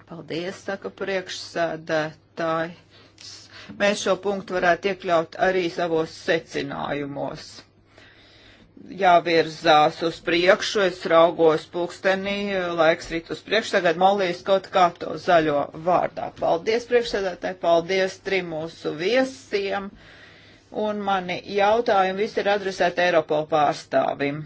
Paldies, saka priekšsēdētāji. Mēs šo punktu varētu iekļaut arī savos secinājumos. Jāvirzās uz priekšu, es raugos pulkstenī, laiks rīt uz priekšu, tagad molīs kaut kā to zaļo vārdā. Paldies priekšsēdētāji, paldies trim mūsu viesiem, un mani jautājumi visi ir adresēti Eiropola pārstāvim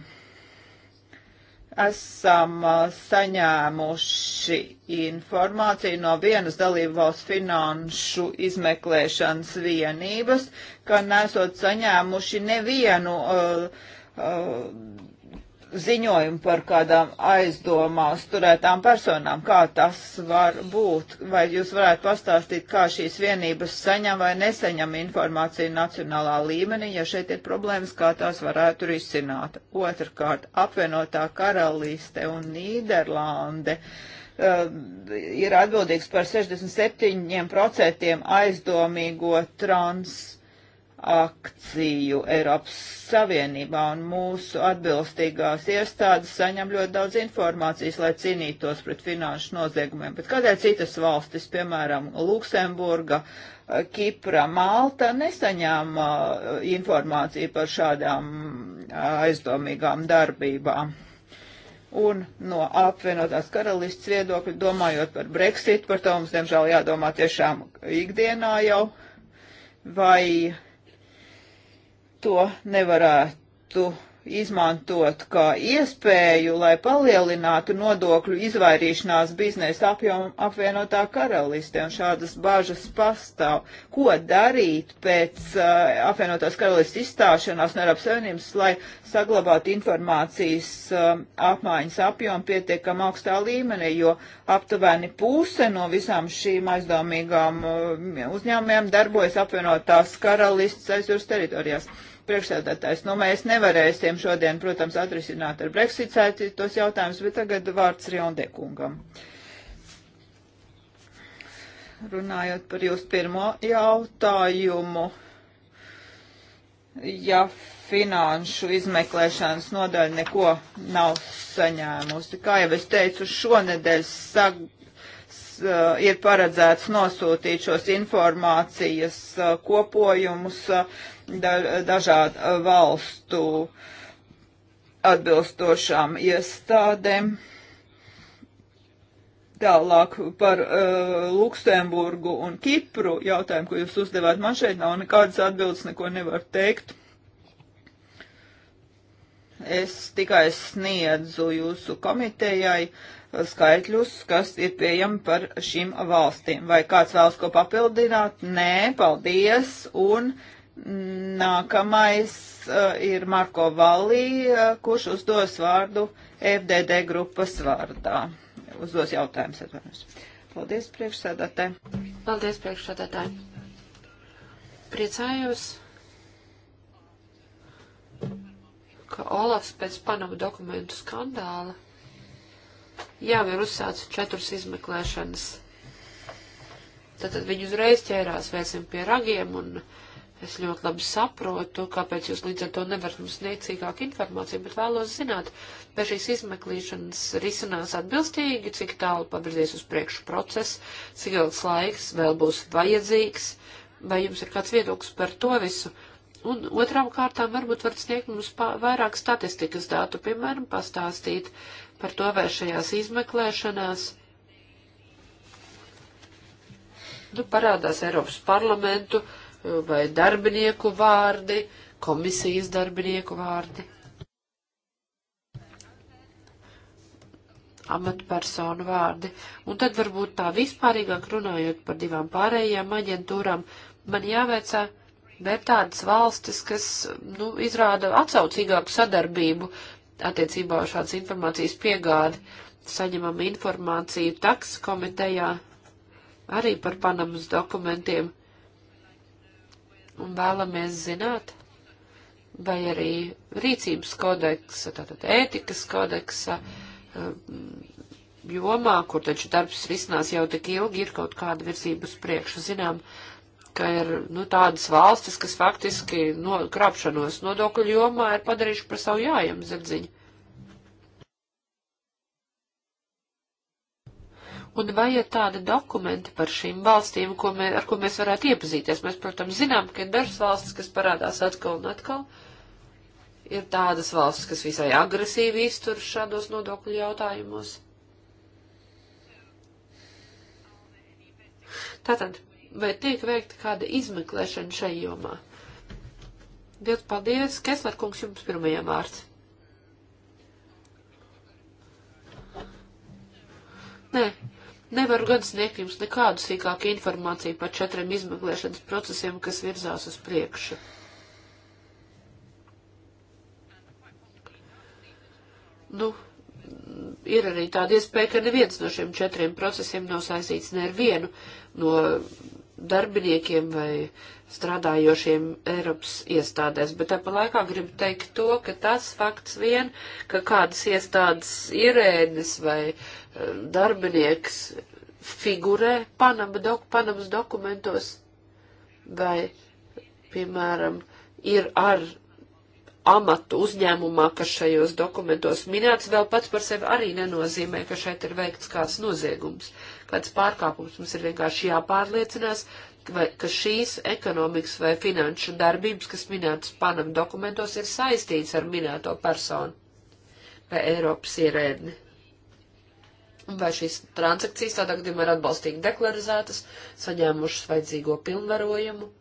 esam saņēmuši informāciju no vienas dalībvalsts finanšu izmeklēšanas vienības, ka nesot saņēmuši nevienu uh, uh, ziņojumu par kādām aizdomās turētām personām. Kā tas var būt? Vai jūs varētu pastāstīt, kā šīs vienības saņem vai nesaņem informāciju nacionālā līmenī, ja šeit ir problēmas, kā tās varētu risināt? Otrkārt, apvienotā karaliste un Nīderlande. Uh, ir atbildīgs par 67% aizdomīgo trans, akciju Eiropas Savienībā, un mūsu atbilstīgās iestādes saņem ļoti daudz informācijas, lai cīnītos pret finanšu noziegumiem. Bet kādēļ citas valstis, piemēram, Luksemburga, Kipra, Malta, nesaņēma uh, informāciju par šādām uh, aizdomīgām darbībām? Un no apvienotās karalists viedokļa, domājot par Brexit, par to mums, diemžēl, jādomā tiešām ikdienā jau, vai to nevarētu izmantot kā iespēju, lai palielinātu nodokļu izvairīšanās biznesa apjomu apvienotā karalistē, un šādas bažas pastāv. Ko darīt pēc uh, apvienotās karalistes izstāšanās no Eiropas Savienības, lai saglabātu informācijas uh, apmaiņas apjomu pietiekam augstā līmenī, jo aptuveni puse no visām šīm aizdomīgām uh, uzņēmumiem darbojas apvienotās karalistes aizjūras teritorijās. Uh, priekšsēdētājs. Nu, mēs nevarēsim šodien, protams, atrisināt ar Brexit sēci tos jautājumus, bet tagad vārds Riondekungam. Runājot par jūsu pirmo jautājumu, ja finanšu izmeklēšanas nodaļa neko nav saņēmusi, kā jau es teicu, šonedēļ sag uh, ir paredzēts nosūtīt šos informācijas uh, kopojumus uh, dažādu uh, valstu atbilstošām iestādēm. Tālāk par uh, Luksemburgu un Kipru jautājumu, ko jūs uzdevāt, man šeit nav nekādas atbildes, neko nevar teikt. Es tikai sniedzu jūsu komitejai skaitļus, kas ir pieejami par šīm valstīm. Vai kāds vēlas ko papildināt? Nē, paldies. Un uh, Nākamais uh, ir Marko Valī, uh, kurš uzdos vārdu FDD grupas vārdā. Uzdos jautājums, atvainojos. Paldies, priekšsēdētē. Paldies, priekšsēdētē. Priecājos, ka Olafs pēc Panama dokumentu skandāla jau ir uzsācis četras izmeklēšanas. Tad, tad viņi uzreiz ķērās, veicam pie ragiem un. Uh, Es ļoti labi saprotu, kāpēc jūs līdz ar to nevarat mums sniegt cīkāku informāciju, bet vēlos zināt, vai šīs izmeklīšanas risinās atbilstīgi, cik tālu pavirzies uz priekšu process, cik ilgs laiks vēl būs vajadzīgs, vai jums ir kāds viedoklis par to visu. Un otrām kārtām varbūt varat sniegt mums vairāk statistikas datu, piemēram, pastāstīt par to, vai šajās izmeklēšanās nu, parādās Eiropas parlamentu vai darbinieku vārdi, komisijas darbinieku vārdi, amatpersonu vārdi. Un tad varbūt tā vispārīgāk runājot par divām pārējām aģentūrām, man jāveicā bet tādas valstis, kas nu, izrāda atsaucīgāku sadarbību attiecībā uz šādas informācijas piegādi. Saņemam informāciju taks komitejā arī par Panamas dokumentiem un vēlamies zināt, vai arī rīcības kodeksa, tātad ētikas kodeksa eh, jomā, kur taču darbs risinās jau tik ilgi, ir kaut kāda virzība uz priekšu. Zinām, ka ir nu, tādas valstis, kas faktiski no, krāpšanos nodokļu jomā ir padarījuši par savu jājam zirdziņu. un vai ir tādi dokumenti par šīm valstīm, ko mē, ar ko mēs varētu iepazīties. Mēs, protams, zinām, ka ir dažas valstis, kas parādās atkal un atkal. Ir tādas valstis, kas visai agresīvi iztur šādos nodokļu jautājumos. Tātad, vai tiek veikta kāda izmeklēšana šai jomā? Dievs paldies, Kesler kungs jums pirmajam vārds. Nē, Nevaru gan sniegt jums nekādu sīkāku informāciju par četriem izmeklēšanas procesiem, kas virzās uz priekšu. Nu, ir arī tāda iespēja, ka neviens no šiem četriem procesiem nav saistīts ne ar vienu no darbiniekiem vai strādājošiem Eiropas iestādēs, bet tāpa laikā gribu teikt to, ka tas fakts vien, ka kādas iestādes ierēdnis vai eh, darbinieks figurē Panama dok Panamas dokumentos vai, piemēram, ir ar amatu uzņēmumā, kas šajos dokumentos minēts, vēl pats par sevi arī nenozīmē, ka šeit ir veikts kāds noziegums. Uh, kāds pārkāpums. Mums ir vienkārši jāpārliecinās, vai, ka šīs ekonomikas vai finanšu darbības, kas minētas panam dokumentos, ir saistīts ar minēto personu vai Eiropas ierēdni. Vai šīs transakcijas tādā gadījumā ir atbalstīgi deklarizētas, saņēmušas vajadzīgo pilnvarojumu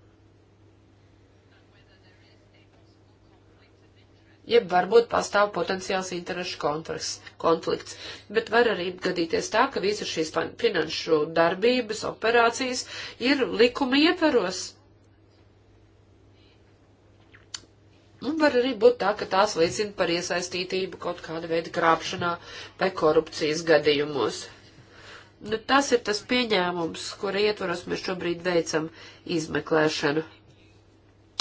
jeb varbūt pastāv potenciāls interešu konflikts, konflikts. Bet var arī gadīties tā, ka visas šīs finanšu darbības, operācijas ir likuma ietvaros. Un var arī būt tā, ka tās liecina par iesaistītību kaut kāda veida krāpšanā vai korupcijas gadījumos. Nu, tas ir tas pieņēmums, kura ietvaros mēs šobrīd veicam izmeklēšanu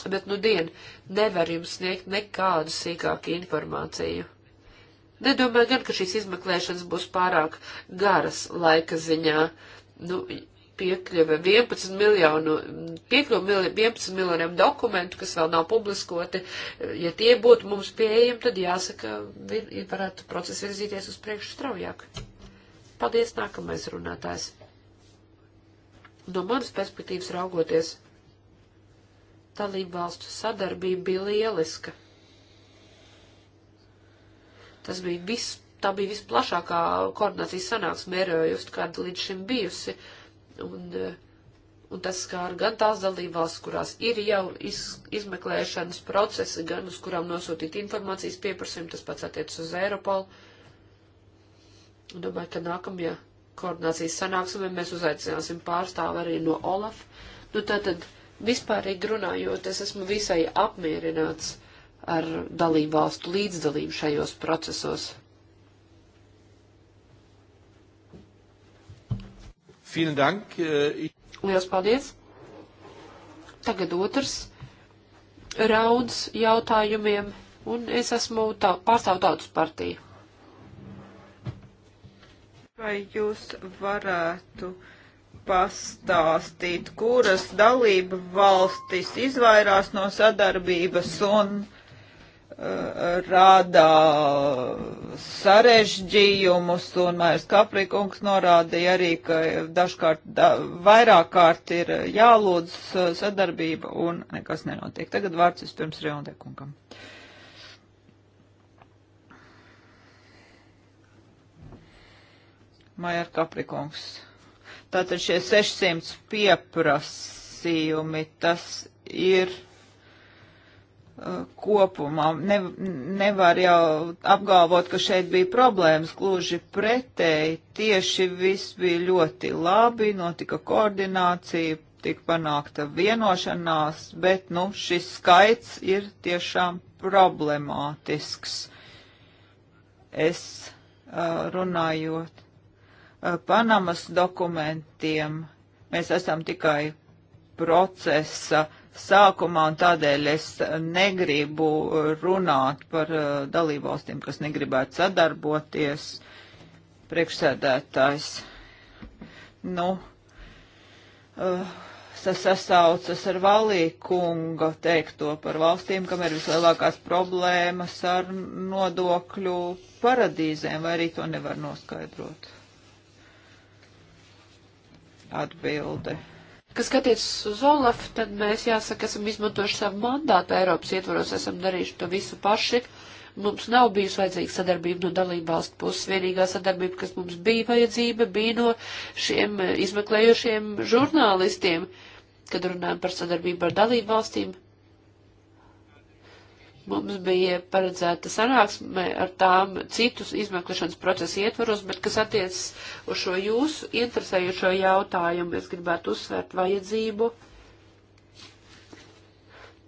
bet nu dien nevar jums sniegt nekādu sīkāku informāciju. Nedomāju gan, ka šīs izmeklēšanas būs pārāk garas laika ziņā. Nu, piekļuve 11 miljonu, piekļuve 11 miljoniem dokumentu, kas vēl nav publiskoti. Ja tie būtu mums pieejami, tad jāsaka, varētu process virzīties uz priekšu straujāk. Paldies, nākamais runātājs. No manas perspektīvas raugoties Dalībvalstu sadarbība bija lieliska. Tas bija viss, tā bija visplašākā koordinācijas sanāksme Eiropas, kāda līdz šim bijusi. Un, eh, un tas skār gan tās dalībvalsts, kurās ir jau iz, izmeklēšanas procesi, gan uz kurām nosūtīt informācijas pieprasījumu, tas pats attiecas uz Eiropolu. Un domāju, ka nākamajā koordinācijas sanāksmē mēs uzaicināsim pārstāvu arī no Olaf. Nu, tātad. Tā Vispārīgi runājot, es esmu visai apmierināts ar dalību valstu līdzdalību šajos procesos. Vielen Dank. Äh, Lielas paldies. Tagad otrs rauds jautājumiem, un es esmu tā, pārstāv tautas partiju. Vai jūs varētu uh, pastāstīt, kuras dalība valstis izvairās no sadarbības un uh, rādā sarežģījumus, un Mājas Kaprikungs norādīja arī, ka dažkārt da, vairāk kārt ir jālūdz uh, sadarbība, un nekas nenotiek. Tagad vārds vispirms Reondekungam. Mājas Kaprikungs. Tātad šie 600 pieprasījumi, tas ir uh, kopumā. Ne, nevar jau apgalvot, ka šeit bija problēmas, gluži pretēji. Tieši viss bija ļoti labi, notika koordinācija, tika panākta vienošanās, bet, nu, šis skaits ir tiešām problemātisks. Es uh, runājot Panamas dokumentiem. Mēs esam tikai procesa sākumā, un tādēļ es negribu runāt par uh, dalībvalstīm, kas negribētu sadarboties. Priekšsēdētājs, nu, uh, tas sasaucas ar Valīkunga teikto par valstīm, kam ir vislielākās problēmas ar nodokļu paradīzēm, vai arī to nevar noskaidrot atbilde. Kas attiecas uz Olafu, tad mēs jāsaka, esam izmantojuši savu mandātu Eiropas ietvaros, esam darījuši to visu paši. Mums nav bijusi vajadzīga sadarbība no dalībvalstu puses. Vienīgā sadarbība, kas mums bija vajadzība, bija no šiem izmeklējušiem žurnālistiem, kad runājam par sadarbību ar dalībvalstīm. Mums bija paredzēta sanāksme ar tām citus izmeklēšanas procesu ietvaros, bet kas attiecas uz šo jūsu interesējušo jautājumu, es gribētu uzsvērt vajadzību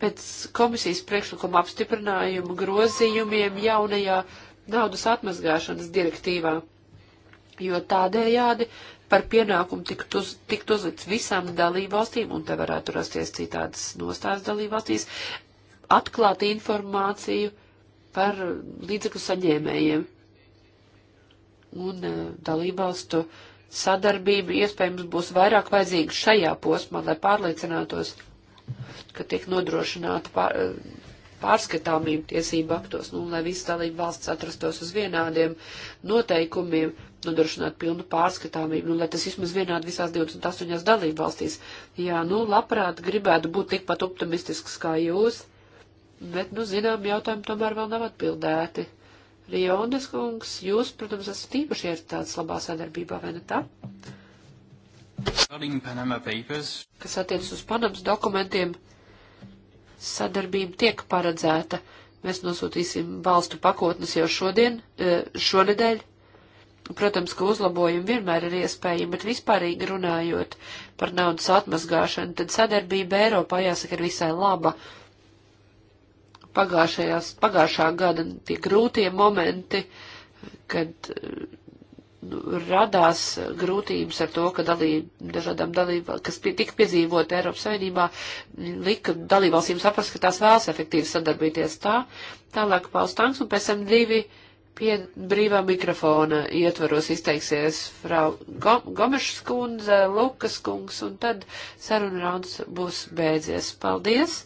pēc komisijas priekšlikuma apstiprinājumu grozījumiem jaunajā naudas atmazgāšanas direktīvā, jo tādējādi par pienākumu tikt, uz, tikt uzlikts visām dalībvalstīm, un te varētu rasties citādas nostājas dalībvalstīs, atklāt informāciju par līdzekļu saņēmējiem. Un eh, dalībvalstu sadarbība iespējams būs vairāk vajadzīga šajā posmā, lai pārliecinātos, ka tiek nodrošināta pār, eh, pārskatāmība tiesība aktos, nu, lai visas dalība valsts atrastos uz vienādiem noteikumiem, nodrošināt pilnu pārskatāmību, nu, lai tas vismaz vienādi visās 28 dalība valstīs. Jā, nu, labprāt gribētu būt tikpat optimistisks kā jūs bet, nu, zinām, jautājumi tomēr vēl nav atbildēti. Riondes kungs, jūs, protams, esat īpaši ir tāds labā sadarbībā, vai ne tā? Kas attiecas uz Panamas dokumentiem, sadarbība tiek paredzēta. Mēs nosūtīsim balstu pakotnes jau šodien, eh, šonedēļ. Protams, ka uzlabojumi vienmēr ir iespējami, bet vispārīgi runājot par naudas atmazgāšanu, tad sadarbība Eiropā jāsaka ir visai laba. Uh, pagājušā gada tie grūtie momenti, kad nu, radās grūtības ar to, ka dalība, dažādām dalībām, kas pie, tika piedzīvot Eiropas Savienībā, lika dalībvalstīm saprast, ka tās vēlas efektīvi sadarbīties tā, tālāk paustanks un pēc tam divi pie brīvā mikrofona ietvaros izteiksies Frau Gomešs kundze, Lukas kungs, un tad saruna rauns būs beidzies. Paldies!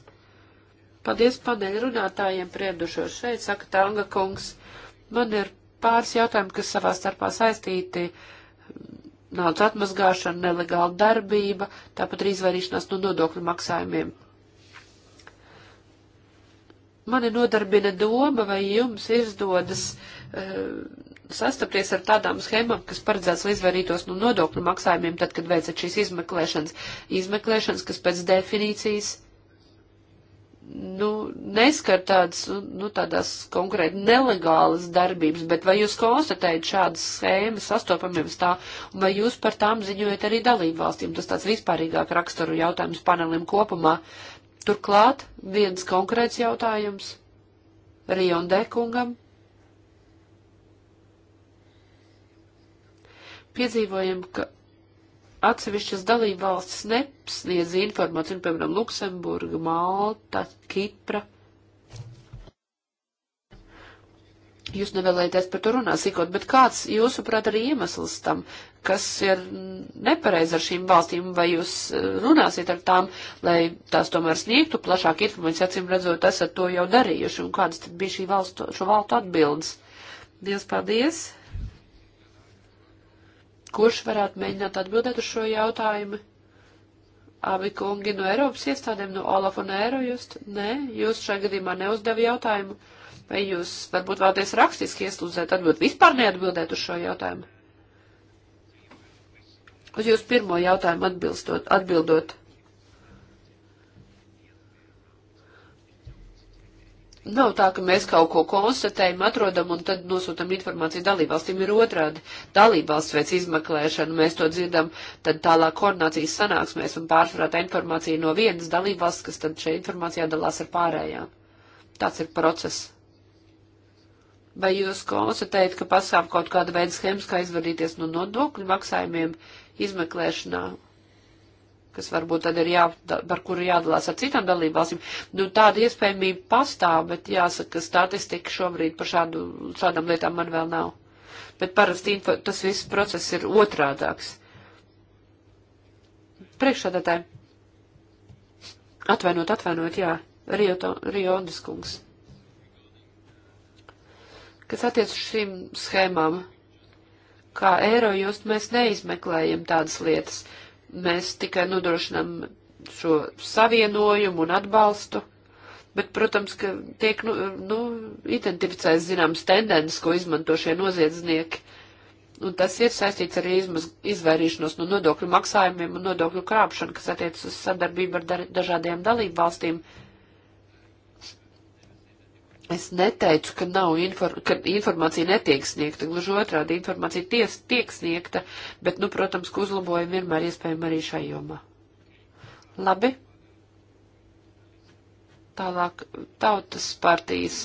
Paldies padeļ runātājiem priedušo šeit, saka Tanga kungs. Man ir pāris jautājumi, kas savā starpā saistīti. Naudas atmazgāšana, nelegāla darbība, tāpat arī izvairīšanās no nodokļu maksājumiem. Mani nodarbina doma, vai jums izdodas uh, sastapties ar tādām schēmām, kas paredzēts, lai izvairītos no nodokļu maksājumiem, tad, kad veicat šīs izmeklēšanas. Izmeklēšanas, kas pēc definīcijas nu, neskar tādas, nu, tādas konkrēti nelegālas darbības, bet vai jūs konstatējat šādas schēmas, sastopamības tā, un vai jūs par tām ziņojat arī dalību valstīm? Tas tāds vispārīgāk raksturu jautājums panelim kopumā. Turklāt viens konkrēts jautājums Riondekungam. Piedzīvojam, ka atsevišķas dalībvalstis nepsniedz informāciju, nu, piemēram, Luksemburga, Malta, Kipra. Jūs nevēlēties par to runāt sīkot, bet kāds, jūsuprāt, arī iemesls tam, kas ir nepareizi ar šīm valstīm, vai jūs eh, runāsiet ar tām, lai tās tomēr sniegtu plašāku informāciju, acīm redzot, esat to jau darījuši, un kādas tad bija šī valstu, šo valstu atbildes? Dievs, paldies! Kurš varētu mēģināt atbildēt uz šo jautājumu? Abi kungi no Eiropas iestādēm, no Olaf un Eirojust? Nē, jūs šajā gadījumā neuzdeva jautājumu. Vai jūs varbūt vēlaties rakstiski ieslūdzēt atbildi? Vispār neatbildēt uz šo jautājumu. Uz jūsu pirmo jautājumu atbildot. Nav tā, ka mēs kaut ko konstatējam, atrodam un tad nosūtam informāciju dalībvalstīm. Ir otrādi dalībvalsts veids izmeklēšana, mēs to dzirdam, tad tālāk koordinācijas sanāksmēs un pārsvarāta informācija no vienas dalībvalsts, kas tad šajā informācijā dalās ar pārējām. Tāds ir process. Vai jūs konstatējat, ka pastāv kaut kāda veida schēmas, kā izvadīties no nodokļu maksājumiem izmeklēšanā kas varbūt tad ir jā, par kuru jādalās ar citām dalībvalstīm. Nu, tāda iespējamība pastāv, bet jāsaka, ka statistika šobrīd par šādu, šādām lietām man vēl nav. Bet parasti info, tas viss process ir otrādāks. Priekšādātāji. Atvainot, atvainot, jā. Rio, Rio Andiskungs kas attiec uz šīm schēmām. Kā eiro just mēs neizmeklējam tādas lietas. Mēs tikai nodrošinām šo savienojumu un atbalstu. Bet, protams, ka tiek nu, nu, identificēts zināms tendences, ko izmanto šie noziedznieki. Un tas ir saistīts arī izmaz, izvairīšanos no nodokļu maksājumiem un nodokļu krāpšanu, kas attiecas uz sadarbību ar dar, dažādiem dalību valstīm. Uh, Es neteicu, ka, nav infor ka informācija netiek sniegta, gluži otrādi informācija ties, tiek sniegta, bet, nu, protams, ka uzlabojumi vienmēr iespējami arī šai jomā. Labi. Tālāk tautas partijas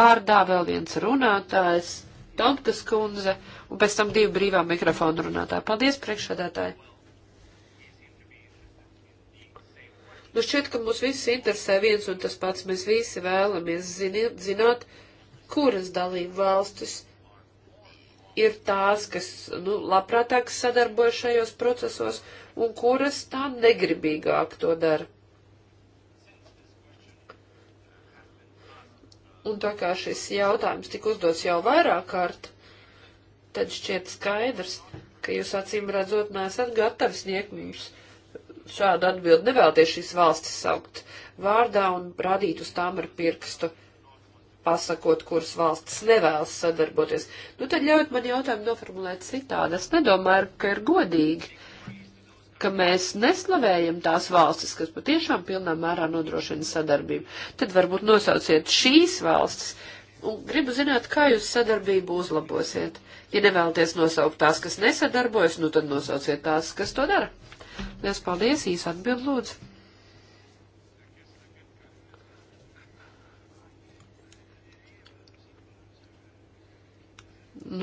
vārdā vēl viens runātājs, Tomkas kundze, un pēc tam divi brīvā mikrofona runātāji. Paldies, priekšsēdētāji! Nu šķiet, ka mūs visus interesē viens un tas pats. Mēs visi vēlamies ziniet, zināt, kuras dalību valstis ir tās, kas nu, labprātāk sadarbojas šajos procesos un kuras tā negribīgāk to dara. Un tā kā šis jautājums tika uzdots jau vairāk kārt, tad šķiet skaidrs, ka jūs acīm redzot nesat gatavi sniegt mums šādu atbildi nevēlties šīs valstis saukt vārdā un rādīt uz tām ar pirkstu, pasakot, kuras valstis nevēlas sadarboties. Nu, tad ļaujiet man jautājumu noformulēt citādi. Es nedomāju, ka ir godīgi, ka mēs neslavējam tās valstis, kas patiešām pilnā mērā nodrošina sadarbību. Tad varbūt nosauciet šīs valstis. Un gribu zināt, kā jūs sadarbību uzlabosiet. Ja nevēlaties nosaukt tās, kas nesadarbojas, nu tad nosauciet tās, kas to dara. Lielas paldies, īsa atbild lūdzu.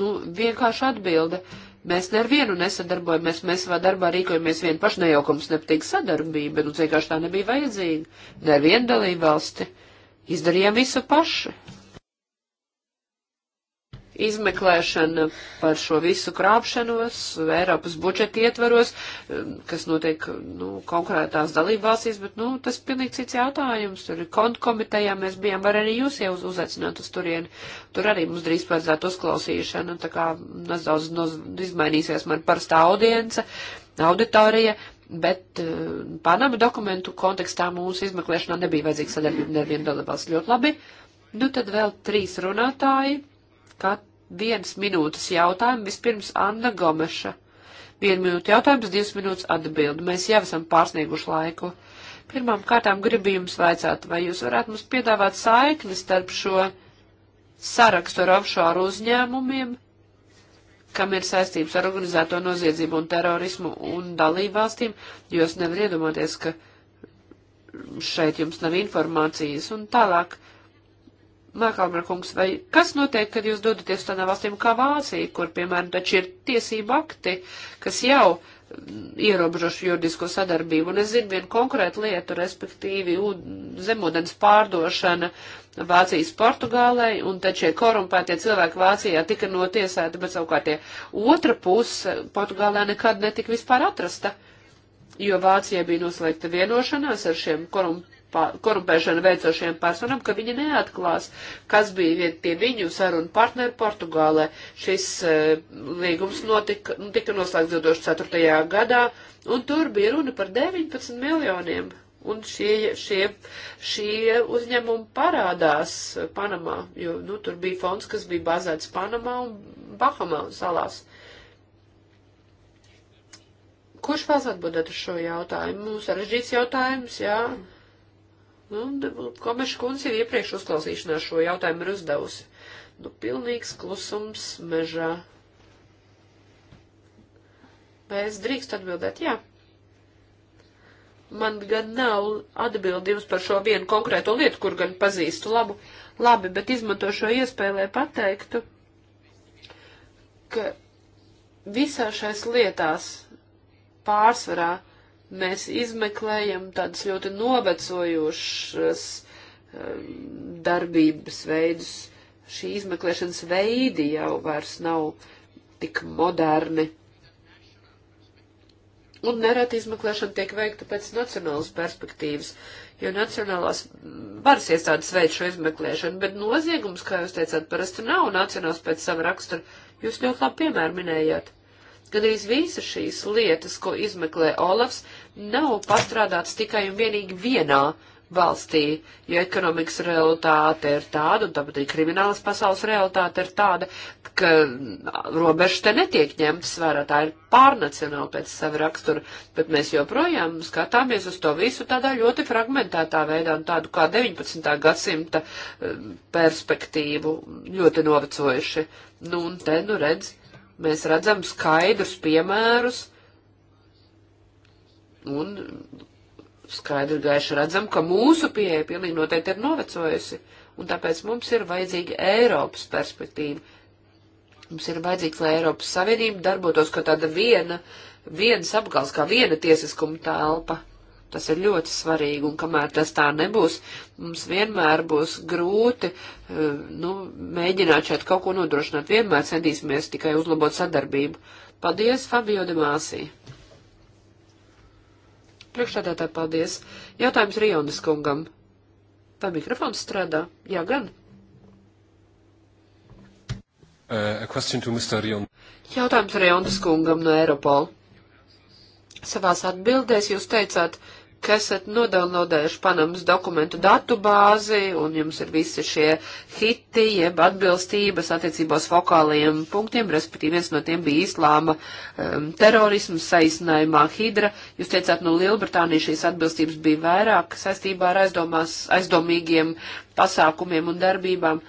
Nu, vienkārši atbilde. Mēs nevienu nesadarbojamies, mēs savā darbā rīkojamies vien paši, ne jau mums nepatīk sadarbība, nu vienkārši tā nebija vajadzīga. Nevienu dalību valsti. Izdarījām visu paši izmeklēšana par šo visu krāpšanos Eiropas budžeta ietvaros, um, kas notiek nu, konkrētās dalībvalstīs, bet nu, tas pilnīgi cits jautājums. Tur ir kontu komitejā, mēs bijām, var arī jūs jau uzaicināt uz turieni. Tur arī mums drīz paredzētu uzklausīšanu, tā kā nedaudz izmainīsies man parastā audience, auditorija, bet uh, Panama dokumentu kontekstā mūsu izmeklēšanā nebija vajadzīga sadarbība nevienu dalībās ļoti labi. Nu tad vēl trīs runātāji, kat, vienas minūtes jautājumu. Vispirms Anna Gomeša. Vienu minūtu jautājums, divas minūtes atbildi. Mēs jau esam pārsnieguši laiku. Pirmām kārtām gribu jums vaicāt, vai jūs varētu mums piedāvāt saikni starp šo sarakstu ar offshore uzņēmumiem, kam ir saistības ar organizēto noziedzību un terorismu un dalībvalstīm, jo es nevaru iedomāties, ka šeit jums nav informācijas un tālāk. Uh, Mākalmer kungs, vai kas notiek, kad jūs dodaties tādā valstīm kā Vācija, kur, piemēram, taču ir tiesība akti, kas jau mm, ierobežošu juridisko sadarbību. Un es zinu vienu konkrētu lietu, respektīvi zemūdens pārdošana Vācijas Portugālei, un tad šie korumpētie cilvēki Vācijā tika notiesēti, bet savukārt tie otra puse Portugālē nekad netika vispār atrasta, jo Vācijai bija noslēgta vienošanās ar šiem korumpētiem korumpēšanu veicošiem personam, ka viņi neatklās, kas bija pie viņu sarunu partneri Portugālē. Šis uh, līgums notika, tika noslēgts 2004. gadā, un tur bija runa par 19 miljoniem. Un šie, šie, šie uzņēmumi parādās Panamā, jo nu, tur bija fonds, kas bija bazēts Panamā un Bahamā salās. Kurš vēlas atbildēt uz šo jautājumu? Sarežģīts jautājums, jā. Mm. Un nu, Komeša kundze jau iepriekš uzklausīšanā šo jautājumu ir uzdevusi. Nu, pilnīgs klusums mežā. Vai es drīkst atbildēt? Jā. Man gan nav atbildījums par šo vienu konkrēto lietu, kur gan pazīstu labu, labi, bet izmanto šo iespēju, lai pateiktu, ka visā šais lietās pārsvarā Mēs izmeklējam tādas ļoti novecojošas um, darbības veidus. Šī izmeklēšanas veidi jau vairs nav tik moderni. Un nereti izmeklēšana tiek veikta pēc nacionālas perspektīvas, jo nacionālās varas iestādes veic šo izmeklēšanu, bet noziegums, kā jūs teicāt, parasti nav nacionāls pēc sava rakstura. Jūs ļoti labi piemēru minējāt. Gadījis visas šīs lietas, ko izmeklē Olafs, nav pastrādāts tikai un vienīgi vienā valstī, jo ekonomikas realitāte ir tāda, un tāpat arī kriminālas pasaules realitāte ir tāda, ka robežas te netiek ņemtas vērā, tā ir pārnacionāla pēc sava rakstura, bet mēs joprojām skatāmies uz to visu tādā ļoti fragmentētā veidā, un tādu kā 19. gadsimta eh, perspektīvu ļoti novecojuši. Nu, un te, nu redz, mēs redzam skaidrus piemērus, uh, Un skaidri gaiši redzam, ka mūsu pieeja pilnīgi noteikti ir novecojusi, un tāpēc mums ir vajadzīga Eiropas perspektīva. Mums ir vajadzīgs, lai Eiropas Savienība darbotos kā tāda viena, viens apgals, kā viena tiesiskuma telpa. Tas ir ļoti svarīgi, un kamēr tas tā nebūs, mums vienmēr būs grūti, eh, nu, mēģināt šeit kaut ko nodrošināt. Vienmēr centīsimies tikai uzlabot sadarbību. Paldies, Fabio Demāsī! Priekšstādātāji, paldies. Jautājums Rionas kungam. Vai mikrofons strādā? Jā, gan. Uh, Rion. Jautājums Rionas kungam no Eiropola. Savās atbildēs jūs teicāt, uh, ka esat nodaunlodējuši Panamas dokumentu datu bāzi un jums ir visi šie hiti, jeb atbilstības attiecībos fokālajiem punktiem, respektīvi viens no tiem bija islāma um, terorisms saīsinājumā Hidra. Jūs teicāt, no Lielbritānijas šīs atbilstības bija vairāk saistībā ar aizdomās, aizdomīgiem pasākumiem un darbībām.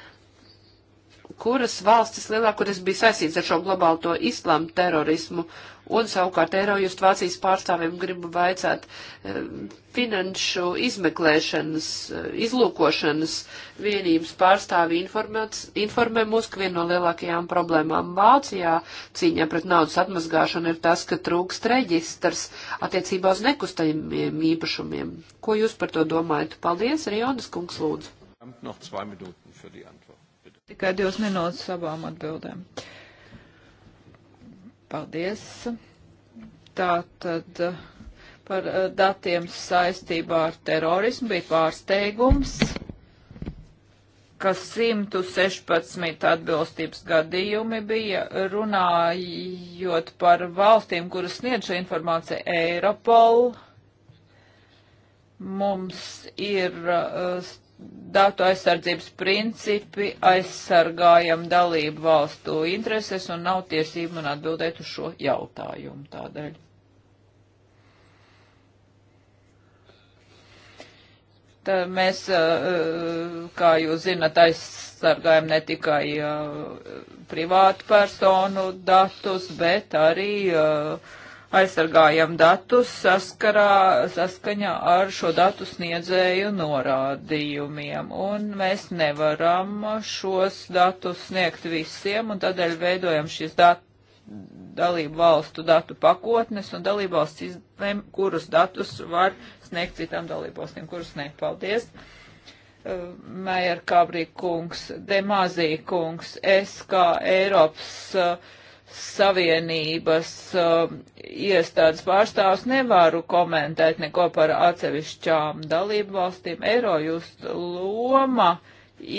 Kuras valstis lielākoties bija saistīts ar šo globālo islāma terorismu? Uh, Un savukārt Eirojust Vācijas pārstāvim gribu vaicāt eh, finanšu izmeklēšanas, eh, izlūkošanas vienības pārstāvi informē mūs, ka viena no lielākajām problēmām Vācijā cīņā pret naudas atmazgāšanu ir tas, ka trūkst reģistrs attiecībā uz nekustajiem īpašumiem. Ko jūs par to domājat? Paldies, Rionas kungs, lūdzu. Tikai divas minūtes abām atbildēm. Uh, Paldies. Tā tad uh, par uh, datiem saistībā ar terorismu bija pārsteigums, ka 116 atbilstības gadījumi bija runājot par valstīm, kuras sniedz šo informāciju Eiropol. Mums ir uh, datu aizsardzības principi aizsargājam dalību valstu intereses un nav tiesību man atbildēt uz šo jautājumu tādēļ. Tā mēs, eh, eh, kā jūs zinat, aizsargājam ne tikai eh, privātu personu datus, bet arī uh, aizsargājam datus saskarā, saskaņā ar šo datu sniedzēju norādījumiem. Un mēs nevaram šos datus sniegt visiem, un tādēļ veidojam šīs datu dalību valstu datu pakotnes, un dalību valsts izlem, kurus datus var sniegt citām dalību valstīm, kurus ne. Paldies! Uh, Mējer Kabrī kungs, Demazī kungs, es kā Eiropas uh, Savienības uh, iestādes pārstāvs nevaru komentēt neko par atsevišķām dalību valstīm. Eirojust loma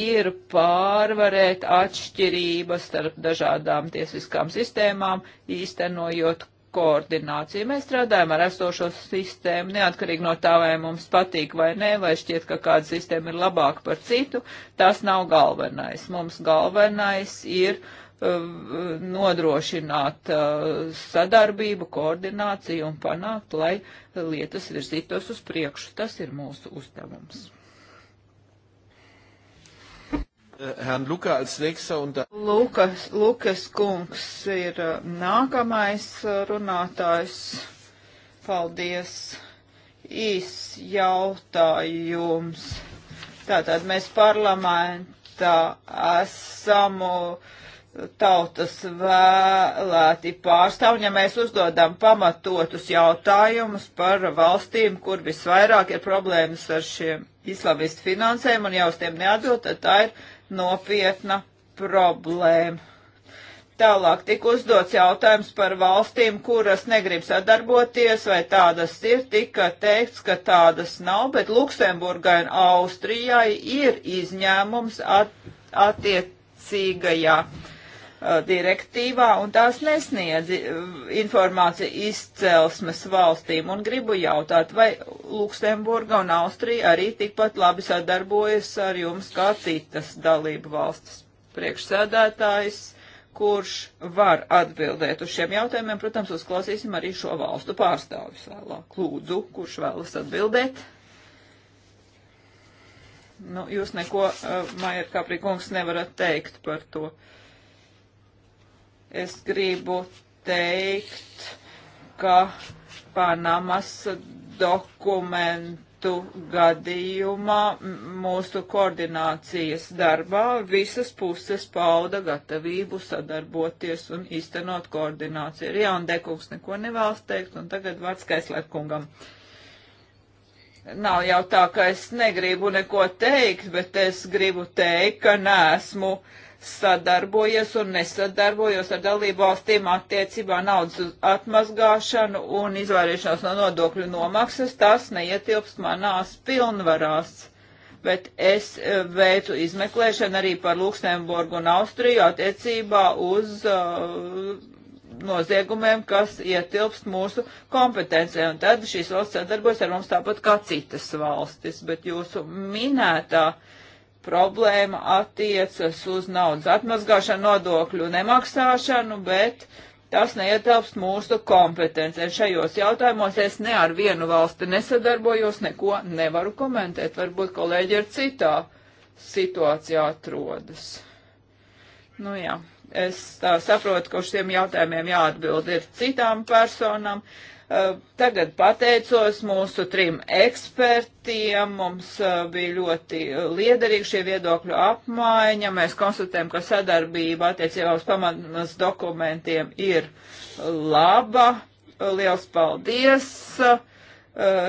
ir pārvarēt atšķirības starp dažādām tiesiskām sistēmām, īstenojot koordināciju. Mēs strādājam ar esošo sistēmu, neatkarīgi no tā, vai mums patīk vai nē, vai šķiet, ka kāda sistēma ir labāka par citu, tas nav galvenais. Mums galvenais ir Uh, nodrošināt uh, sadarbību, koordināciju un panākt, lai lietas virzītos uz priekšu. Tas ir mūsu uzdevums. Äh, Herrn Luka als nächster und dann. Lukas, Lukas Kungs ir uh, nākamais runātājs. Paldies. Īs jautājums. Tātad mēs parlamentā esam. Uh, tautas vēlēti pārstāvji, ja mēs uzdodam pamatotus jautājumus par valstīm, kur visvairāk ir problēmas ar šiem islamistu finansēm un jau uz tiem neatbild, tad tā ir nopietna problēma. Tālāk tika uzdots jautājums par valstīm, kuras negrib sadarboties, vai tādas ir, tika teikts, ka tādas nav, bet Luksemburgai un Austrijai ir izņēmums at, attiecīgajā uh, Uh, direktīvā, un tās nesniedz uh, informāciju izcelsmes valstīm. Un gribu jautāt, vai Luksemburga un Austrija arī tikpat labi sadarbojas ar jums kā citas dalību valstis? Priekšsēdētājs, kurš var atbildēt uz šiem jautājumiem, protams, uzklausīsim arī šo valstu pārstāvis vēlāk. Lūdzu, kurš vēlas atbildēt? Nu, jūs neko, uh, Maija Kaprīkungs, nevarat teikt par to. Uh, Es gribu teikt, ka Panamas dokumentu gadījumā mūsu koordinācijas darbā visas puses pauda gatavību sadarboties un iztenot koordināciju. Riandekungs neko nevēlas teikt, un tagad vārds Kaislēkungam. Nav jau tā, ka es negribu neko teikt, bet es gribu teikt, ka nesmu. Uh, sadarbojies un nesadarbojos ar dalību valstīm attiecībā naudas atmazgāšanu un izvairīšanos no nodokļu nomaksas, tas neietilps manās pilnvarās. Bet es eh, veicu izmeklēšanu arī par Luksemburgu un Austriju attiecībā uz uh, noziegumiem, kas ietilpst mūsu kompetencijā. Un tad šīs valsts sadarbojas ar mums tāpat kā citas valstis. Bet jūsu minētā uh, problēma attiecas uz naudas atmazgāšanu, nodokļu nemaksāšanu, bet tas neietelpst mūsu kompetencē. Šajos jautājumos es ne ar vienu valsti nesadarbojos, neko nevaru komentēt. Varbūt kolēģi ir citā situācijā atrodas. Nu jā, es tā saprotu, ka uz šiem jautājumiem jāatbild ir citām personām. Uh, Eh, tagad pateicos mūsu trim ekspertiem, mums eh, bija ļoti eh, liederīgi šie viedokļu apmaiņa, mēs konstatējam, ka sadarbība attiecībā uz pamatnes dokumentiem ir laba. Liels paldies! Uh,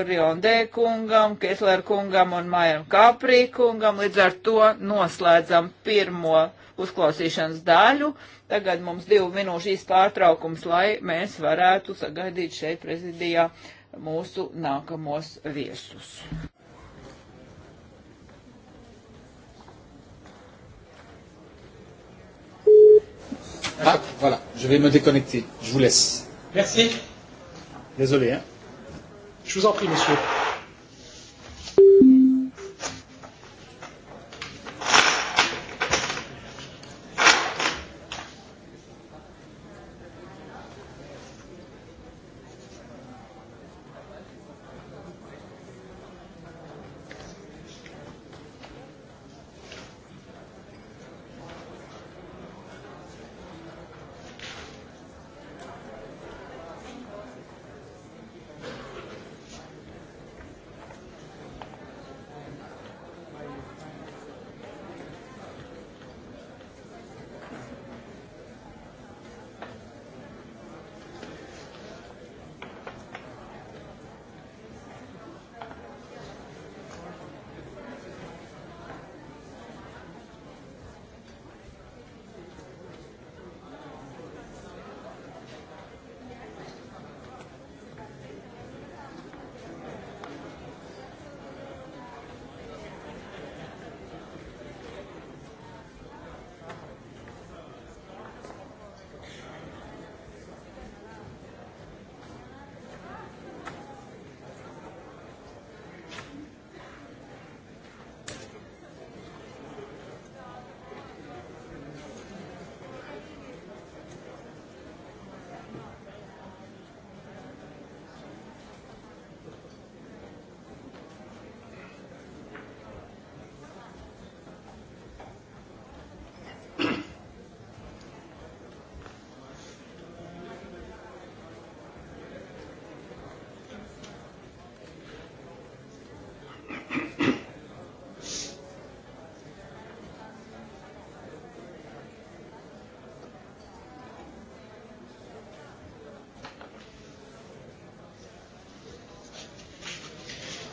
Riondē kungam, Kesler kungam un Mājam Kāprī kungam. Līdz ar to noslēdzam pirmo uzklausīšanas daļu. Tagad mums divu minūšu īsts pārtraukums, lai mēs varētu sagaidīt šeit prezidijā mūsu nākamos viesus. Ah, voilà, je vais me déconnecter. Je vous laisse. Merci. Désolé. Hein. Je vous en prie, monsieur.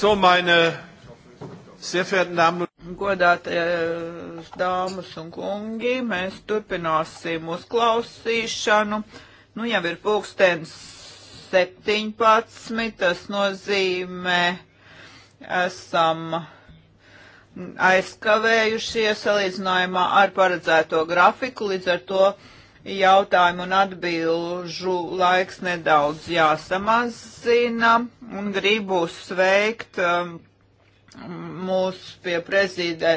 So, meine sehr verehrten Damen und Godātie eh, dāmas un kungi, mēs turpināsim uzklausīšanu. Nu, jau ir pulkstens 17, tas nozīmē, esam aizkavējušies salīdzinājumā ar paredzēto grafiku, līdz ar to jautājumu un atbilžu laiks nedaudz jāsamazina un gribu sveikt um, mūs pie prezidē,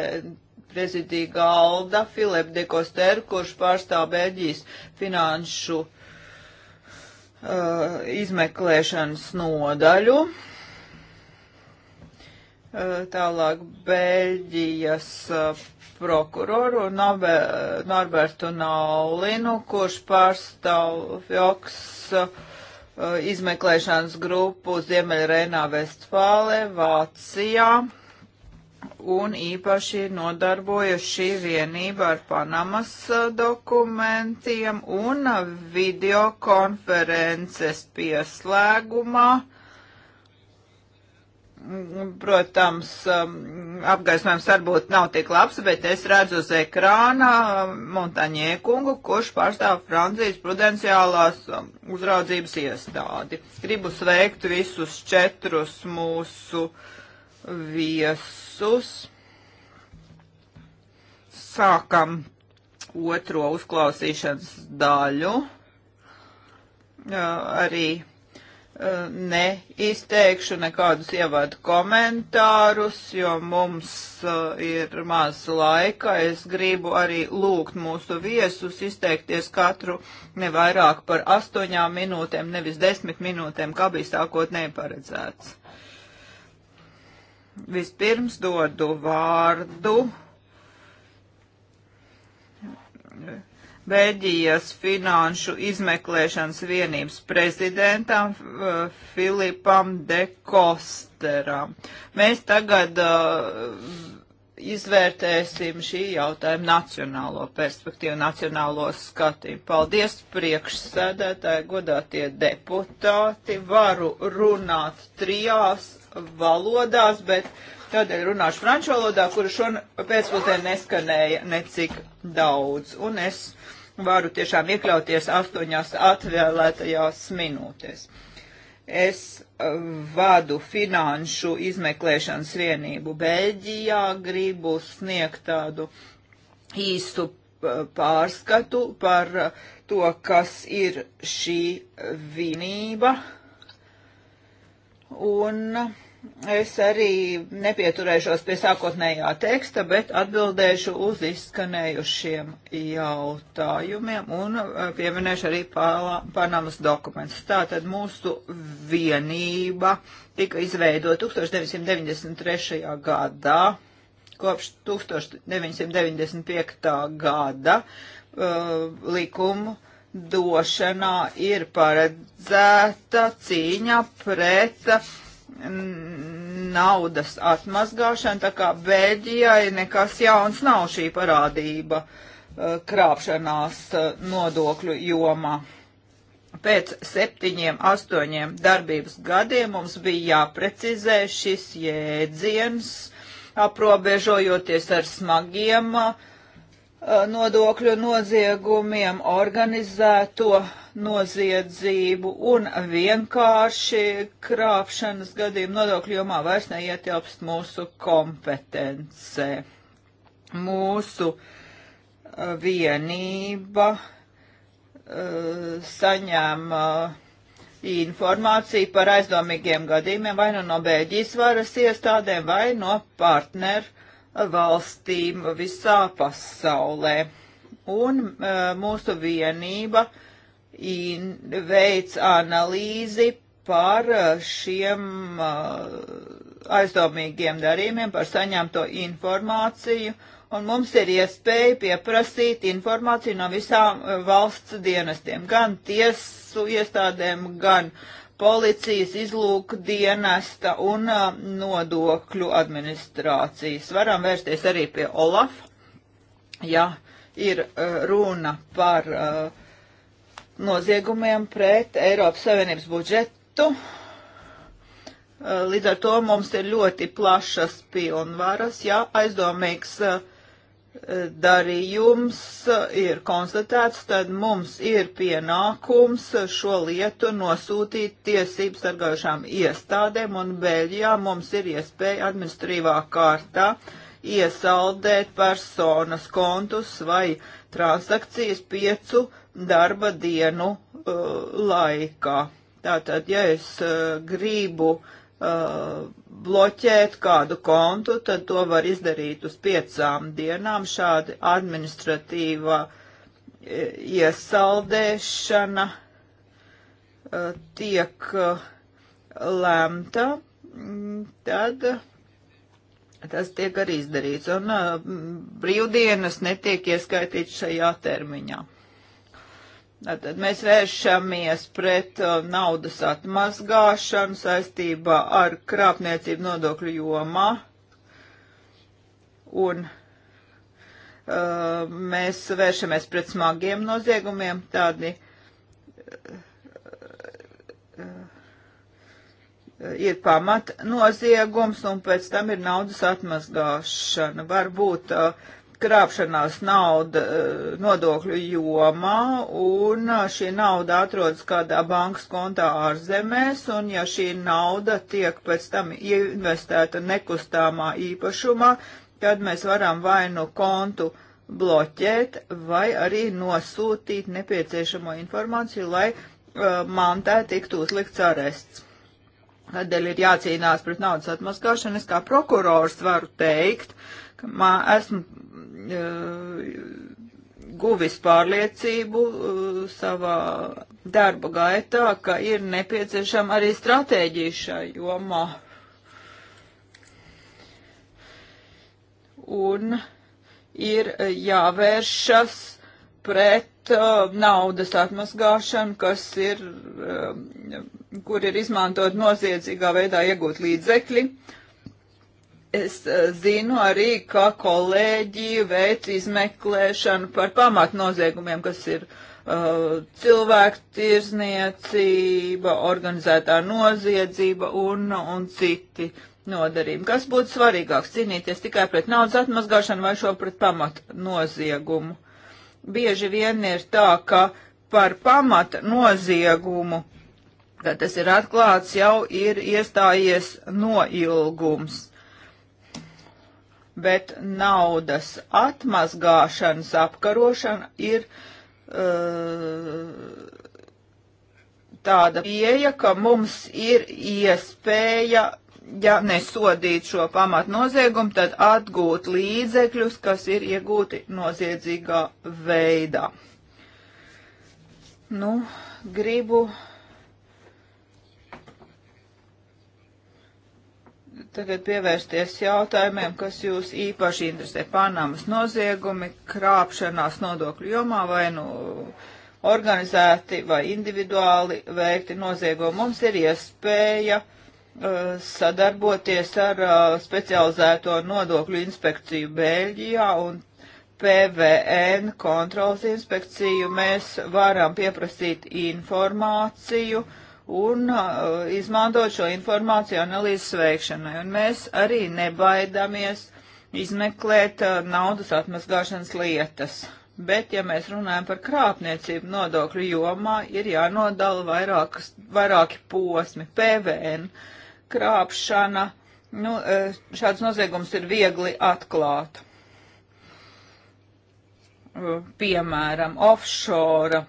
prezidija galda Filipu Dekosteru, kurš pārstāv Beļģijas finanšu uh, izmeklēšanas nodaļu. Uh, tālāk Beļģijas uh, prokuroru Norbertu Naulinu, kurš pārstāv Fjoks uh, Eh, izmeklēšanas grupu Ziemeļreinā Vestfālē, Vācijā un īpaši nodarbojas šī vienība ar Panamas eh, dokumentiem un videokonferences pieslēgumā protams, um, apgaismojums varbūt nav tik labs, bet es redzu uz ekrāna um, Montaņē kungu, kurš pārstāv Francijas prudenciālās um, uzraudzības iestādi. Gribu sveikt visus četrus mūsu viesus. Sākam otro uzklausīšanas daļu. Uh, arī neizteikšu nekādus ievadu komentārus, jo mums uh, ir maz laika. Es gribu arī lūgt mūsu viesus izteikties katru nevairāk par astoņām minūtēm, nevis desmit minūtēm, kā bija sākotnēji paredzēts. Vispirms dodu vārdu Beļģijas finanšu izmeklēšanas vienības prezidentam Filipam de Kosteram. Mēs tagad uh, izvērtēsim šī jautājuma nacionālo perspektīvu, nacionālo skatījumu. Paldies priekšsēdētāji, godātie deputāti. Varu runāt trijās valodās, bet Tādēļ runāšu franču valodā, kuru šon pēcpusē neskanēja necik daudz. Un es varu tiešām iekļauties astoņās atvēlētajās minūtēs. Es uh, vadu finanšu izmeklēšanas vienību Beļģijā, gribu sniegt tādu īstu uh, pārskatu par uh, to, kas ir šī vienība. Un uh, Es arī nepieturēšos pie sākotnējā teksta, bet atbildēšu uz izskanējušiem jautājumiem un uh, pieminēšu arī Panamas dokumentus. Tātad mūsu vienība tika izveidota 1993. gadā, kopš 1995. gada uh, likumu došanā ir paredzēta cīņa pret naudas atmazgāšana, tā kā Bēļģijai nekas jauns nav šī parādība e, krāpšanās e, nodokļu jomā. Pēc septiņiem, astoņiem darbības gadiem mums bija jāprecizē šis jēdziens, aprobežojoties ar smagiem e, nodokļu noziegumiem, organizēto noziedzību un vienkārši krāpšanas gadījumu nodokļu jomā vairs neietilpst mūsu kompetencē. Mūsu uh, vienība uh, saņem uh, informāciju par aizdomīgiem gadījumiem vai nu no Bēļģijas varas iestādēm vai no partneru valstīm visā pasaulē. Un mūsu vienība uh, veic analīzi par uh, šiem uh, aizdomīgiem darījumiem, par saņemto informāciju, un mums ir iespēja pieprasīt informāciju no visām uh, valsts dienestiem, gan tiesu iestādēm, gan policijas izlūka dienesta un nodokļu administrācijas. Varam vērsties arī pie Olaf, ja ir runa par uh, noziegumiem pret Eiropas Savienības budžetu. Līdz ar to mums ir ļoti plašas pilnvaras, ja aizdomīgs darījums ir konstatēts, tad mums ir pienākums šo lietu nosūtīt tiesības sargājušām iestādēm, un Beļģijā mums ir iespēja administrīvā kārtā iesaldēt personas kontus vai transakcijas piecu uh, darba dienu uh, laikā. Tātad, ja es uh, gribu uh, bloķēt kādu kontu, tad to var izdarīt uz piecām dienām. Šādi administratīva iesaldēšana tiek lemta, mm, tad tas tiek arī izdarīts. Un brīvdienas netiek ieskaitīts šajā termiņā. Tātad mēs vēršamies pret uh, naudas atmazgāšanu saistībā ar krāpniecību nodokļu jomā. Un uh, mēs vēršamies pret smagiem noziegumiem, tādi uh, uh ir pamat noziegums un pēc tam ir naudas atmazgāšana. Varbūt uh, krāpšanās nauda eh, nodokļu jomā, un eh, šī nauda atrodas kādā bankas kontā ārzemēs, un ja šī nauda tiek pēc tam investēta nekustāmā īpašumā, tad mēs varam vai nu kontu bloķēt, vai arī nosūtīt nepieciešamo informāciju, lai uh, mantē tiktu uzlikts arests. Tādēļ ir jācīnās pret naudas atmaskāšanu. Es kā prokurors varu teikt, uh, ka mā, esmu guvis pārliecību savā darba gaitā, ka ir nepieciešama arī stratēģija šai jomā. Un ir jāvēršas pret uh, naudas atmazgāšanu, kas ir, uh, kur ir izmantot noziedzīgā veidā iegūt līdzekļi. Uh, Es eh, zinu arī, ka kolēģi veic izmeklēšanu par pamatnoziegumiem, kas ir uh, eh, cilvēku tirzniecība, organizētā noziedzība un, un citi nodarījumi. Kas būtu svarīgāks cīnīties tikai pret naudas atmazgāšanu vai šo pret pamatnoziegumu? Bieži vien ir tā, ka par pamatnoziegumu, kad tas ir atklāts, jau ir iestājies noilgums bet naudas atmazgāšanas apkarošana ir uh, tāda pieeja, ka mums ir iespēja, ja nesodīt šo pamatnoziegumu, tad atgūt līdzekļus, kas ir iegūti noziedzīgā veidā. Nu, gribu tagad pievērsties jautājumiem, kas jūs īpaši interesē. Panamas noziegumi, krāpšanās nodokļu jomā vai nu organizēti vai individuāli veikti noziegumi. Mums ir iespēja uh, sadarboties ar uh, specializēto nodokļu inspekciju Bēļģijā un PVN kontrolas inspekciju. Mēs varam pieprasīt informāciju uh, un uh, izmantot šo informāciju analīzes veikšanai. Un mēs arī nebaidamies izmeklēt uh, naudas atmazgāšanas lietas. Bet, ja mēs runājam par krāpniecību nodokļu jomā, ir jānodala vairākas, vairāki posmi - PVN, krāpšana. Nu, uh, šāds noziegums ir viegli atklāt. Uh, piemēram, offshore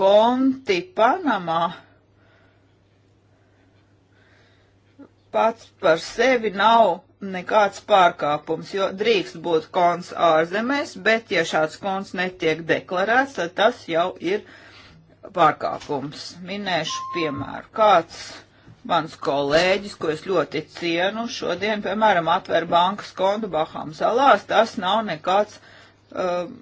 konti Panamā pats par sevi nav nekāds pārkāpums, jo drīkst būt konts ārzemēs, bet ja šāds konts netiek deklarēts, tad tas jau ir pārkāpums. Minēšu piemēru. Kāds mans kolēģis, ko es ļoti cienu, šodien, piemēram, atver bankas kontu Bahām salās, tas nav nekāds um,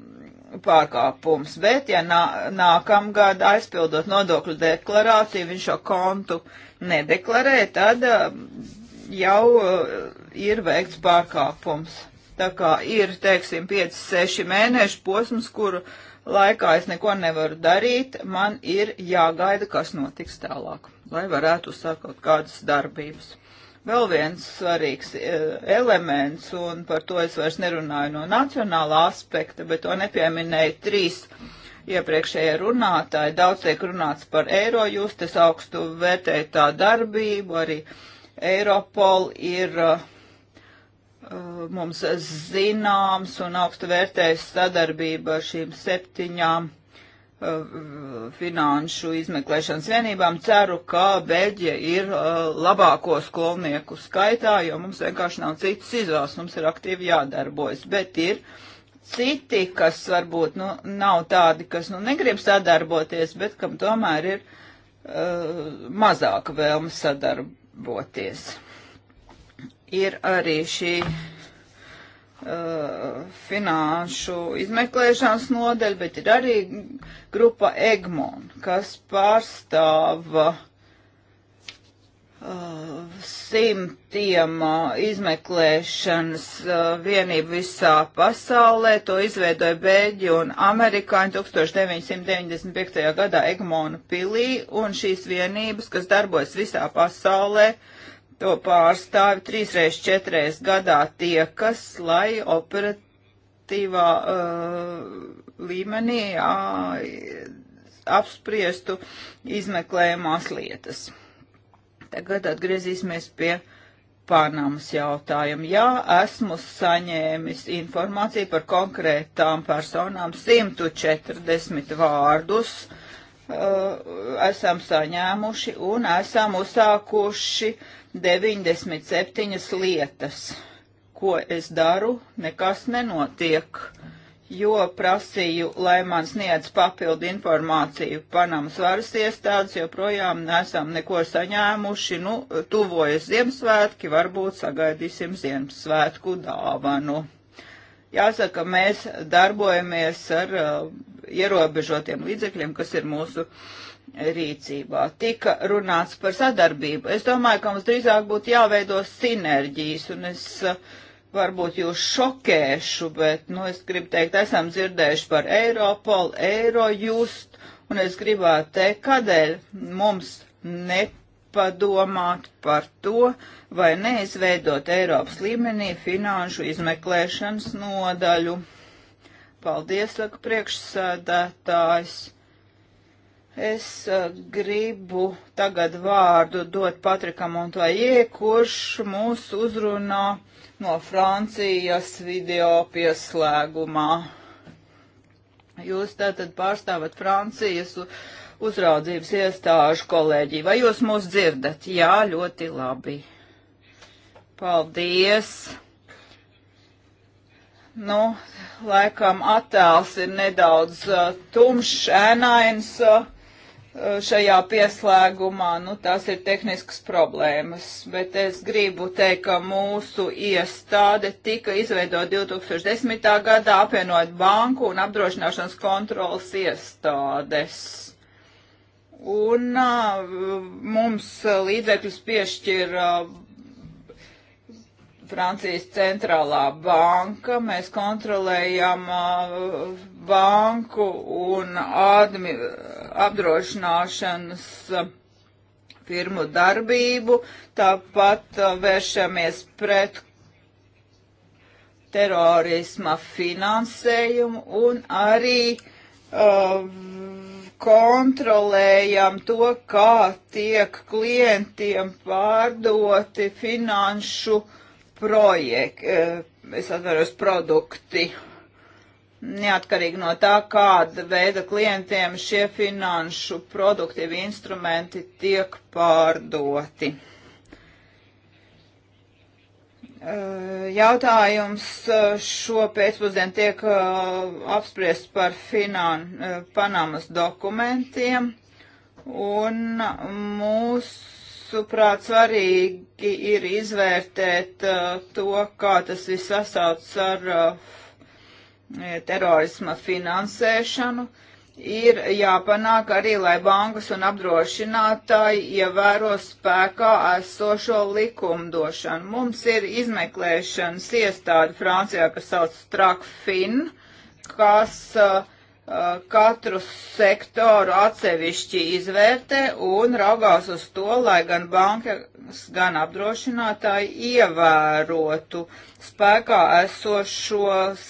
pārkāpums. Bet, ja nā, nākamgad aizpildot nodokļu deklarāciju, viņš šo kontu uh, nedeklarē, tad um, jau uh, ir veikts pārkāpums. Tā kā ir, teiksim, 5-6 mēnešu posms, kuru laikā es neko nevaru darīt, man ir jāgaida, kas notiks tālāk, lai varētu uzsākt kaut kādas darbības. Vēl viens svarīgs uh, elements, un par to es vairs nerunāju no nacionālā aspekta, bet to nepieminēju trīs. Uh, iepriekšējie runātāji. Daudz tiek runāts par eiro, jūs tas augstu vērtējat tā darbību, arī Eiropol ir uh, uh mums zināms un augstu vērtējas sadarbība ar šīm septiņām uh, finanšu izmeklēšanas vienībām. Ceru, ka Beļģija ir uh, labāko skolnieku skaitā, jo mums vienkārši nav citas izvēles, mums ir aktīvi jādarbojas, bet ir citi, kas varbūt nu, nav tādi, kas nu, negrib sadarboties, bet kam tomēr ir uh, mazāka vēlme sadarboties. Ir arī šī uh, finanšu izmeklēšanas nodeļa, bet ir arī grupa Egmon, kas pārstāva uh, simtiem uh, izmeklēšanas uh, vienību visā pasaulē. To izveidoja Bēļi un Amerikāņi 1995. gadā Egmonu pilī, un šīs vienības, kas darbojas visā pasaulē, to pārstāvi trīsreiz četreiz gadā tiekas, lai operatīvā uh, līmenī uh, apspriestu izmeklējumās lietas. Tagad atgriezīsimies pie Panamas jautājuma. Jā, esmu saņēmis informāciju par konkrētām personām 140 vārdus. Uh, esam saņēmuši un esam uzsākuši 97 lietas. Ko es daru, nekas nenotiek. Uh, jo prasīju, lai man sniedz papildu informāciju Panamas varas iestādes, joprojām nesam neko saņēmuši. Nu, tuvojas Ziemassvētki, varbūt sagaidīsim Ziemassvētku dāvanu. Jāsaka, mēs darbojamies ar uh, ierobežotiem līdzekļiem, kas ir mūsu rīcībā. Tika runāts par sadarbību. Es domāju, ka mums drīzāk būtu jāveido sinerģijas, un es uh, varbūt jūs šokēšu, bet, nu, es gribu teikt, esam dzirdējuši par Eiropolu, Eirojust, un es gribētu teikt, kādēļ mums nepadomāt par to, vai neizveidot Eiropas līmenī finanšu izmeklēšanas nodaļu. Paldies, saka priekšsēdētājs. Es uh, gribu tagad vārdu dot Patrikam Montoyē, kurš mūs uzrunā no Francijas video pieslēgumā. Jūs tātad pārstāvat Francijas uzraudzības iestāžu kolēģi. Vai jūs mūs dzirdat? Jā, ļoti labi. Paldies! Nu, laikam attēls ir nedaudz uh, tumšs, ēnains. Uh, Eh, šajā pieslēgumā, nu, tās ir tehniskas problēmas, bet es gribu teikt, ka mūsu iestāde tika izveidota 2010. gadā apvienot banku un apdrošināšanas kontrolas iestādes. Un a, eh, mums līdzekļus piešķira eh, Francijas centrālā banka, mēs kontrolējam uh, banku un admi, apdrošināšanas uh, firmu darbību, tāpat uh, vēršamies pret terorisma finansējumu un arī uh, kontrolējam to, kā tiek klientiem pārdoti finanšu projekti, eh, es atveros produkti. Uh, neatkarīgi no tā, kāda veida klientiem šie finanšu produkti vai instrumenti tiek pārdoti. Eh, jautājums eh, šo pēcpusdienu tiek eh, apspriests par finan, Panamas dokumentiem, un mūsuprāt svarīgi ir izvērtēt to, kā tas viss sasauc ar E, terorisma finansēšanu, ir jāpanāk arī, lai bankas un apdrošinātāji ievēro spēkā esošo likumdošanu. Mums ir izmeklēšanas iestāde Francijā, kas sauc Strakfin, kas uh, Eh, katru sektoru atsevišķi izvērtē un raugās uz to, lai gan bankas, gan apdrošinātāji ievērotu spēkā esošos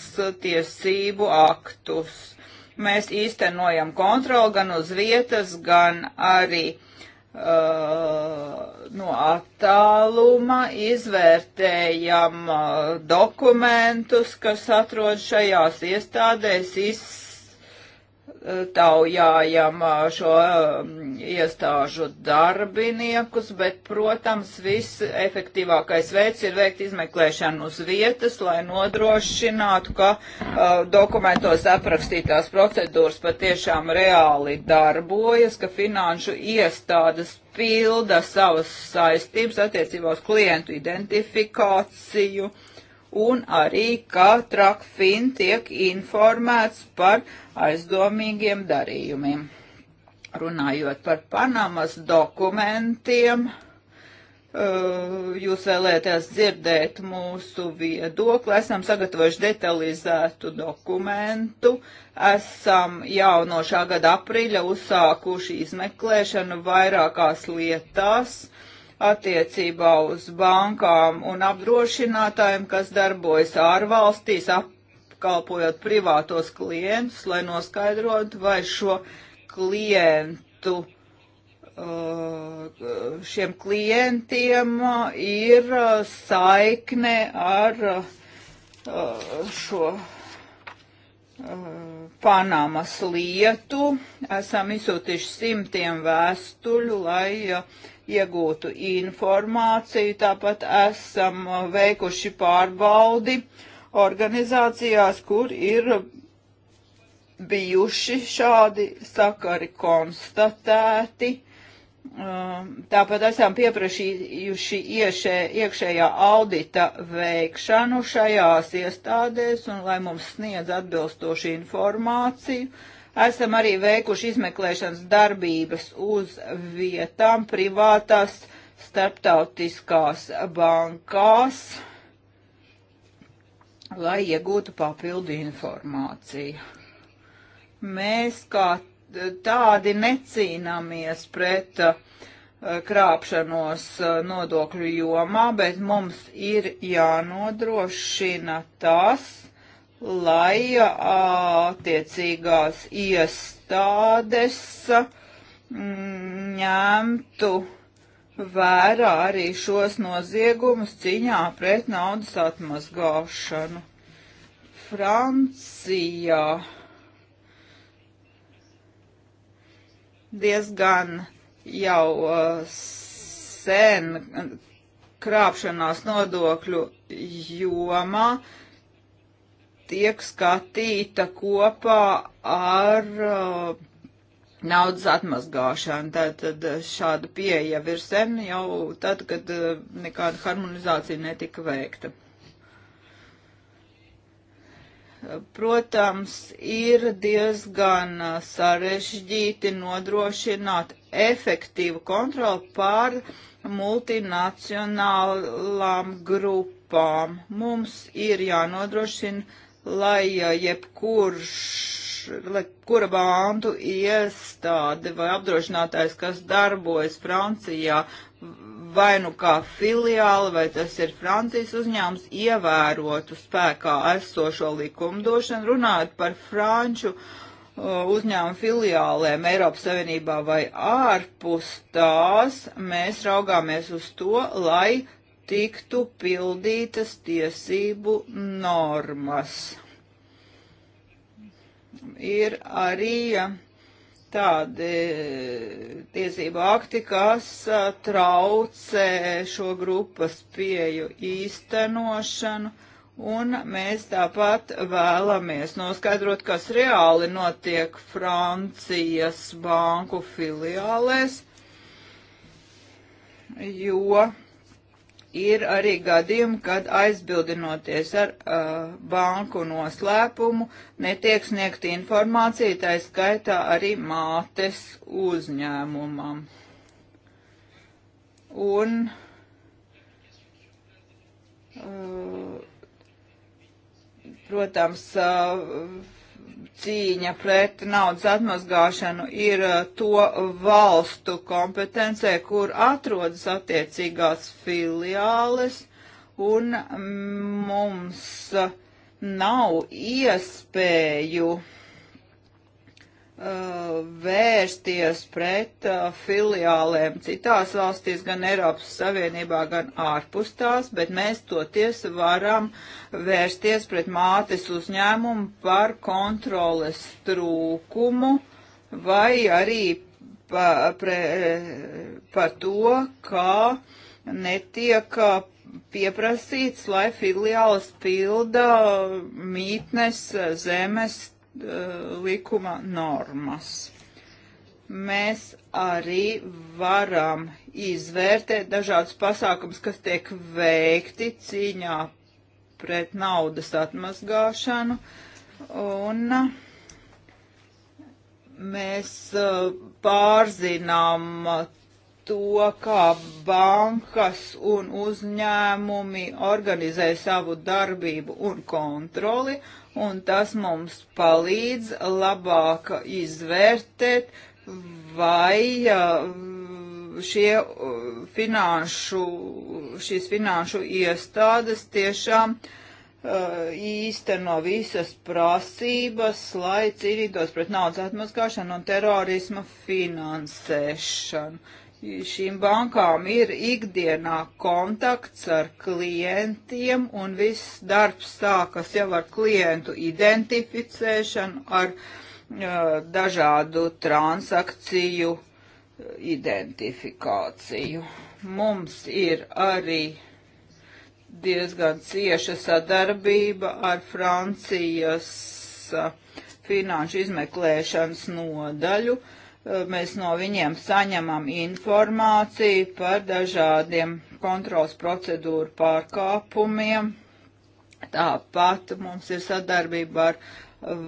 tiesību aktus. Mēs īstenojam kontroli gan uz vietas, gan arī Uh, no attāluma izvērtējam uh, dokumentus, kas atrod šajās iestādēs, iz, taujājam šo iestāžu darbiniekus, bet, protams, viss efektīvākais veids ir veikt izmeklēšanu uz vietas, lai nodrošinātu, ka uh, dokumentos aprakstītās procedūras patiešām reāli darbojas, ka finanšu iestādes pilda savas saistības attiecībā uz klientu identifikāciju un arī, ka Trakfin tiek informēts par aizdomīgiem darījumiem. Runājot par Panamas dokumentiem, eh, jūs vēlēties dzirdēt mūsu viedokli, esam sagatavojuši detalizētu dokumentu, esam jau no šā gada aprīļa uzsākuši izmeklēšanu vairākās lietās, uh, attiecībā uz bankām un apdrošinātājiem, kas darbojas ārvalstīs, apkalpojot privātos klientus, lai noskaidrotu, vai šo klientu, uh, šiem klientiem uh, ir uh, saikne ar šo Panamas lietu. Esam izsūtījuši simtiem vēstuļu, lai uh, iegūtu informāciju, tāpat esam veikuši pārbaudi organizācijās, kur ir bijuši šādi sakari konstatēti. Um, tāpat esam pieprasījuši iešē, iekšējā audita veikšanu šajās iestādēs un lai mums sniedz atbilstošu informāciju Esam arī veikuši izmeklēšanas darbības uz vietām privātās starptautiskās bankās, lai iegūtu papildu informāciju. Mēs kā tādi necīnāmies pret uh, krāpšanos uh, nodokļu jomā, bet mums ir jānodrošina tas, lai attiecīgās iestādes mm, ņemtu vērā arī šos noziegumus ciņā pret naudas atmazgāšanu. Francijā diezgan jau uh, sen krāpšanās nodokļu jomā uh, tiek skatīta kopā ar uh, naudas atmazgāšanu. Tātad uh, šāda pieeja jau ir sen, jau tad, kad uh, nekāda harmonizācija netika veikta. Protams, ir diezgan uh, sarežģīti nodrošināt efektīvu kontroli pār multinacionālām grupām. Mums ir jānodrošina lai jebkurš, lai kura bandu iestāde vai apdrošinātājs, kas darbojas Francijā, vai nu kā filiāli, vai tas ir Francijas uzņēmums, ievērotu spēkā esošo likumdošanu, runājot par franču uh, uzņēmumu filiālēm Eiropas Savienībā vai ārpus tās, mēs raugāmies uz to, lai tiktu pildītas tiesību normas. Ir arī tādi tiesību akti, kas traucē šo grupas pieju īstenošanu, un mēs tāpat vēlamies noskaidrot, kas reāli notiek Francijas banku filiālēs, jo ir arī gadījumi, kad aizbildinoties ar uh, banku noslēpumu, netiek sniegta informācija, tā skaitā arī mātes uzņēmumam. Un uh, protams, uh, cīņa pret naudas atmazgāšanu ir uh, to valstu kompetencē, kur atrodas attiecīgās filiāles, un mm, mums uh, nav iespēju uh, Uh, vērsties pret uh, filiālēm citās valstīs, gan Eiropas Savienībā, gan ārpus tās, bet mēs toties varam vērsties pret mātes uzņēmumu par kontroles trūkumu vai arī par pa, pa to, kā netiek uh, pieprasīts, lai filiāls pilda mītnes zemes Eh, likuma normas. Mēs arī varam izvērtēt dažādas pasākumas, kas tiek veikti cīņā pret naudas atmazgāšanu, un mēs eh, pārzinām to, kā bankas un uzņēmumi organizē savu darbību un kontroli, un tas mums palīdz labāk izvērtēt, vai šie finanšu, šīs finanšu iestādes tiešām īsteno visas prasības, lai cīnītos pret naudas atmaskāšanu un terorisma finansēšanu šīm bankām ir ikdienā kontakts ar klientiem un viss darbs sākas jau ar klientu identificēšanu, ar uh, dažādu transakciju identifikāciju. Mums ir arī diezgan cieša sadarbība ar Francijas uh, finanšu izmeklēšanas nodaļu, uh, mēs no viņiem saņemam informāciju par dažādiem kontrols procedūru pārkāpumiem. Tāpat mums ir sadarbība ar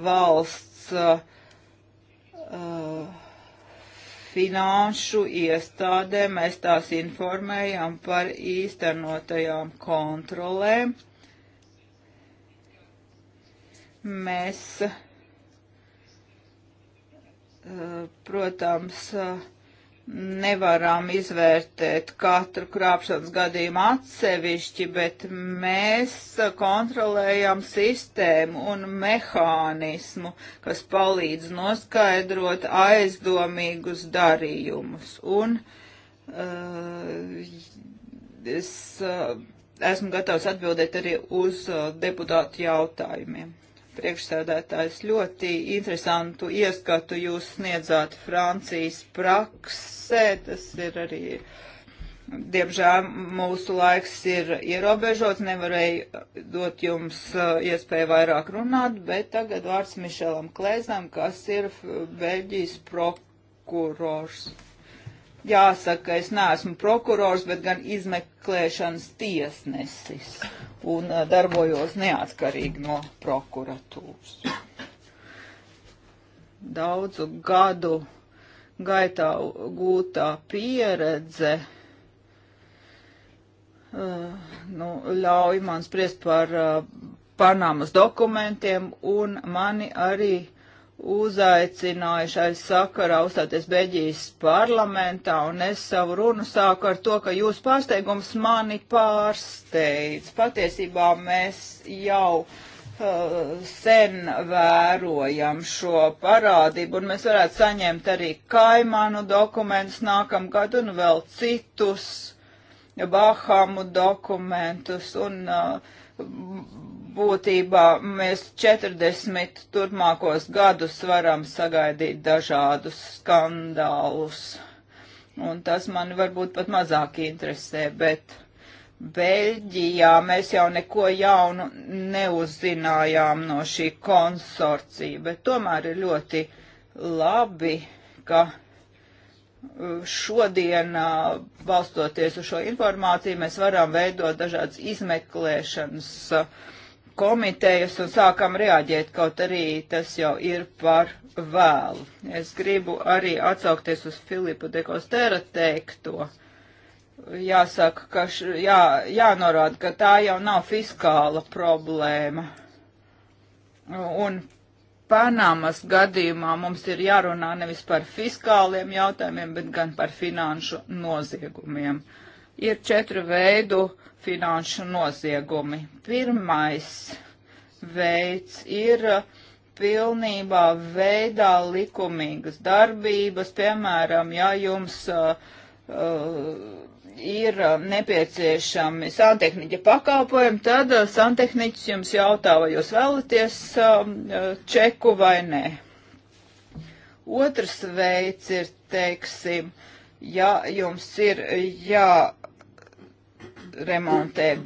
valsts uh, finanšu iestādēm. Mēs tās informējam par īstenotajām kontrolēm. Mēs uh, protams, nevaram izvērtēt katru krāpšanas gadījumu atsevišķi, bet mēs kontrolējam sistēmu un mehānismu, kas palīdz noskaidrot aizdomīgus darījumus. Un uh, es uh, esmu gatavs atbildēt arī uz uh, deputātu jautājumiem priekšsēdētājs, ļoti interesantu ieskatu jūs sniedzāt Francijas praksē. Tas ir arī, diemžēl, mūsu laiks ir ierobežots. Nevarēju dot jums uh, iespēju vairāk runāt, bet tagad vārds Mišelam Klēzam, kas ir Beļģijas prokurors. Jāsaka, es neesmu prokurors, bet gan izmeklēšanas tiesnesis un eh, darbojos neatkarīgi no prokuratūras. Daudzu gadu gaitā gūtā pieredze uh, nu, ļauj man spriest par uh, Panamas dokumentiem un mani arī uzaicināja šai sakarā uzstāties Beļģijas parlamentā, un es savu runu sāku ar to, ka jūsu pārsteigums mani pārsteidz. Patiesībā mēs jau uh, sen vērojam šo parādību, un mēs varētu saņemt arī kaimanu dokumentus nākamgad un vēl citus Bahamu dokumentus, un uh, būtībā mēs 40 turpmākos gadus varam sagaidīt dažādus skandālus. Un tas mani varbūt pat mazāk interesē, bet Beļģijā mēs jau neko jaunu neuzzinājām no šī konsorcija, bet tomēr ir ļoti labi, ka uh, šodien, uh, balstoties uz šo informāciju, mēs varam veidot dažādas izmeklēšanas uh, komitejas un sākam reaģēt, kaut arī tas jau ir par vēlu. Es gribu arī atsaukties uz Filipu Dekostēra teikto. Jāsaka, ka š, jā, jānorāda, ka tā jau nav fiskāla problēma. Un Panamas gadījumā mums ir jārunā nevis par fiskāliem jautājumiem, bet gan par finanšu noziegumiem. Uh, ir četru veidu finanšu noziegumi. Pirmais veids ir pilnībā veidā likumīgas darbības, piemēram, ja jums uh, uh ir nepieciešami santehniķa pakalpojumi, tad uh, santehniķis jums jautā, vai jūs vēlaties uh, čeku vai nē. Otrs veids ir, teiksim, uh, ja jums ir jāremontē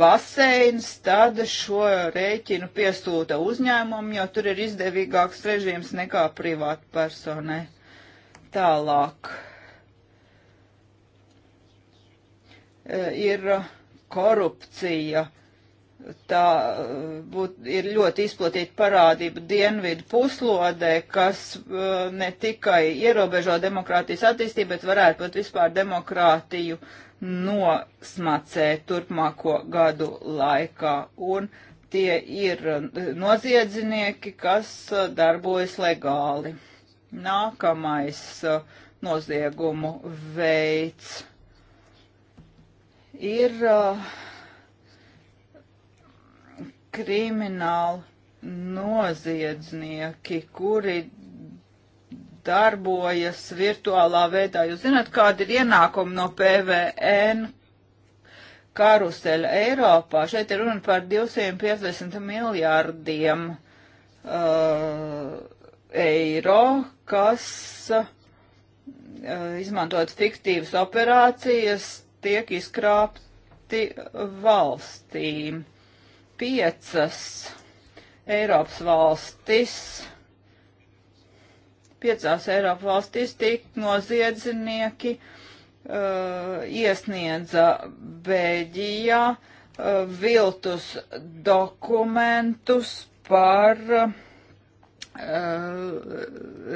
baseins, tad šo rēķinu piesūta uzņēmumam, jo tur ir izdevīgāks režīms nekā privāta personai. Tālāk e, ir korupcija tā uh, būt, ir ļoti izplatīta parādība dienvidu puslodē, kas uh, ne tikai ierobežo demokrātijas attīstību, bet varētu pat vispār demokrātiju nosmacēt turpmāko gadu laikā. Un tie ir uh, noziedznieki, kas uh, darbojas legāli. Nākamais uh, noziegumu veids ir uh, krimināli noziedznieki, kuri darbojas virtuālā veidā. Jūs zināt, kāda ir ienākuma no PVN karuseļa Eiropā? Šeit ir runa par 250 miljārdiem uh, eiro, kas uh, izmantot fiktīvas operācijas tiek izkrāpti valstīm. Uh, piecas Eiropas valstis, piecās Eiropas valstīs tika noziedznieki uh, iesniedza Bēģijā uh, viltus dokumentus par uh,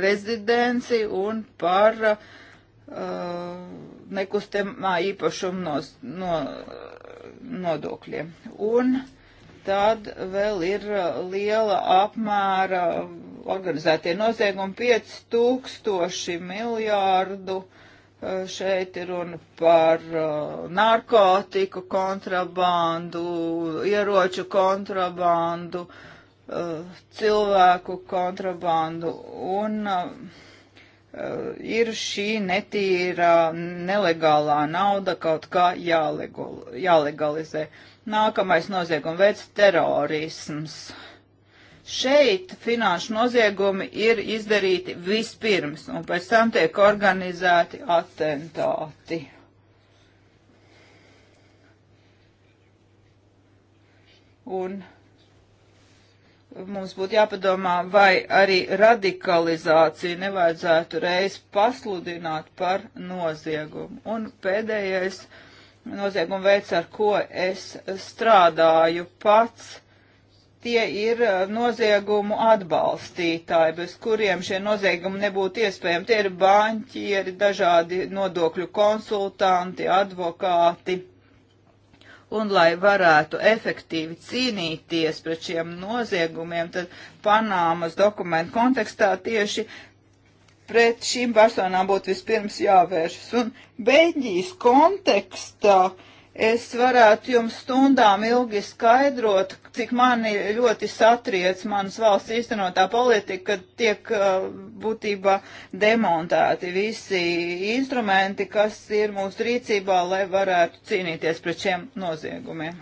rezidenci un par uh, nekustamā īpašuma no, no, nodokļiem. Un uh, tad vēl ir uh, liela apmēra organizētie noziegumi 5000 miljārdu. Uh, šeit ir runa par uh, narkotiku kontrabandu, ieroču kontrabandu, cilvēku kontrabandu un ir šī netīra nelegālā nauda kaut kā jālegalizē. Nākamais nozieguma veids - terorisms. Šeit finanšu noziegumi ir izdarīti vispirms, un pēc tam tiek organizēti atentāti. Un mums būtu jāpadomā, vai arī radikalizāciju nevajadzētu reiz pasludināt par noziegumu. Un pēdējais noziegumu veids, ar ko es strādāju pats. Tie ir eh, noziegumu atbalstītāji, bez kuriem šie noziegumi nebūtu iespējami. Tie ir banķieri, dažādi nodokļu konsultanti, advokāti. Un, lai varētu efektīvi cīnīties pret šiem noziegumiem, tad Panāmas dokumentu kontekstā tieši pret šīm personām būtu vispirms jāvēršas. Un Beļģijas kontekstā es varētu jums stundām ilgi skaidrot, cik mani ļoti satriec manas valsts īstenotā politika, kad tiek uh, būtībā demontēti visi instrumenti, kas ir mūsu rīcībā, lai varētu cīnīties pret šiem noziegumiem.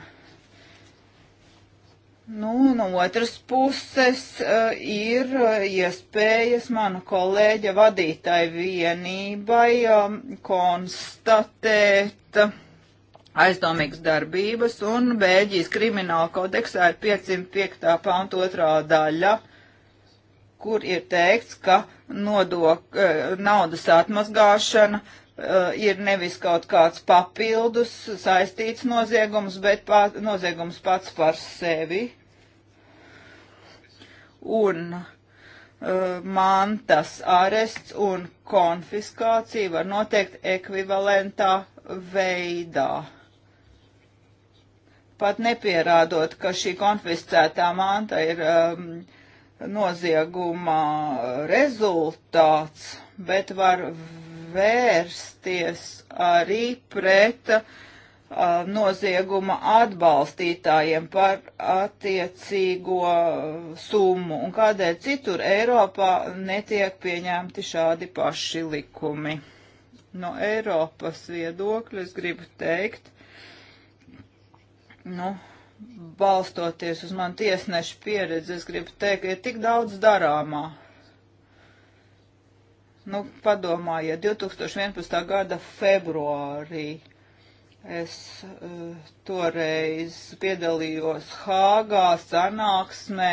Nu, no otras puses eh, ir eh, iespējas mana kolēģa vadītāja vienībai eh, konstatēt aizdomīgas darbības, un Bēļģijas krimināla kodeksā ir 505. pānt otrā daļa, kur ir teikts, ka nodok, naudas atmazgāšana Eh, ir nevis kaut kāds papildus saistīts noziegums, bet pā, noziegums pats par sevi. Un uh, mantas arests un konfiskācija var noteikt ekvivalentā veidā. Pat nepierādot, ka šī konfiscētā manta ir um, nozieguma rezultāts, bet var vērsties arī pret uh, nozieguma atbalstītājiem par attiecīgo summu un kādēļ citur Eiropā netiek pieņemti šādi paši likumi. No Eiropas viedokļa es gribu teikt, nu, balstoties uz man tiesnešu pieredzi, es gribu teikt, ka ir tik daudz darāmā Nu, padomājiet, 2011. gada februārī es uh, toreiz piedalījos Hāgā sanāksmē,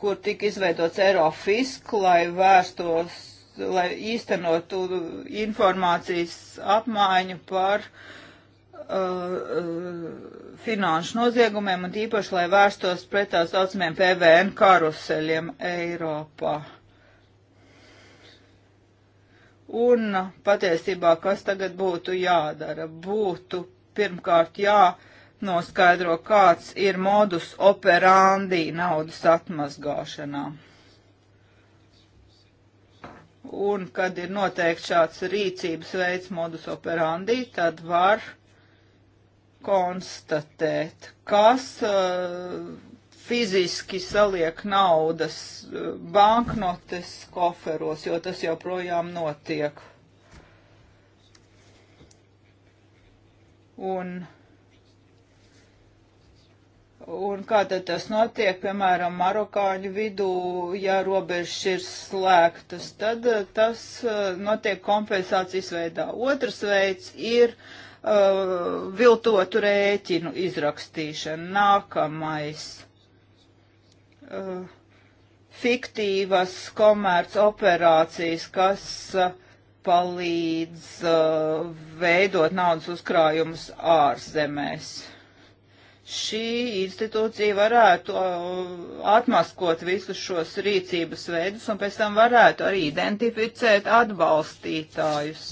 kur tika izveidots Eirofisk, lai vērstos, lai īstenotu informācijas apmaiņu par uh, finanšu noziegumiem un īpaši, lai vērstos pret tā saucamiem PVN karuseļiem Eiropā. Uh, Un patiesībā, kas tagad būtu jādara? Būtu pirmkārt jānoskaidro, kāds ir modus operandi naudas atmazgāšanā. Un, kad ir noteikts šāds rīcības veids modus operandi, tad var konstatēt, kas uh, fiziski saliek naudas eh, banknotes koferos, jo tas joprojām notiek. Un, un kā tad tas notiek, piemēram, marokāņu vidū, ja robežas ir slēgtas, tad eh, tas eh, notiek kompensācijas veidā. Otrs veids ir uh, viltotu rēķinu izrakstīšana. Nākamais uh, fiktīvas komerc operācijas, kas uh, palīdz uh, veidot naudas uzkrājumus ārzemēs. Šī institūcija varētu uh, atmaskot visus šos rīcības veidus un pēc tam varētu arī identificēt atbalstītājus.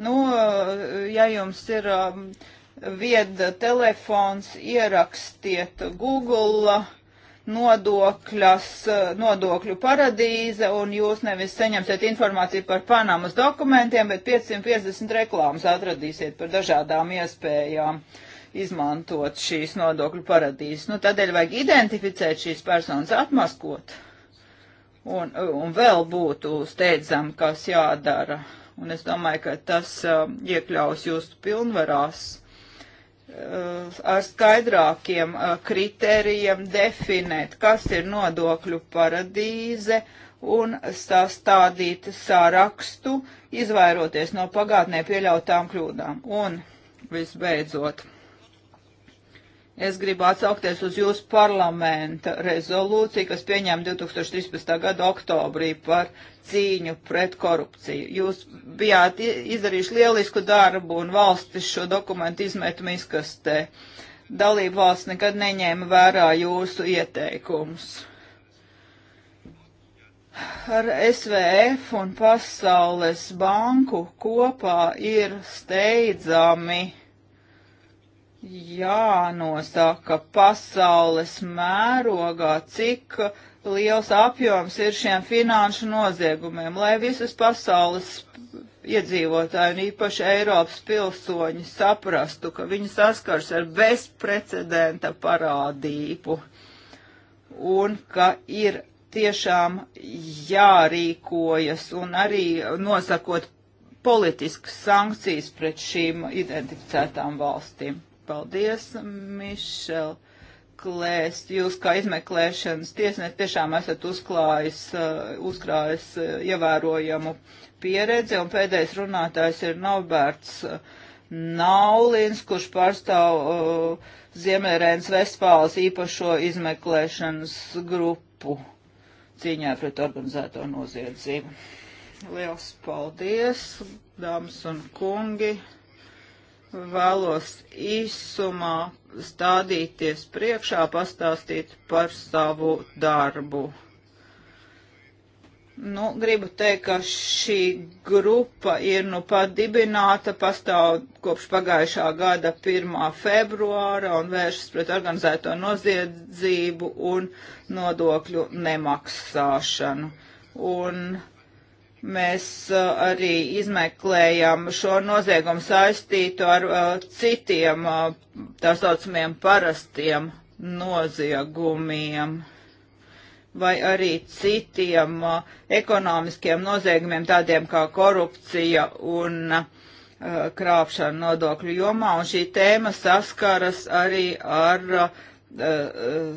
Nu, uh, ja jums ir um, vieda telefons, ierakstiet Google uh, nodokļas, nodokļu paradīze, un jūs nevis saņemsiet informāciju par Panamas dokumentiem, bet 550 reklāmas atradīsiet par dažādām iespējām izmantot šīs nodokļu paradīzes. Nu, tādēļ vajag identificēt šīs personas, atmaskot, un, un vēl būtu steidzam, kas jādara. Un es domāju, ka tas uh, iekļaus jūsu pilnvarās Uh, ar skaidrākiem uh, kritērijiem definēt, kas ir nodokļu paradīze un sastādīt sārakstu, izvairoties no pagātnē pieļautām kļūdām. Un visbeidzot, Es gribu atsaukties uz jūsu parlamenta rezolūciju, kas pieņēma 2013. gada oktobrī par cīņu pret korupciju. Jūs bijāt izdarījuši lielisku darbu un valstis šo dokumentu izmetam izkastē. Dalība valsts nekad neņēma vērā jūsu ieteikumus. Ar SVF un Pasaules banku kopā ir steidzami jānosaka pasaules mērogā, cik liels apjoms ir šiem finanšu noziegumiem, lai visas pasaules iedzīvotāji un īpaši Eiropas pilsoņi saprastu, ka viņi saskars ar bezprecedenta parādību un ka ir tiešām jārīkojas un arī nosakot politiskas sankcijas pret šīm identificētām valstīm. Paldies, Mišel Klēst. Jūs kā izmeklēšanas tiesnes tiešām esat uzklājis, uh, uzkrājis uh, ievērojamu pieredzi, un pēdējais runātājs ir Norberts uh, Naulins, kurš pārstāv uh, Ziemeļrēnas Vestfāles īpašo izmeklēšanas grupu cīņā pret organizēto noziedzību. Liels paldies, dāmas un kungi! vēlos īsumā stādīties priekšā, pastāstīt par savu darbu. Nu, gribu teikt, ka šī grupa ir nu pat dibināta, pastāv kopš pagājušā gada 1. februāra un vēršas pret organizēto noziedzību un nodokļu nemaksāšanu. Un uh, Mēs uh, arī izmeklējam šo noziegumu saistītu ar uh, citiem uh, tā saucamiem parastiem noziegumiem vai arī citiem uh, ekonomiskiem noziegumiem, tādiem kā korupcija un uh, krāpšana nodokļu jomā. Un šī tēma saskaras arī ar uh,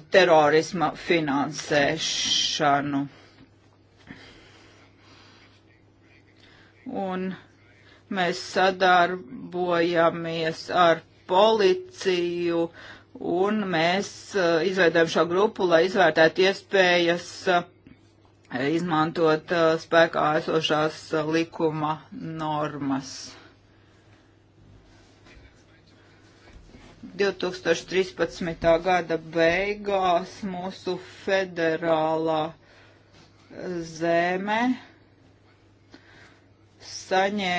terorisma finansēšanu. un mēs sadarbojamies ar policiju, un mēs uh, izveidojam šo grupu, lai izvērtētu iespējas uh, izmantot uh, spēkā esošās likuma normas. 2013. gada beigās mūsu federālā zeme saņē,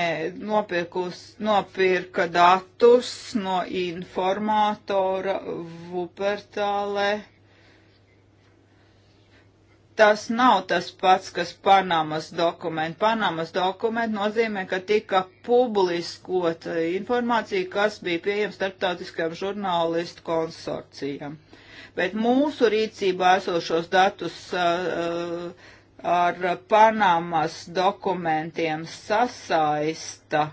nopirkus, nopirka datus no informatora Vupertālē. Tas nav tas pats, kas Panamas dokumenti. Panamas dokumenti nozīmē, ka tika publiskota informācija, kas bija pieejama starptautiskajam žurnālistu konsorcijam. Bet mūsu rīcībā esošos datus uh, uh ar Panamas dokumentiem sasaista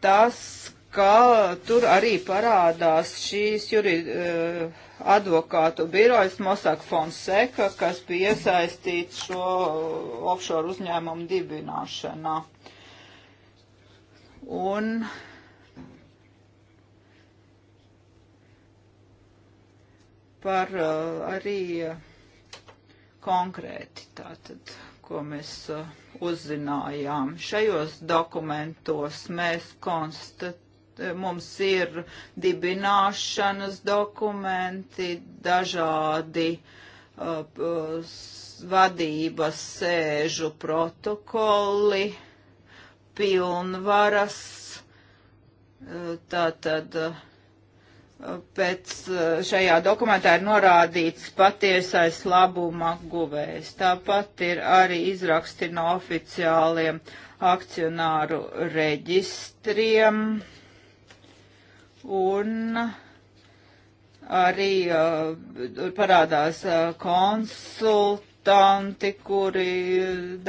tas, ka tur arī parādās šīs juri, eh, advokātu birojas Mossack Fonseca, kas bija iesaistīts šo offshore uzņēmumu dibināšanā. Un par eh, arī uh, konkrēti tātad, ko mēs uh, uzzinājām. Šajos dokumentos mēs konstatējam, mums ir dibināšanas dokumenti, dažādi uh, vadības sēžu protokoli, pilnvaras, uh, tātad uh, pēc eh, šajā dokumentā ir norādīts patiesais labuma guvējs. Tāpat ir arī izraksti no oficiāliem akcionāru reģistriem un arī uh, parādās uh, konsultanti, kuri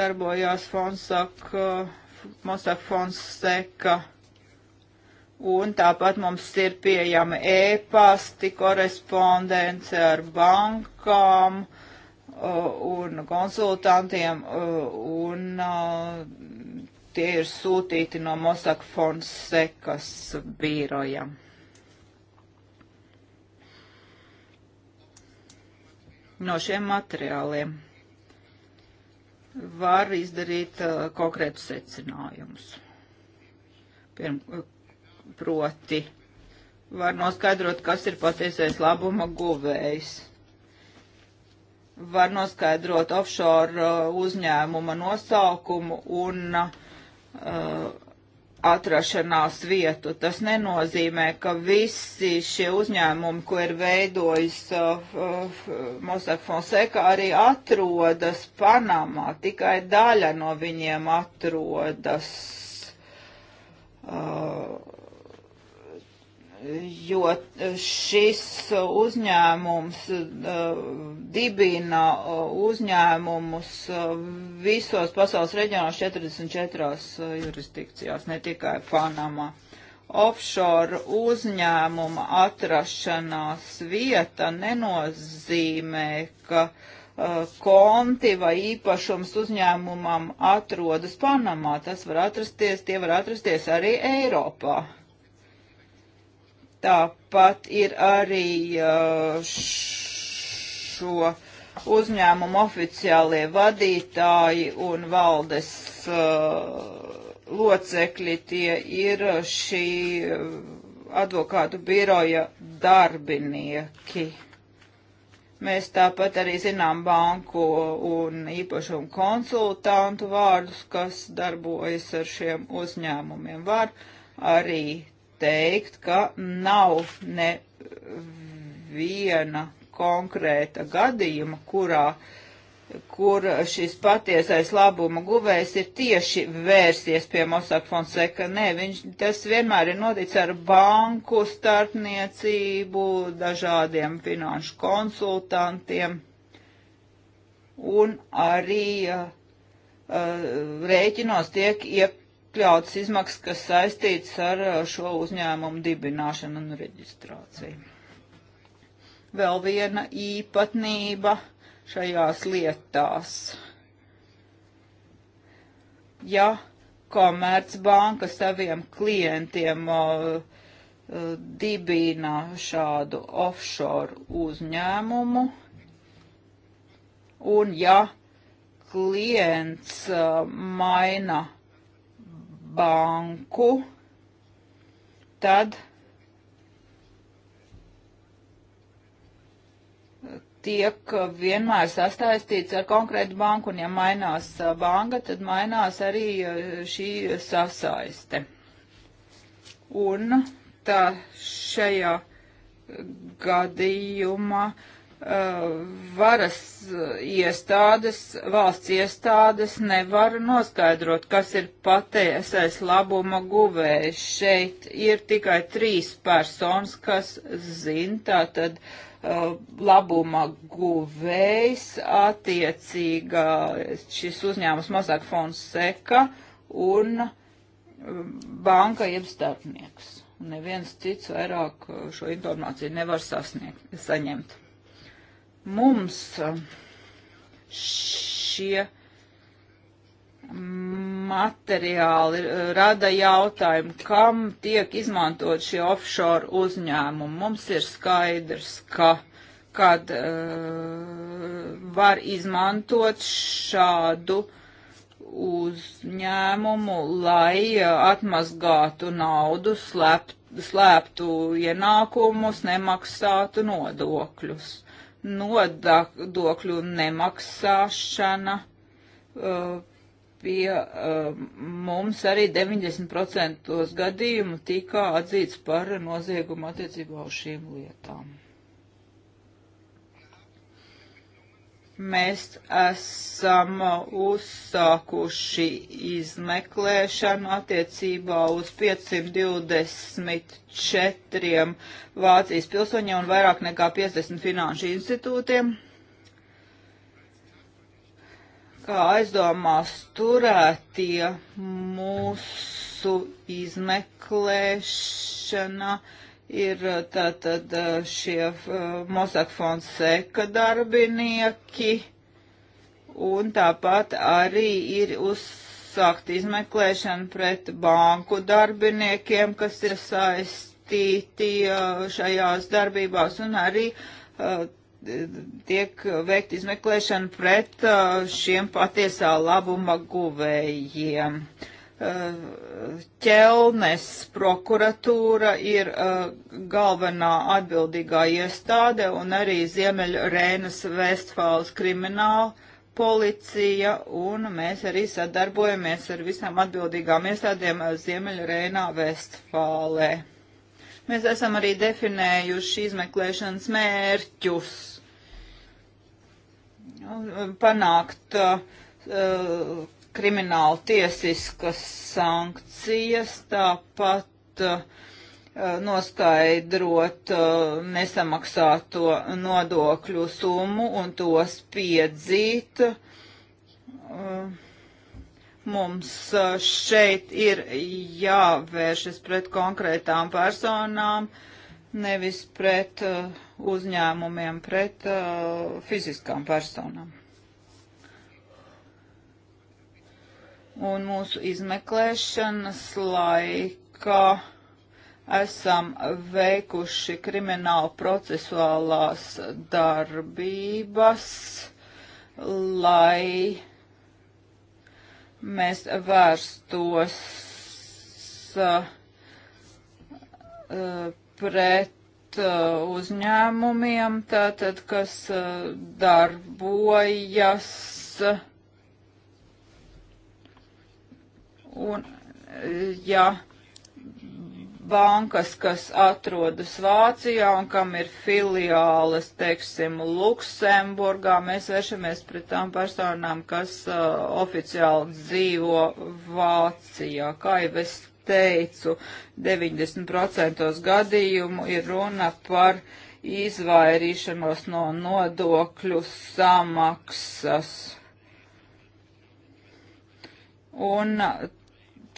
darbojās Fonsak, uh, Mostak Fonseka. Uh, Un tāpat mums ir pieejama e-pasti, korespondence ar bankām uh, un konsultantiem, uh, un uh, tie ir sūtīti no Mossack Fonsekas biroja. No šiem materiāliem var izdarīt konkrētus secinājumus. Pirm, proti var noskaidrot, kas ir patiesais labuma guvējs. Var noskaidrot offshore uh, uzņēmuma nosaukumu un uh, atrašanās vietu. Tas nenozīmē, ka visi šie uzņēmumi, ko ir veidojis uh, uh, Mossack Fonseca, arī atrodas Panamā. Tikai daļa no viņiem atrodas. Uh, jo e, šis uzņēmums e, dibina e, uzņēmumus visos pasaules reģionos 44 jurisdikcijās, ne tikai Panamā. Offshore uzņēmuma atrašanās vieta nenozīmē, ka konti vai īpašums uzņēmumam atrodas Panamā. Tas var atrasties, tie var atrasties arī Eiropā. Tāpat ir arī uh, šo uzņēmumu oficiālie vadītāji un valdes uh, locekļi, tie ir šī uh, advokātu biroja darbinieki. Mēs tāpat arī zinām banku un īpašumu konsultantu vārdus, kas darbojas ar šiem uzņēmumiem. Var arī teikt, ka nav ne viena konkrēta gadījuma, kurā kur šis patiesais labuma guvējs ir tieši vērsies pie Mossack Fonseca. Nē, viņš tas vienmēr ir noticis ar banku starpniecību, dažādiem finanšu konsultantiem un arī uh, rēķinos tiek iekļauts iekļautas izmaksas, kas saistītas ar uh, šo uzņēmumu dibināšanu un reģistrāciju. Vēl viena īpatnība šajās lietās. Ja Komercbanka saviem klientiem uh, uh dibina šādu offshore uzņēmumu, un ja klients uh, maina banku, tad tiek vienmēr sastaistīts ar konkrētu banku, un ja mainās uh, banka, tad mainās arī uh, šī sasaiste. Un tā šajā gadījumā uh, varas iestādes, valsts iestādes nevar noskaidrot, kas ir patiesais labuma guvējs. Šeit ir tikai trīs personas, kas zina, tātad uh, labuma guvējs attiecīgā šis uzņēmums mazāk fonseka un um, banka jeb starpnieks. Neviens cits vairāk uh, šo informāciju nevar sasniegt, saņemt. Mums um, šie materiāli uh, rada jautājumu, kam tiek izmantot šie offshore uzņēmumi. Mums ir skaidrs, ka kad uh, var izmantot šādu uzņēmumu, lai uh, atmazgātu naudu, slēpt, slēptu ienākumus, nemaksātu nodokļus nodokļu nemaksāšana uh, pie uh, mums arī 90% gadījumu tika atzīts par noziegumu attiecībā uz šīm lietām. mēs esam uzsākuši izmeklēšanu attiecībā uz 524 Vācijas pilsoņiem un vairāk nekā 50 finanšu institūtiem. Kā aizdomās turētie mūsu izmeklēšana uh, ir uh, tātad uh, šie uh, Mossack Fonseca darbinieki, un tāpat arī ir uzsākt izmeklēšana pret banku darbiniekiem, kas ir saistīti šajās darbībās, un arī tiek veikt izmeklēšana pret šiem patiesā labuma guvējiem. Uh, Eh, ķelnes prokuratūra ir eh, galvenā atbildīgā iestāde un arī Ziemeļa Rēnas Vestfāles krimināla policija un mēs arī sadarbojamies ar visām atbildīgām iestādēm eh, Ziemeļa Rēnā Vestfālē. Mēs esam arī definējuši izmeklēšanas mērķus. Panākt uh, krimināla tiesiskas sankcijas, tāpat uh, noskaidrot uh, nesamaksāto nodokļu summu un to spiedzīt. Uh, mums uh, šeit ir jāvēršas pret konkrētām personām, nevis pret uh, uzņēmumiem, pret uh, fiziskām personām. un mūsu izmeklēšanas laikā esam veikuši kriminālu procesuālās darbības, lai mēs vērstos uh, pret uh, uzņēmumiem, tātad, kas uh, darbojas uh, Un, ja bankas, kas atrodas Vācijā un kam ir filiāles, teiksim, Luksemburgā, mēs vēršamies pret tām personām, kas uh, oficiāli dzīvo Vācijā. Kā jau es teicu, 90% gadījumu ir runa par izvairīšanos no nodokļu samaksas. Un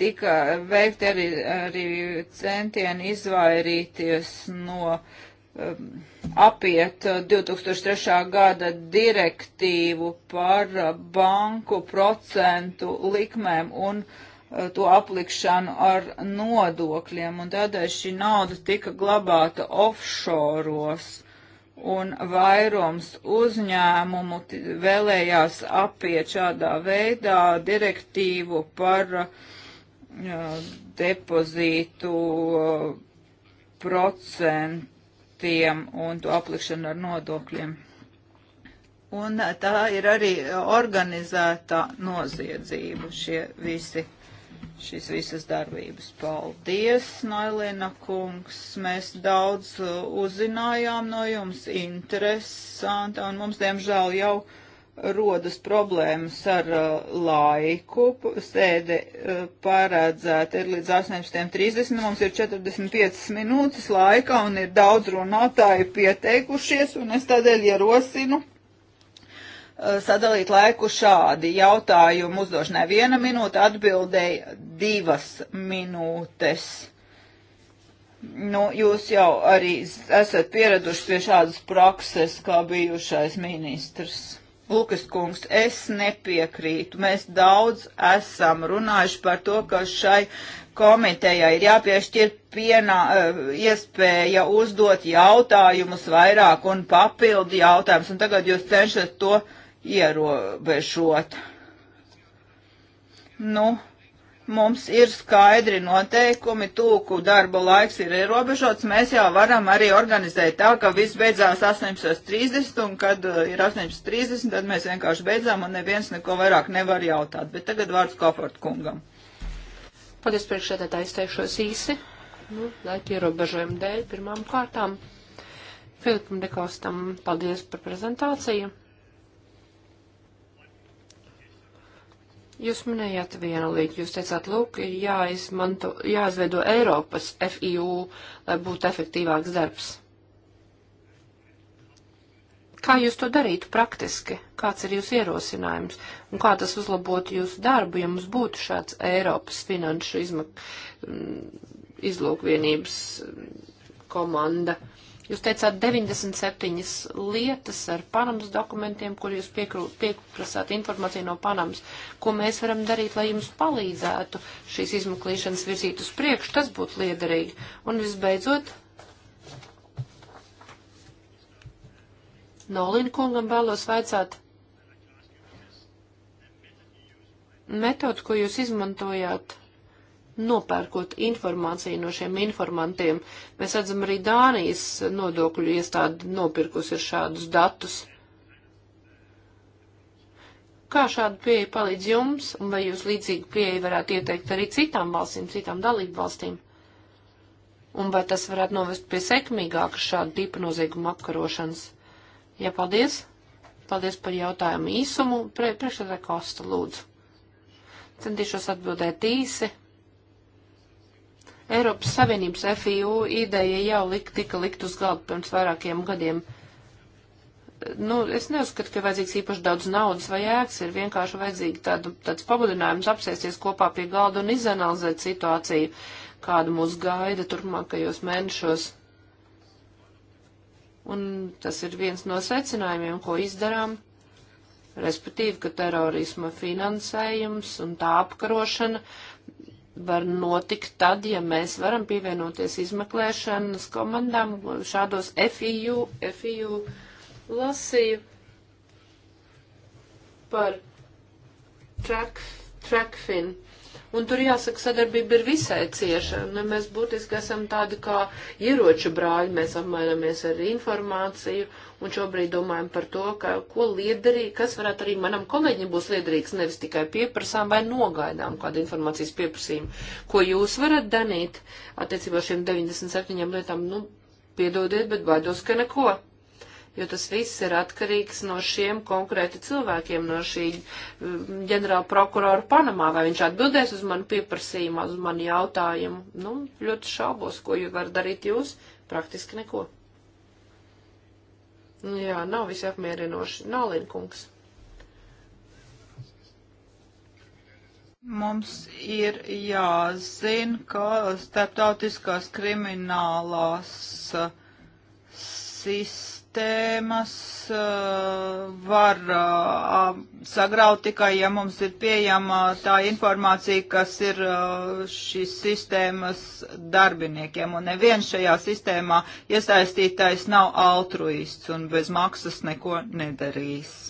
tika veikti arī, arī centieni izvairīties no um, apiet 2003. gada direktīvu par banku procentu likmēm un uh, to aplikšanu ar nodokļiem, un tādēļ šī nauda tika glabāta offšoros un vairums uzņēmumu vēlējās apiet šādā veidā direktīvu par uh, depozītu procentiem un to aplikšanu ar nodokļiem. Un tā ir arī organizēta noziedzība, šie visi šīs visas darbības. Paldies, Nailina kungs, mēs daudz uzzinājām no jums, interesanti, un mums, diemžēl, jau rodas problēmas ar uh, laiku. Sēde uh, paredzēta ir līdz 18.30. Mums ir 45 minūtes laika un ir daudz runātāju pieteikušies, un es tādēļ ierosinu uh, sadalīt laiku šādi. Jautājumu uzdošanai viena minūte, atbildēja divas minūtes. Nu, jūs jau arī esat pieraduši pie šādas prakses, kā bijušais ministrs. Lukas kungs, es nepiekrītu. Mēs daudz esam runājuši par to, ka šai komitejai ir jāpiešķir pienā, eh, iespēja uzdot jautājumus vairāk un papildi jautājumus, un tagad jūs cenšat to ierobežot. Nu, mums ir skaidri noteikumi, tūku darba laiks ir ierobežots, mēs jau varam arī organizēt tā, ka viss beidzās 18.30 un kad uh, ir 18.30, tad mēs vienkārši beidzām un neviens neko vairāk nevar jautāt. Bet tagad vārds Kofort kungam. Paldies priekšsēdētā, izteikšos īsi. Nu, laika ierobežojumu dēļ pirmām kārtām. Filipam Dekostam paldies par prezentāciju. Jūs minējāt vienu līgu, jūs teicāt, lūk, ir jāizmanto, jāizveido Eiropas FIU, lai būtu efektīvāks darbs. Kā jūs to darītu praktiski? Kāds ir jūsu ierosinājums? Un kā tas uzlabotu jūsu darbu, ja mums būtu šāds Eiropas finanšu izmak... Mm, izlūkvienības mm, komanda? Uh, Jūs teicāt 97 lietas ar Panamas dokumentiem, kur jūs pieprasāt informāciju no Panamas. Ko mēs varam darīt, lai jums palīdzētu šīs izmeklīšanas virzīt uz priekšu? Tas būtu liederīgi. Un visbeidzot, Nolīna kungam vēlos vaicāt. Metodu, ko jūs izmantojāt, nopērkot informāciju no šiem informantiem. Mēs redzam, arī Dānijas nodokļu iestāde nopirkus ir šādus datus. Kā šāda pieeja palīdz jums, un vai jūs līdzīgu pieeju varētu ieteikt arī citām valstīm, citām dalību valstīm? Un vai tas varētu novest pie sekmīgākas šāda tipa nozieguma apkarošanas? Jā, paldies! Paldies par jautājumu īsumu. Pre, Priekšsēdē Kosta, lūdzu. Centīšos atbildēt īsi, Eiropas Savienības FIU ideja jau lik, tika likt uz galda pirms vairākiem gadiem. Nu, es neuzskatu, ka vajadzīgs īpaši daudz naudas vai ēks, ir vienkārši vajadzīgi tādu, tāds pabudinājums apsēsties kopā pie galda un izanalizēt situāciju, kāda mūs gaida turpmākajos mēnešos. Un tas ir viens no secinājumiem, ko izdarām respektīvi, ka terorisma finansējums un tā apkarošana var notikt tad, ja mēs varam pievienoties izmeklēšanas komandām šādos FIU, FIU lasīju par track, trackfin. Un tur jāsaka, sadarbība ir visai cieša. Ne, nu, mēs būtiski esam tādi kā ieroču brāļi, mēs apmainamies ar informāciju un šobrīd domājam par to, ka, ko liederīgi, kas varētu arī manam kolēģim būs liederīgs, nevis tikai pieprasām vai nogaidām kādu informācijas pieprasījumu. Ko jūs varat danīt attiecībā šiem 97 lietām? Nu, piedodiet, bet baidos, ka neko jo tas viss ir atkarīgs no šiem konkrēti cilvēkiem, no šī mm, ģenerāla prokurora Panamā, vai viņš atbildēs uz manu pieprasījumu, uz manu jautājumu. Nu, ļoti šaubos, ko jūs varat darīt jūs, praktiski neko. Nu jā, nav visi apmierinoši. Nālinkungs. Mums ir jāzina, ka starptautiskās kriminālās uh, sis sistēmas eh, var eh, sagraut tikai, ja mums ir pieejama tā informācija, kas ir eh, šīs sistēmas darbiniekiem. Un neviens šajā sistēmā iesaistītais nav altruists un bez maksas neko nedarīs.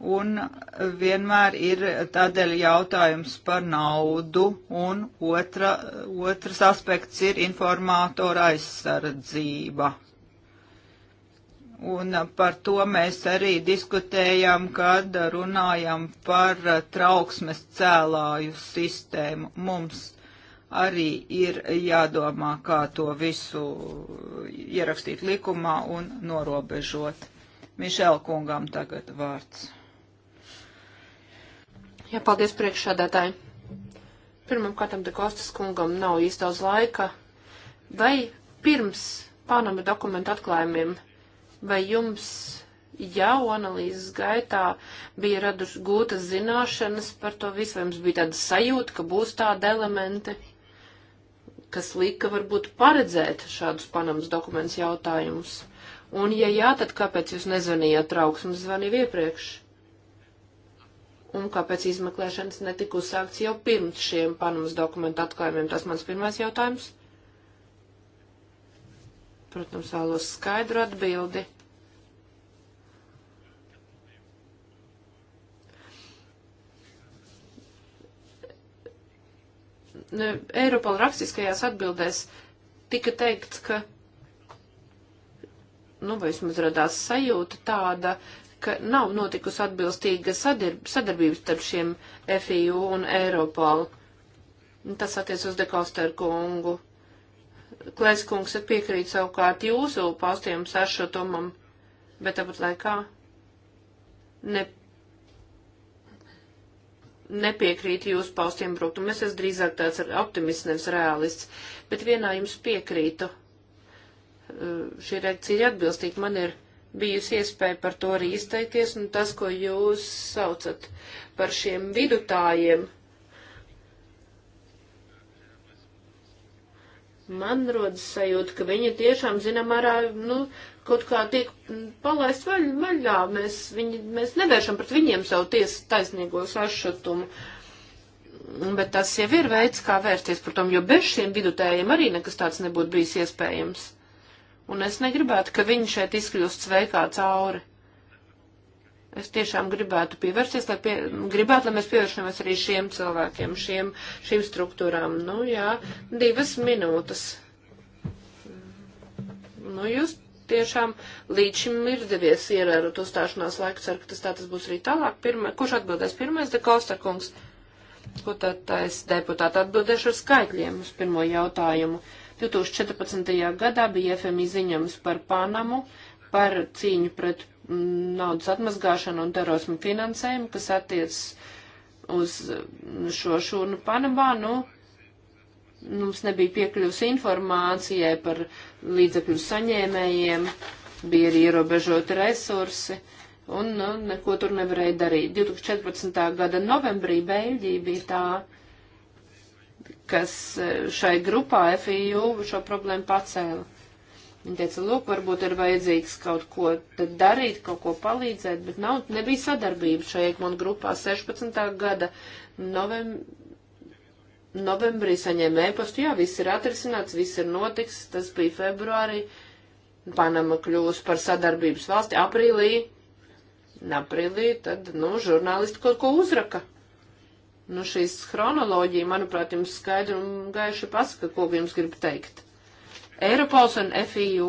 Un vienmēr ir tādēļ jautājums par naudu, un otra, otrs aspekts ir informātora aizsardzība. Un par to mēs arī diskutējām, kad runājam par trauksmes cēlāju sistēmu. Mums arī ir jādomā, kā to visu ierakstīt likumā un norobežot. Mišēl kungam tagad vārds. Jā, paldies priekšsādātāji. Pirmkārt, te Kostas kungam nav īsti daudz laika. Vai pirms Panama dokumentu atklājumiem Vai jums jau analīzes gaitā bija radušas gūtas zināšanas par to visu, vai jums bija tāda sajūta, ka būs tādi elementi, kas lika varbūt paredzēt šādus Panamas dokumentus jautājumus? Un, ja jā, tad kāpēc jūs nezvanījāt trauksmes zvanīju iepriekš? Un kāpēc izmeklēšanas netika uzsākts jau pirms šiem Panamas dokumentu atklājumiem? Tas mans pirmais jautājums protams, vēlos skaidru atbildi. Eiropola rakstiskajās atbildēs tika teikts, ka, nu, vai vismaz radās sajūta tāda, ka nav notikusi atbilstīga sadarb sadarbības starp šiem FIU un Eiropolu. Tas attiec uz Dekalsteru kungu. Klēskungs piekrīt savukārt jūsu paustiem sašutumam, bet tāpat laikā ne, nepiekrīt jūsu paustiem brūktumam. Es esmu drīzāk tāds optimists, nevis realists, bet vienā jums piekrītu. Uh, šī reakcija ir atbilstīga. Man ir bijusi iespēja par to arī izteikties, un tas, ko jūs saucat par šiem vidutājiem, Man rodas sajūta, ka viņi tiešām, zinām, arā, nu, kaut kā tiek palaist vaļ, vaļā. Mēs, viņi, mēs nevēršam pret viņiem savu tiesu taisnīgo sašutumu. Bet tas jau ir veids, kā vērsties par tom, jo bez šiem vidutējiem arī nekas tāds nebūtu bijis iespējams. Un es negribētu, ka viņi šeit izkļūst sveikā cauri. Es tiešām gribētu pievērsties, lai pie, gribētu, lai mēs pievēršamies arī šiem cilvēkiem, šiem, šīm struktūrām. Nu jā, divas minūtes. Nu jūs tiešām līdz šim ir devies ievērot uzstāšanās laiku, ceru, ka tas tā tas būs arī tālāk. Pirma, kurš atbildēs pirmais, de Kostakungs? Ko tad tā es deputāti atbildēšu ar skaitļiem uz pirmo jautājumu. 2014. gadā bija FMI ziņojums par Panamu, par cīņu pret naudas atmazgāšanu un terorismu finansējumu, kas attiec uz šo šūnu Panamā, nu, mums nebija piekļuvusi informācijai par līdzekļu saņēmējiem, bija arī ierobežoti resursi, un nu, neko tur nevarēja darīt. 2014. gada novembrī Beļģija bija tā, kas eh, šai grupā FIU šo problēmu pacēla. Viņa teica, lūk, varbūt ir vajadzīgs kaut ko darīt, kaut ko palīdzēt, bet nav, nebija sadarbība šajā Egmonta grupā 16. gada novem, novembrī saņēma ēpastu, jā, viss ir atrisināts, viss ir notiks, tas bija februārī, Panama kļūs par sadarbības valsti aprīlī, un aprīlī tad, nu, žurnālisti kaut ko uzraka. Nu, šīs chronoloģija, manuprāt, jums skaidri un gaiši pasaka, ko jums grib teikt. Eiropols un FIU.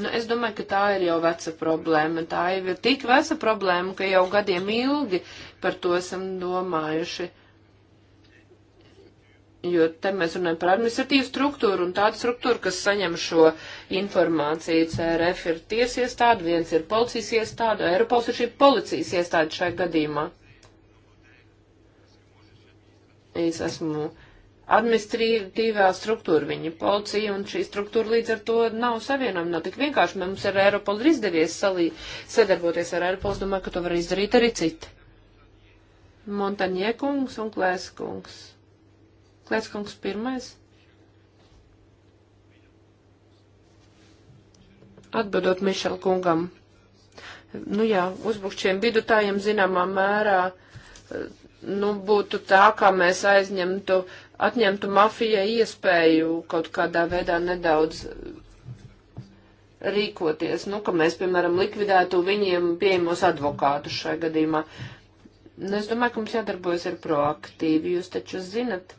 Nu, es domāju, ka tā ir jau veca problēma. Tā ir tik veca problēma, ka jau gadiem ilgi par to esam domājuši. Jo te mēs runājam par administratīvu struktūru un tādu struktūru, kas saņem šo informāciju. CRF ir tiesa iestāde, viens ir policijas iestāde, Eiropols ir šī policijas iestāde šajā gadījumā. Es esmu uh, administratīvā struktūra, viņa policija un šī struktūra līdz ar to nav savienojama. Nav tik vienkārši, mums ar Eiropolu ir izdevies salī, sadarboties ar Eiropolu, domāju, ka to var izdarīt arī citi. Montaņie kungs un Klēs kungs. Klēs kungs pirmais. Atbildot Mišel kungam. Nu jā, uzbrukšķiem bidutājiem zināmā mērā eh, nu, būtu tā, kā mēs aizņemtu uh, atņemtu mafijai iespēju kaut kādā veidā nedaudz rīkoties, nu, ka mēs, piemēram, likvidētu viņiem pieejamos advokātus šai gadījumā. Nu, es domāju, ka mums jādarbojas ar proaktīvi. Jūs taču zinat,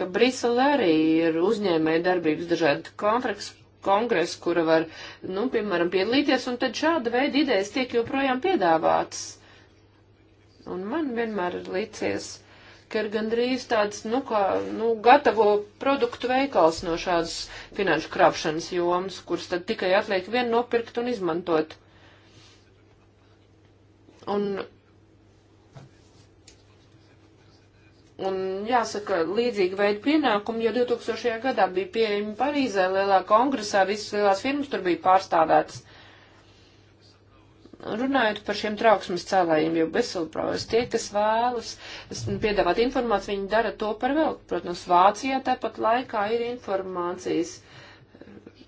ka Brisele arī ir uzņēmēja darbības dažādi kongress, kongres, kura var, nu, piemēram, piedalīties, un tad šāda veida idejas tiek joprojām piedāvātas. Un man vienmēr ir līdzies, ka ir gandrīz tāds, nu, kā, nu, gatavo produktu veikals no šādas finanšu krāpšanas jomas, kuras tad tikai atliek vien nopirkt un izmantot. Un, un jāsaka, līdzīga veida pienākumi, jo 2000. gadā bija pieejami Parīzē lielā kongresā, visas lielās firmas tur bija pārstāvētas. Runājot par šiem trauksmes cēlājiem, jo bezsilprāvis tie, kas vēlas piedāvāt informāciju, viņi dara to par vēl. Protams, Vācijā tāpat laikā ir informācijas eh,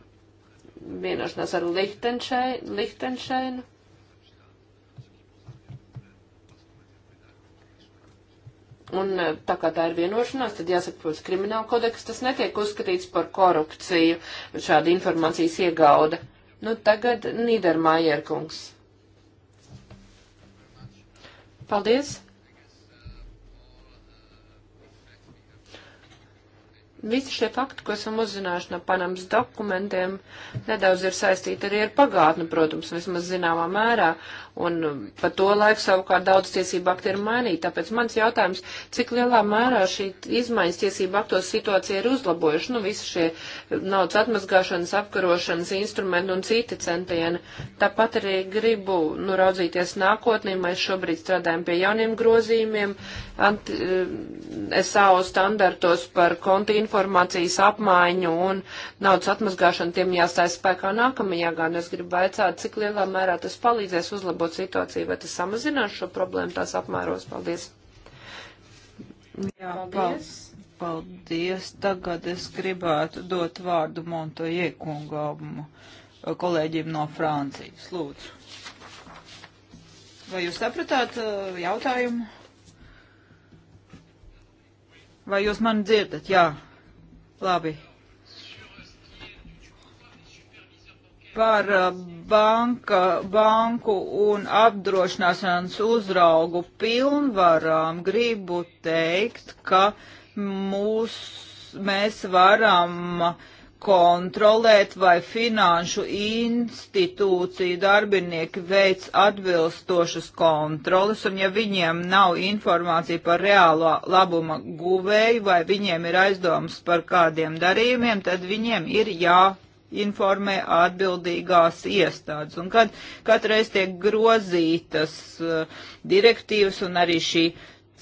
vienošanās ar Lihtenšeinu. Un eh, tā kā tā ir vienošanās, tad jāsaka, protams, krimināla kodeks tas netiek uzskatīts par korupciju, šāda informācijas iegauda. Nu, tagad Nīdermājerkungs. Paldies! Visi šie fakti, ko esam uzzinājuši no Panamas dokumentiem, nedaudz ir saistīti arī ar pagātni, protams, vismaz zināmā mērā, Un um, par to laiku savukārt daudz tiesību akti ir mainīti. Tāpēc mans jautājums, cik lielā mērā šī izmaiņas tiesību aktos situācija ir uzlabojuši? Nu, visi šie naudas atmazgāšanas, apkarošanas instrumenti un citi centieni. Tāpat arī gribu, nu, raudzīties nākotnē. Mēs šobrīd strādājam pie jauniem grozījumiem. Anti, um, SAO standartos par konti informācijas apmaiņu un naudas atmazgāšanu tiem jāstājas spēkā nākamajā gadā. Es gribu vaicāt, cik lielā mērā tas palīdzēs uzlabot uzlabot situāciju, vai tas samazinās šo problēmu tās apmēros? Paldies! Jā, paldies! Paldies! Tagad es gribētu dot vārdu Montoje kungam, kolēģim no Francijas. Lūdzu! Vai jūs sapratāt uh, jautājumu? Vai jūs mani dzirdat? Jā. Labi. par uh, banka, banku un apdrošināšanas uzraugu pilnvarām gribu teikt, ka mūs, mēs varam kontrolēt, vai finanšu institūcija darbinieki veic atbilstošas kontrolas, un ja viņiem nav informācija par reālo labuma guvēju, vai viņiem ir aizdomas par kādiem darījumiem, tad viņiem ir jā informē atbildīgās iestādes. Un kad katreiz tiek grozītas uh, direktīvas un arī šī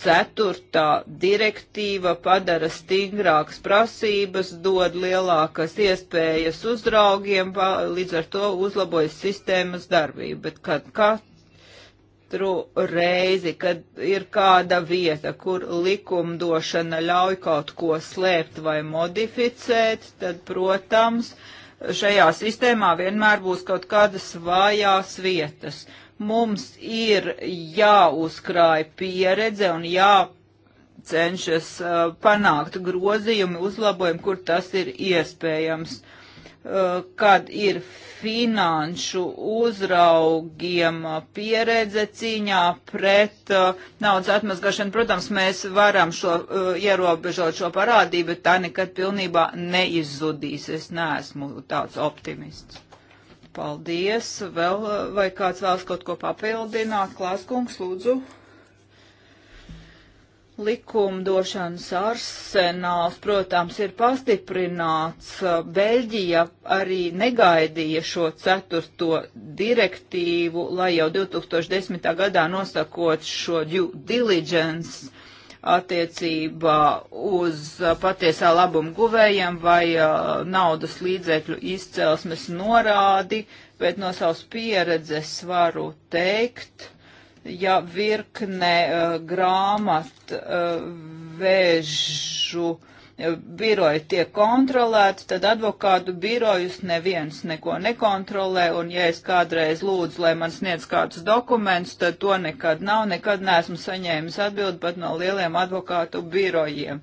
ceturtā direktīva padara stingrākas prasības, dod lielākas iespējas uzraugiem, līdz ar to uzlabojas sistēmas darbība. Bet kad katru reizi, kad ir kāda vieta, kur likumdošana ļauj kaut ko slēpt vai modificēt, tad, protams, uh, šajā sistēmā vienmēr būs kaut kādas vājās vietas. Mums ir jāuzkrāj pieredze un jācenšas uh, panākt grozījumi, uzlabojumi, kur tas ir iespējams. Uh, Eh, kad ir finanšu uzraugiem pieredze cīņā pret uh, naudas atmazgāšanu. Protams, mēs varam šo, uh, ierobežot šo parādību, bet tā nekad pilnībā neizzudīs. Es neesmu tāds optimists. Paldies. Vēl vai kāds vēlas kaut ko papildināt? Klāskungs, lūdzu likumdošanas arsenāls, protams, ir pastiprināts. Beļģija arī negaidīja šo ceturto direktīvu, lai jau 2010. gadā nosakot šo due diligence attiecībā uz patiesā labuma guvējiem vai uh, naudas līdzekļu izcelsmes norādi, bet no savas pieredzes varu teikt, ja virkne uh, grāmat uh, vēžu e, biroji tiek kontrolēti, tad advokātu birojus neviens neko nekontrolē, un ja es kādreiz lūdzu, lai man sniedz kādus dokumentus, tad to nekad nav, nekad neesmu saņēmis atbildi pat no lieliem advokātu birojiem.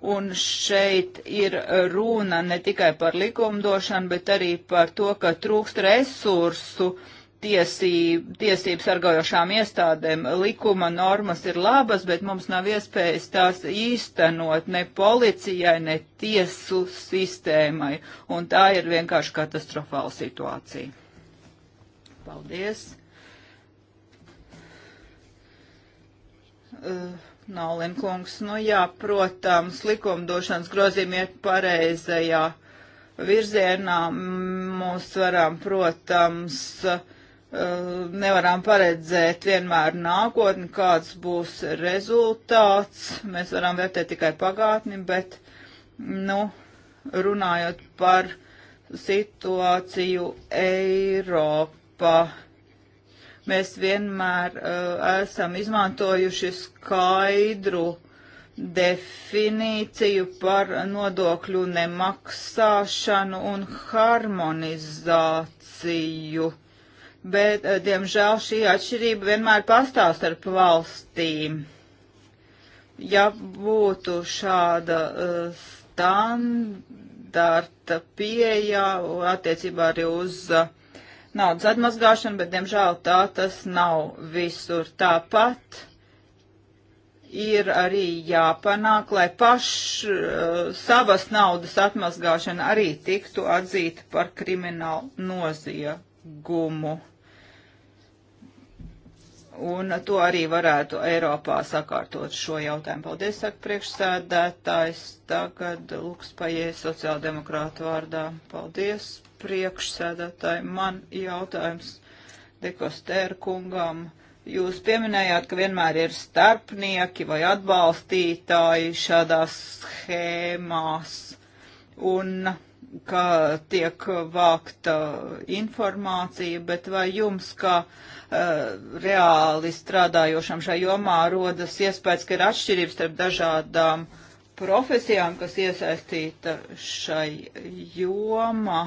Un šeit ir runa ne tikai par likumdošanu, bet arī par to, ka trūkst resursu uh, tiesību, tiesību sargājošām iestādēm likuma normas ir labas, bet mums nav iespējas tās īstenot ne policijai, ne tiesu sistēmai. Un tā ir vienkārši katastrofāla situācija. Paldies. Uh, Naulinkungs, nu jā, protams, likumdošanas grozījumi iet pareizajā virzienā. Mūs varam, protams, uh, Eh, nevaram paredzēt vienmēr nākotni, kāds būs rezultāts. Mēs varam vērtēt tikai pagātni, bet, nu, runājot par situāciju Eiropā, mēs vienmēr uh, esam izmantojuši skaidru definīciju par nodokļu nemaksāšanu un harmonizāciju. Uh, bet, eh, diemžēl, šī atšķirība vienmēr pastāv starp valstīm. Ja būtu šāda uh, standarta pieeja attiecībā arī uz uh, naudas atmazgāšanu, bet, diemžēl, tā tas nav visur tāpat ir arī jāpanāk, lai paš uh, savas naudas atmazgāšana arī tiktu atzīta par kriminālu noziegumu tirgumu. Un to arī varētu Eiropā sakārtot šo jautājumu. Paldies, saka priekšsēdētājs. Tagad Luks Pajē sociāldemokrātu vārdā. Paldies, priekšsēdētāji. Man jautājums Dekostērkungam. Jūs pieminējāt, ka vienmēr ir starpnieki vai atbalstītāji šādās schēmās. Un ka tiek vākta informācija, bet vai jums, kā uh, reāli strādājošam šajā jomā, rodas iespējas, ka ir atšķirības starp dažādām profesijām, kas iesaistīta šai jomā?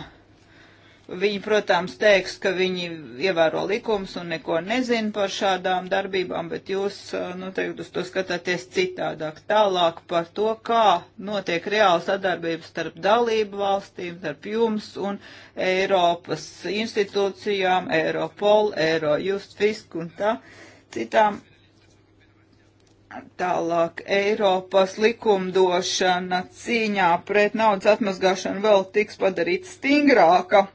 Viņi, protams, teiks, ka viņi ievēro likumus un neko nezina par šādām darbībām, bet jūs noteikti eh, nu, uz to skatāties citādāk. Tālāk par to, kā notiek reāla sadarbība starp dalību valstīm, starp jums un Eiropas institūcijām, Eiropol, Eirojust, Fisk un tā citām. Tālāk Eiropas likumdošana cīņā pret naudas atmazgāšanu vēl tiks padarīta stingrāka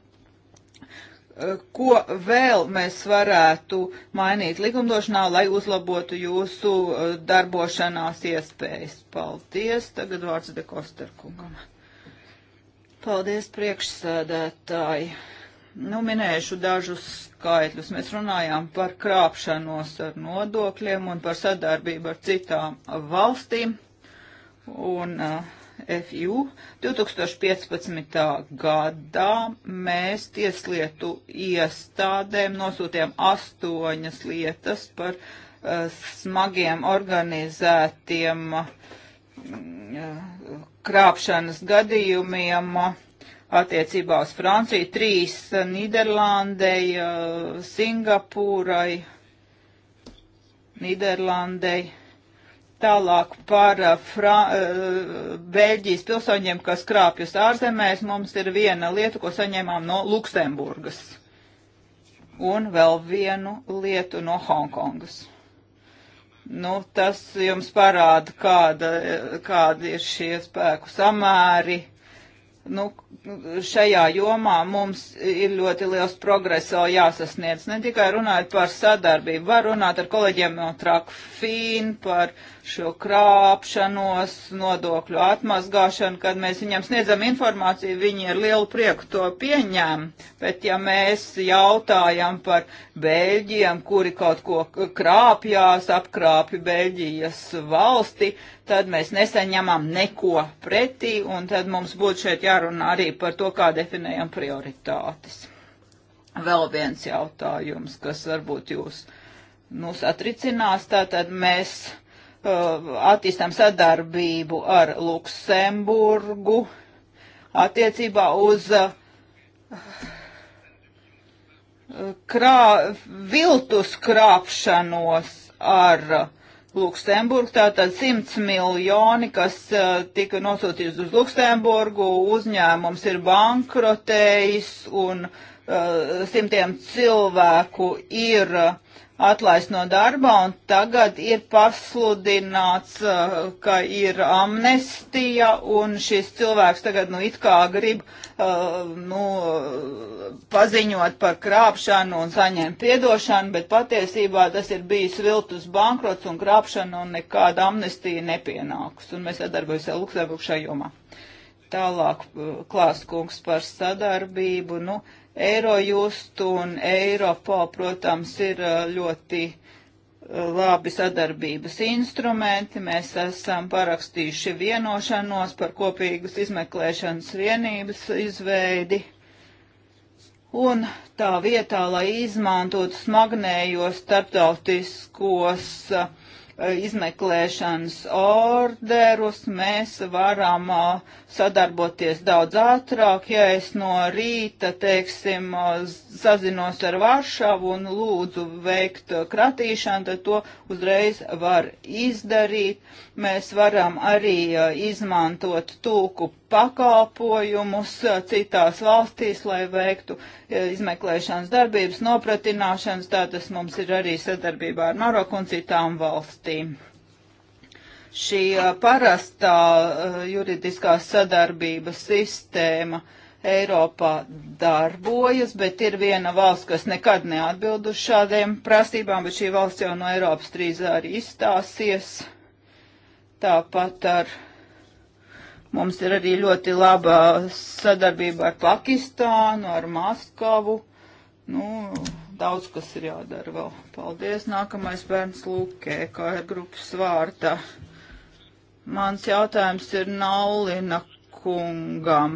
ko vēl mēs varētu mainīt likumdošanā, lai uzlabotu jūsu uh, darbošanās iespējas. Paldies. Tagad vārds Dekosterkungam. Paldies, priekšsēdētāji. Nu, minēšu dažus skaitļus. Mēs runājām par krāpšanos ar nodokļiem un par sadarbību ar citām valstīm. Un uh, FU 2015. gadā mēs tieslietu iestādēm nosūtījām astoņas lietas par uh, smagiem organizētiem uh, krāpšanas gadījumiem uh, attiecībā uz Franciju, trīs Nīderlandei, Singapūrai, Nīderlandei Tālāk par uh, Fra uh, Beļģijas pilsoņiem, kas krāpjas ārzemēs, mums ir viena lieta, ko saņēmām no Luksemburgas. Un vēl vienu lietu no Hongkongas. Nu, tas jums parāda, kāda, kāda ir šie spēku samēri. Nu, šajā jomā mums ir ļoti liels progress vēl jāsasniedz. Ne tikai runājot par sadarbību, var runāt ar kolēģiem no Trakfīn, par uh, šo krāpšanos, nodokļu atmazgāšanu, kad mēs viņam sniedzam informāciju, viņi ar lielu prieku to pieņem, bet ja mēs jautājam par Beļģiem, kuri kaut ko krāpjās, apkrāpja Beļģijas valsti, tad mēs nesaņemam neko pretī, un tad mums būtu šeit jārunā arī par to, kā definējam prioritātes. Vēl viens jautājums, kas varbūt jūs, nu, satricinās, tātad mēs Uh, attīstām sadarbību ar Luksemburgu attiecībā uz uh, krā, viltus krāpšanos ar Luksemburgu, tātad 100 miljoni, kas uh, tika nosūtīts uz Luksemburgu, uzņēmums ir bankrotējis un uh, simtiem cilvēku ir uh, atlaist no darba, un tagad ir pasludināts, eh, ka ir amnestija, un šis cilvēks tagad, nu, it kā grib, eh, nu, paziņot par krāpšanu un saņemt piedošanu, bet patiesībā tas ir bijis viltus bankrots un krāpšana, un nekāda amnestija nepienāks, un mēs sadarbojamies ar Luksemburgu šajā jomā. Tālāk eh, klāstkungs par sadarbību, nu, uh, Eirojust un Eiropol, protams, ir uh, ļoti uh, labi sadarbības instrumenti. Mēs esam parakstījuši vienošanos par kopīgas izmeklēšanas vienības izveidi. Un tā vietā, lai izmantotu smagnējos starptautiskos uh, izmeklēšanas orderus, mēs varam uh, sadarboties daudz ātrāk, ja es no rīta, teiksim, sazinos ar Varšavu un lūdzu veikt kratīšanu, tad to uzreiz var izdarīt. Mēs varam arī izmantot tūku pakalpojumus citās valstīs, lai veiktu izmeklēšanas darbības, nopratināšanas, tā tas mums ir arī sadarbībā ar Maroku un citām valstīm šī parastā juridiskās sadarbības sistēma Eiropā darbojas, bet ir viena valsts, kas nekad neatbild uz šādiem prasībām, bet šī valsts jau no Eiropas trīs arī izstāsies. Tāpat ar mums ir arī ļoti laba sadarbība ar Pakistānu, ar Maskavu. Nu, daudz kas ir jādara vēl. Paldies, nākamais bērns Lūkē, kā ir grupas vārta. Mans jautājums ir Naulina kungam.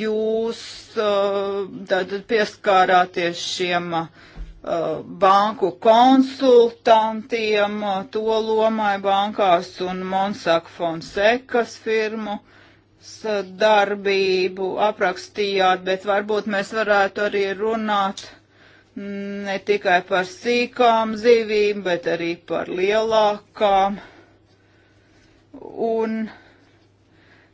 Jūs uh, tad pieskārāties šiem uh, banku konsultantiem, uh, to lomai bankās un Monsak Fonsekas firmu darbību aprakstījāt, bet varbūt mēs varētu arī runāt ne tikai par sīkām zivīm, bet arī par lielākām. Uh, un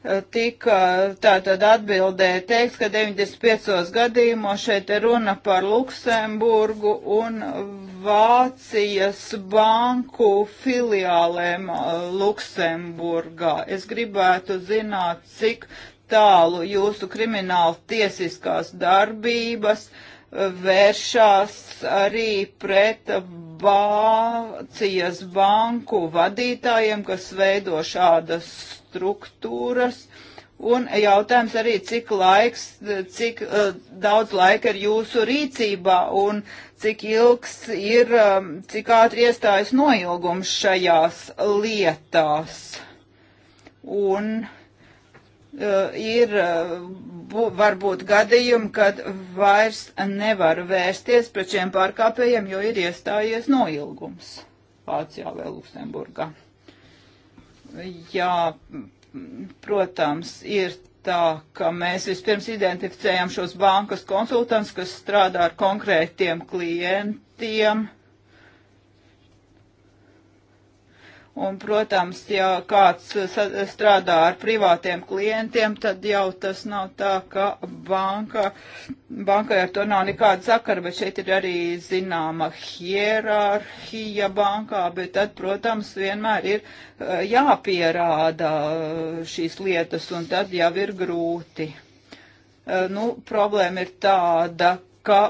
eh, tika tātad atbildēja teiks, ka 95 gadījumos šeit ir runa par Luksemburgu un Vācijas banku filiālēm eh, Luksemburgā. Es gribētu zināt, cik tālu jūsu krimināla tiesiskās darbības eh, vēršās arī pret Vācijas banku vadītājiem, kas veido šādas struktūras. Un jautājums arī, cik laiks, cik uh, daudz laika ir jūsu rīcībā un cik ilgs ir, um, cik ātri iestājas noilgums šajās lietās. Un uh, Eh, ir eh, bū, varbūt gadījumi, kad vairs nevar vērsties pret šiem pārkāpējiem, jo ir iestājies noilgums Vācijā vai Luksemburgā. Jā, protams, ir tā, ka mēs vispirms identificējam šos bankas konsultants, kas strādā ar konkrētiem klientiem. Uh, Un, protams, ja kāds strādā ar privātiem klientiem, tad jau tas nav tā, ka banka, bankai ar to nav nekāda sakara, bet šeit ir arī zināma hierarhija bankā, bet tad, protams, vienmēr ir eh, jāpierāda eh, šīs lietas, un tad jau ir grūti. Eh, nu, problēma ir tāda, ka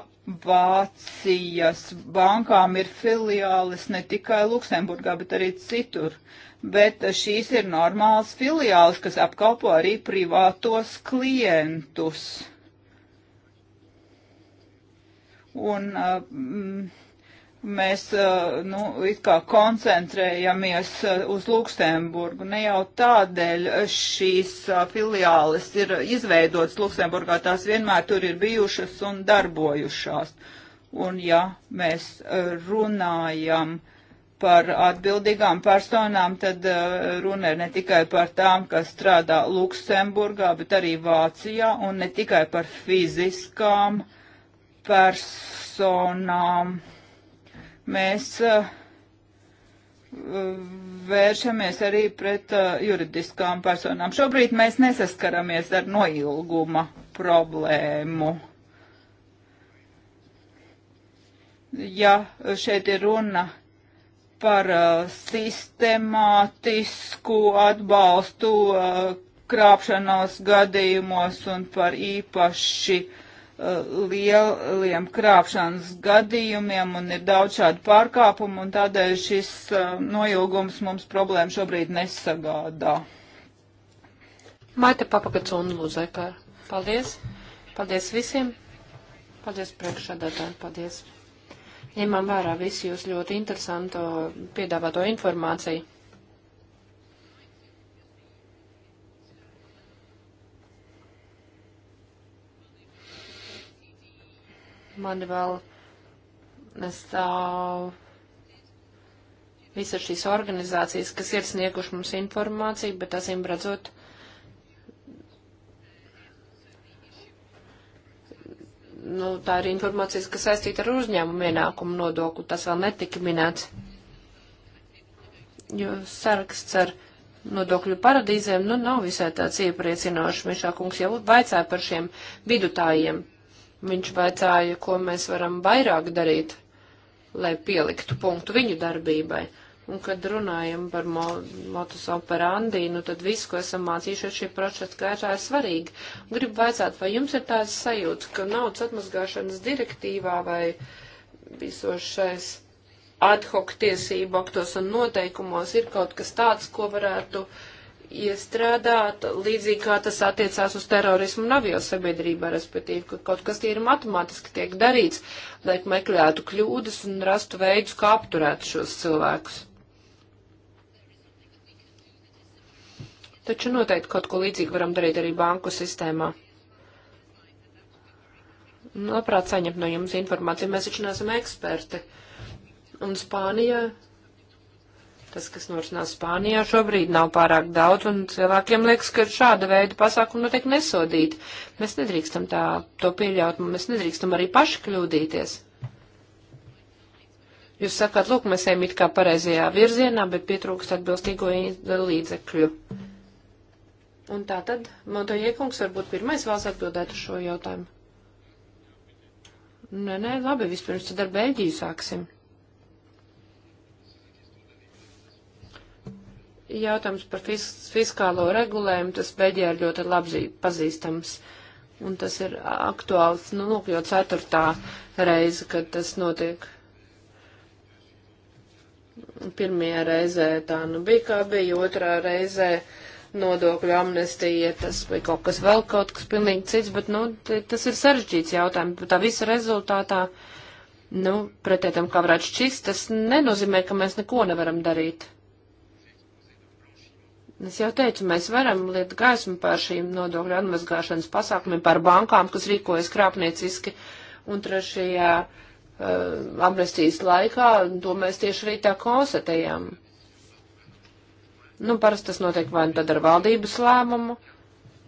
Vācijas bankām ir filiālis ne tikai Luksemburgā, bet arī citur. Bet šīs ir normāls filiālis, kas apkalpo arī privātos klientus. Un, uh, mm, mēs eh, nu, it kā koncentrējamies eh, uz Luksemburgu. Ne jau tādēļ šīs eh, filiāles ir izveidotas Luksemburgā, tās vienmēr tur ir bijušas un darbojušās. Un ja mēs runājam par atbildīgām personām, tad runa ir ne tikai par tām, kas strādā Luksemburgā, bet arī Vācijā un ne tikai par fiziskām personām mēs eh, vēršamies arī pret eh, juridiskām personām. Šobrīd mēs nesaskaramies ar noilguma problēmu. Ja šeit ir runa par eh, sistemātisku atbalstu krāpšanās gadījumos un par īpaši uh, lieliem krāpšanas gadījumiem un ir daudz šādu pārkāpumu un tādēļ šis uh, noilgums mums problēmu šobrīd nesagādā. Maita papakats un lūzēkā. Paldies. Paldies visiem. Paldies priekšādātājiem. Paldies. Ņemam vērā visu jūs ļoti interesanto piedāvāto informāciju. mani vēl stāv visas šīs organizācijas, kas ir snieguši mums informāciju, bet acīm redzot, nu, tā ir informācijas, kas saistīta ar uzņēmumu ienākumu nodokli, tas vēl netika minēts. Jo saraksts ar nodokļu paradīzēm, nu, nav visai tāds iepriecinošs. Mišā kungs jau vaicāja par šiem vidutājiem Viņš vaicāja, ko mēs varam vairāk darīt, lai pieliktu punktu viņu darbībai. Un, kad runājam par mo motus operandi, nu tad viss, ko esam mācījušies šī procesa gaitā, ir svarīgi. Un gribu vaicāt, vai jums ir tāds sajūta, ka naudas atmazgāšanas direktīvā vai visošais ad hoc tiesību aktos un noteikumos ir kaut kas tāds, ko varētu uh, iestrādāt, līdzīgi kā tas attiecās uz terorismu un avio sabiedrībā, respektīvi, ka kaut kas tīri matemātiski tiek darīts, lai meklētu kļūdas un rastu veidus, kā apturēt šos cilvēkus. Taču noteikti kaut ko līdzīgu varam darīt arī banku sistēmā. Labprāt saņemt no jums informāciju, mēs taču neesam eksperti. Un Spānijā Tas, kas norisinās Spānijā šobrīd, nav pārāk daudz, un cilvēkiem liekas, ka šāda veida pasākumi notiek nesodīti. Mēs nedrīkstam tā to pieļaut, mēs nedrīkstam arī paši kļūdīties. Jūs sakāt, lūk, mēs ejam it kā pareizajā virzienā, bet pietrūkst atbilstīgo līdzekļu. Un tā tad, man to iekungs varbūt pirmais vēlas atbildēt uz šo jautājumu. Nē, nē, labi, vispirms tad ar Beļģiju sāksim. jautājums par fiskālo regulējumu, tas Beļģijā ir ļoti labi pazīstams. Un tas ir aktuāls, nu, lūk, jau ceturtā reize, kad tas notiek. Pirmajā reizē tā nu bija kā bija, otrā reizē nodokļu amnestija, tas bija kaut kas vēl kaut kas pilnīgi cits, bet, nu, tas ir sarežģīts jautājums. Tā visa rezultātā, nu, pretētam, kā varētu šķist, tas nenozīmē, ka mēs neko nevaram darīt. Es jau teicu, mēs varam liet gaismu pār šīm nodokļu atmazgāšanas pasākumiem, pār bankām, kas rīkojas krāpnieciski. Un trešajā uh, amnestijas laikā, to mēs tieši arī tā konstatējam. Nu, parasti tas notiek vai nu tad ar valdības lēmumu,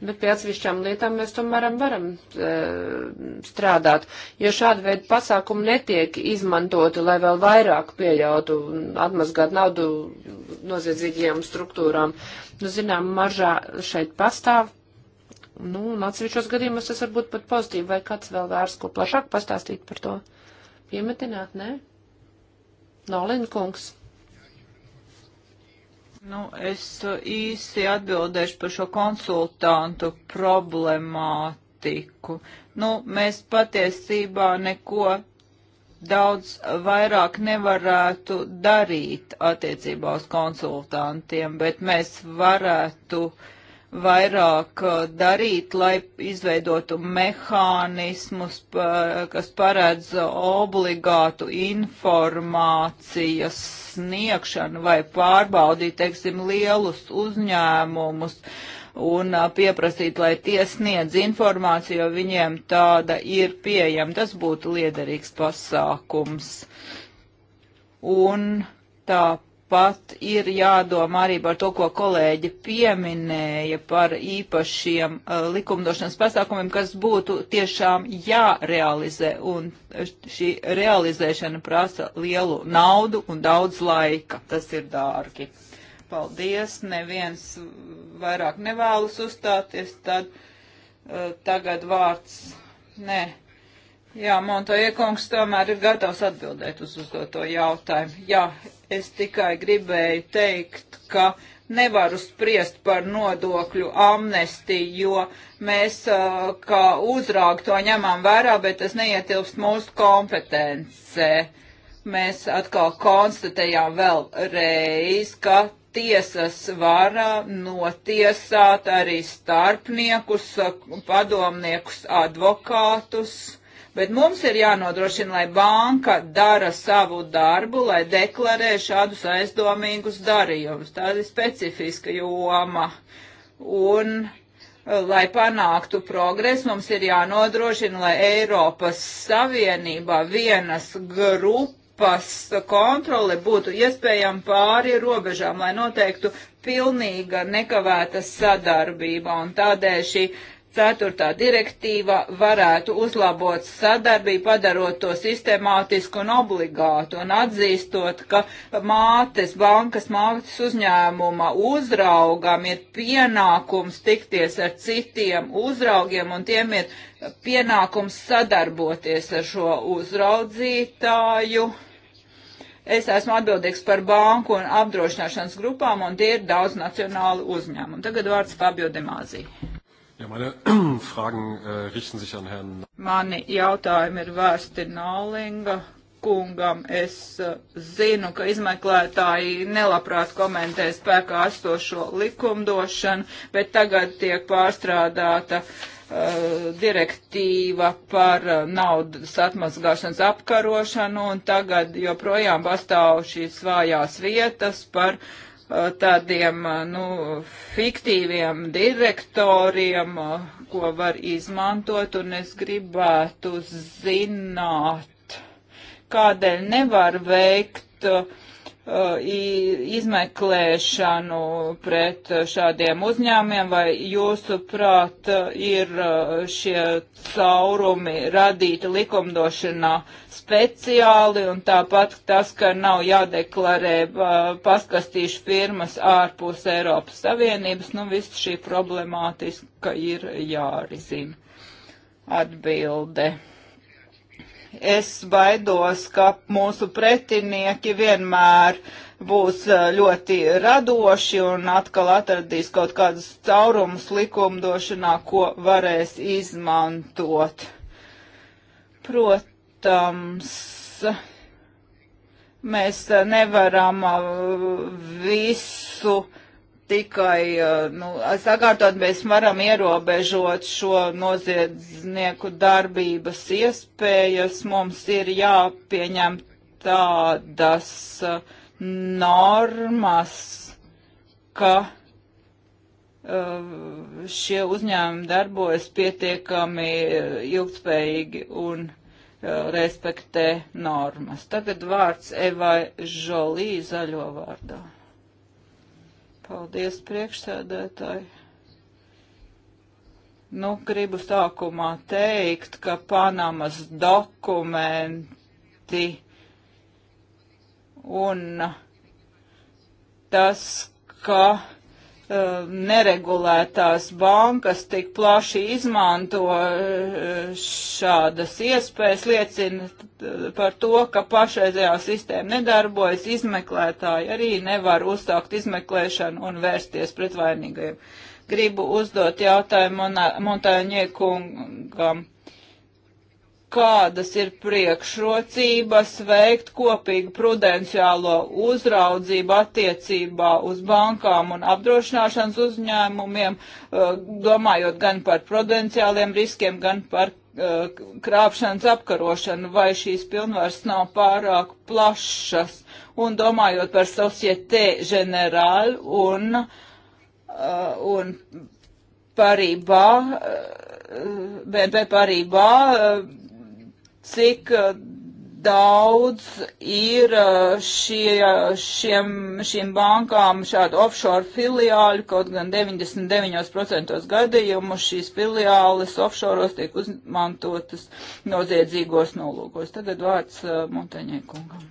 Bet pie atsevišķām lietām mēs tomēr varam e, strādāt, jo šāda veida pasākumi netiek izmantoti, lai vēl vairāk pieļautu atmazgāt naudu noziedzīgajām struktūrām. Nu, zinām, maržā šeit pastāv. Nu, un atsevišķos gadījumos tas varbūt pat pozitīvi, vai kāds vēl vērs ko plašāk pastāstīt par to. Piemetināt, nē? Nolin kungs. Nu, es uh, īsi atbildēšu par šo konsultantu problemātiku. Nu, mēs patiesībā neko daudz vairāk nevarētu darīt attiecībā uz konsultantiem, bet mēs varētu uh, vairāk uh, darīt, lai izveidotu mehānismus, kas paredz obligātu informācijas sniegšanu vai pārbaudīt, teiksim, lielus uzņēmumus un uh, pieprasīt, lai tie sniedz informāciju, jo viņiem tāda ir pieejama. Tas būtu liederīgs pasākums. Un tāpēc Pat ir jādomā arī par to, ko kolēģi pieminēja par īpašiem uh, likumdošanas pasākumiem, kas būtu tiešām jārealizē. Un šī realizēšana prasa lielu naudu un daudz laika. Tas ir dārgi. Paldies. Neviens vairāk nevēlas uzstāties. Tad uh, tagad vārds. Nē. Jā, Montoja kungs tomēr ir gatavs atbildēt uz uzdoto jautājumu. Jā, Es tikai gribēju teikt, ka nevaru spriest par nodokļu amnestiju, jo mēs kā uzrāk to ņemam vērā, bet tas neietilpst mūsu kompetencē. Mēs atkal konstatējām vēl reiz, ka tiesas vara notiesāt arī starpniekus, padomniekus, advokātus Bet mums ir jānodrošina, lai banka dara savu darbu, lai deklarē šādus aizdomīgus darījumus. Tā ir specifiska joma. Un, eh, lai panāktu progresu, mums ir jānodrošina, lai Eiropas Savienībā vienas grupas kontrole būtu iespējama pāri robežām, lai noteiktu pilnīga nekavēta sadarbība. Un tādēļ šī ceturtā direktīva varētu uzlabot sadarbību, padarot to sistemātisku un obligātu un atzīstot, ka mātes, bankas mātes uzņēmuma uzraugam ir pienākums tikties ar citiem uzraugiem un tiem ir pienākums sadarboties ar šo uzraudzītāju. Es esmu atbildīgs par banku un apdrošināšanas grupām, un tie ir daudz nacionāli uzņēmumi. Tagad vārds Fabio Demāzija. Ja, meine Fragen äh, richten sich an Herrn. Mani jautājumi ir vērsti Nālinga kungam. Es uh, zinu, ka izmeklētāji nelabprāt komentē spēkā esošo likumdošanu, bet tagad tiek pārstrādāta uh, direktīva par uh, naudas atmazgāšanas apkarošanu, un tagad joprojām pastāv šīs vājās vietas par uh, tādiem nu, fiktīviem direktoriem, ko var izmantot, un es gribētu zināt, kādēļ nevar veikt uh, Uh, izmeklēšanu pret uh, šādiem uzņēmumiem, vai jūsuprāt uh, ir šie caurumi radīti likumdošanā speciāli, un tāpat tas, ka nav jādeklarē paskastīšu firmas ārpus Eiropas Savienības, nu viss šī problemātiska ir jārisina. Atbilde es baidos, ka mūsu pretinieki vienmēr būs eh, ļoti radoši un atkal atradīs kaut kādus caurumus likumdošanā, ko varēs izmantot. Protams, mēs nevaram eh, visu tikai eh, nu, sakārtot, mēs varam ierobežot šo noziedznieku darbības iespējas. Mums ir jāpieņem tādas eh, normas, ka eh, šie uzņēmumi darbojas pietiekami ilgspējīgi un respektē normas. Tagad vārds Evai Žolī zaļo vārdā. Paldies, priekšsēdētāji. Nu, gribu sākumā teikt, ka Panamas dokumenti un tas, ka Uh, neregulētās bankas tik plaši izmanto uh, šādas iespējas, liecina uh, par to, ka pašreizējā sistēma nedarbojas, izmeklētāji arī nevar uzsākt izmeklēšanu un vērsties pret vainīgajiem. Gribu uzdot jautājumu Montāņiekungam. Mon kādas ir priekšrocības veikt kopīgu prudenciālo uzraudzību attiecībā uz bankām un apdrošināšanas uzņēmumiem, uh, domājot gan par prudenciāliem riskiem, gan par uh, krāpšanas apkarošanu, vai šīs pilnvars nav pārāk plašas, un domājot par societē ģenerāli un, uh, un parībā BNP Parībā cik eh, daudz ir eh, šie, šiem, šīm bankām šādu offshore filiāļu, kaut gan 99% gadījumu šīs filiāles offshoros tiek uzmantotas noziedzīgos nolūkos. Tagad vārds uh, Montaņai kungam.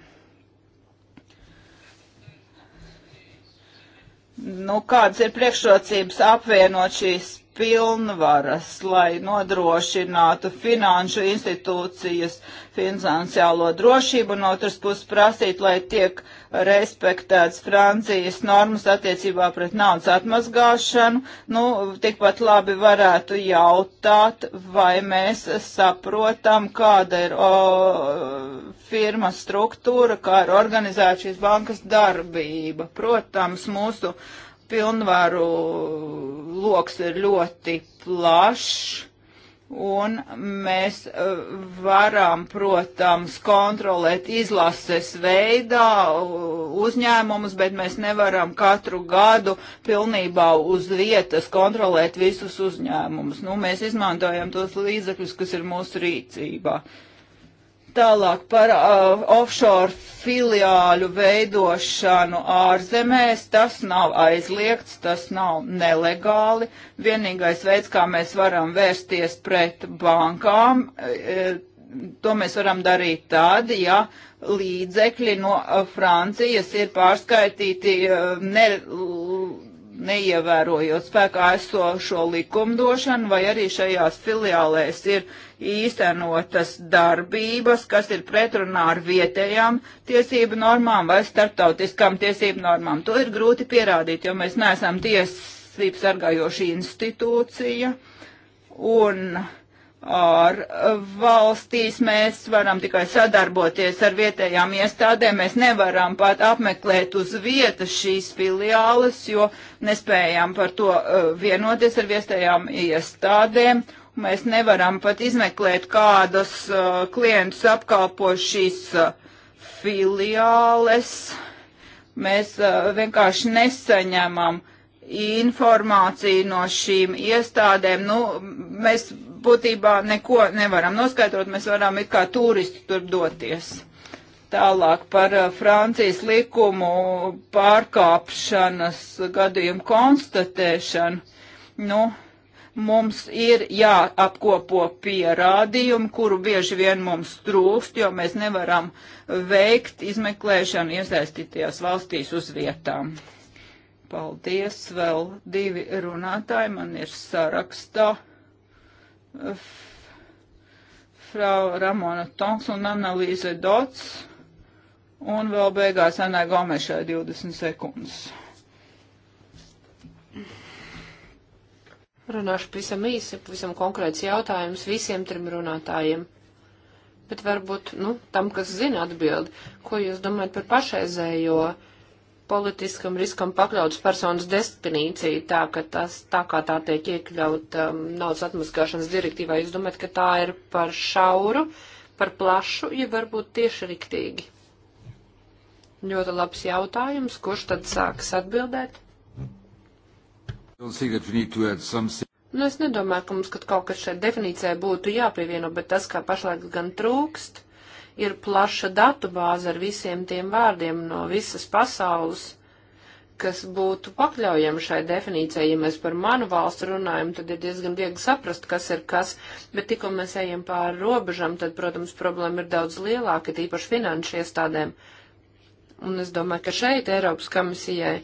Nu, kādas ir priekšrocības apvienot šīs pilnvaras, lai nodrošinātu finanšu institūcijas finansiālo drošību, un otrs puses prasīt, lai tiek respektēts Francijas normas attiecībā pret naudas atmazgāšanu. Nu, tikpat labi varētu jautāt, vai mēs saprotam, kāda ir o, firmas struktūra, kā ir organizēta šīs bankas darbība. Protams, mūsu uh, pilnvaru loks ir ļoti plašs. Un mēs eh, varam, protams, kontrolēt izlases veidā uzņēmumus, bet mēs nevaram katru gadu pilnībā uz vietas kontrolēt visus uzņēmumus. Nu, mēs izmantojam tos līdzekļus, kas ir mūsu rīcībā. Uh, Tālāk par uh, offshore filiāļu veidošanu ārzemēs. Tas nav aizliegts, tas nav nelegāli. Vienīgais veids, kā mēs varam vērsties pret bankām, e, to mēs varam darīt tad, ja līdzekļi no uh, Francijas ir pārskaitīti uh, ne neievērojot spēkā esošo likumdošanu, vai arī šajās filiālēs ir īstenotas darbības, kas ir pretrunā ar vietējām tiesību normām vai starptautiskām tiesību normām. To ir grūti pierādīt, jo mēs neesam tiesību sargājoši institūcija. Un uh, ar valstīs. Mēs varam tikai sadarboties ar vietējām iestādēm. Mēs nevaram pat apmeklēt uz vietas šīs filiāles, jo nespējām par to eh, vienoties ar vietējām iestādēm. Mēs nevaram pat izmeklēt, kādas uh, eh, klientus apkalpo šīs uh, eh, filiāles. Mēs uh, vienkārši nesaņemam informāciju no šīm iestādēm. Nu, mēs būtībā neko nevaram noskaidrot, mēs varam it kā turisti tur doties. Tālāk par uh, Francijas likumu pārkāpšanas gadījumu konstatēšanu. Nu, mums ir jāapkopo pierādījumi, kuru bieži vien mums trūkst, jo mēs nevaram veikt izmeklēšanu iesaistītajās valstīs uz vietām. Paldies, vēl divi runātāji man ir sarakstā. Frau Ramona Tonks un Analīze Dots. Un vēl beigās Anā Gomešai 20 sekundes. Runāšu pavisam īsi, pavisam konkrēts jautājums visiem trim runātājiem. Bet varbūt, nu, tam, kas zina atbildi, ko jūs domājat par pašreizējo. Jo politiskam riskam pakļautas personas definīcija, tā, ka tas, tā kā tā tiek iekļaut um, naudas atmaskāšanas direktīvā, jūs domājat, ka tā ir par šauru, par plašu, ja varbūt tieši riktīgi? Ļoti labs jautājums, kurš tad sāks atbildēt? Nu, es nedomāju, ka mums kaut kas šai definīcijai būtu jāpievieno, bet tas, kā pašlaik gan trūkst, ir plaša datubāze ar visiem tiem vārdiem no visas pasaules, kas būtu pakļaujami šai definīcijai. Ja mēs par manu valstu runājam, tad ir diezgan viegli saprast, kas ir kas, bet tikko mēs ejam pāri robežam, tad, protams, problēma ir daudz lielāka, tīpaši finanšu iestādēm. Un es domāju, ka šeit Eiropas komisijai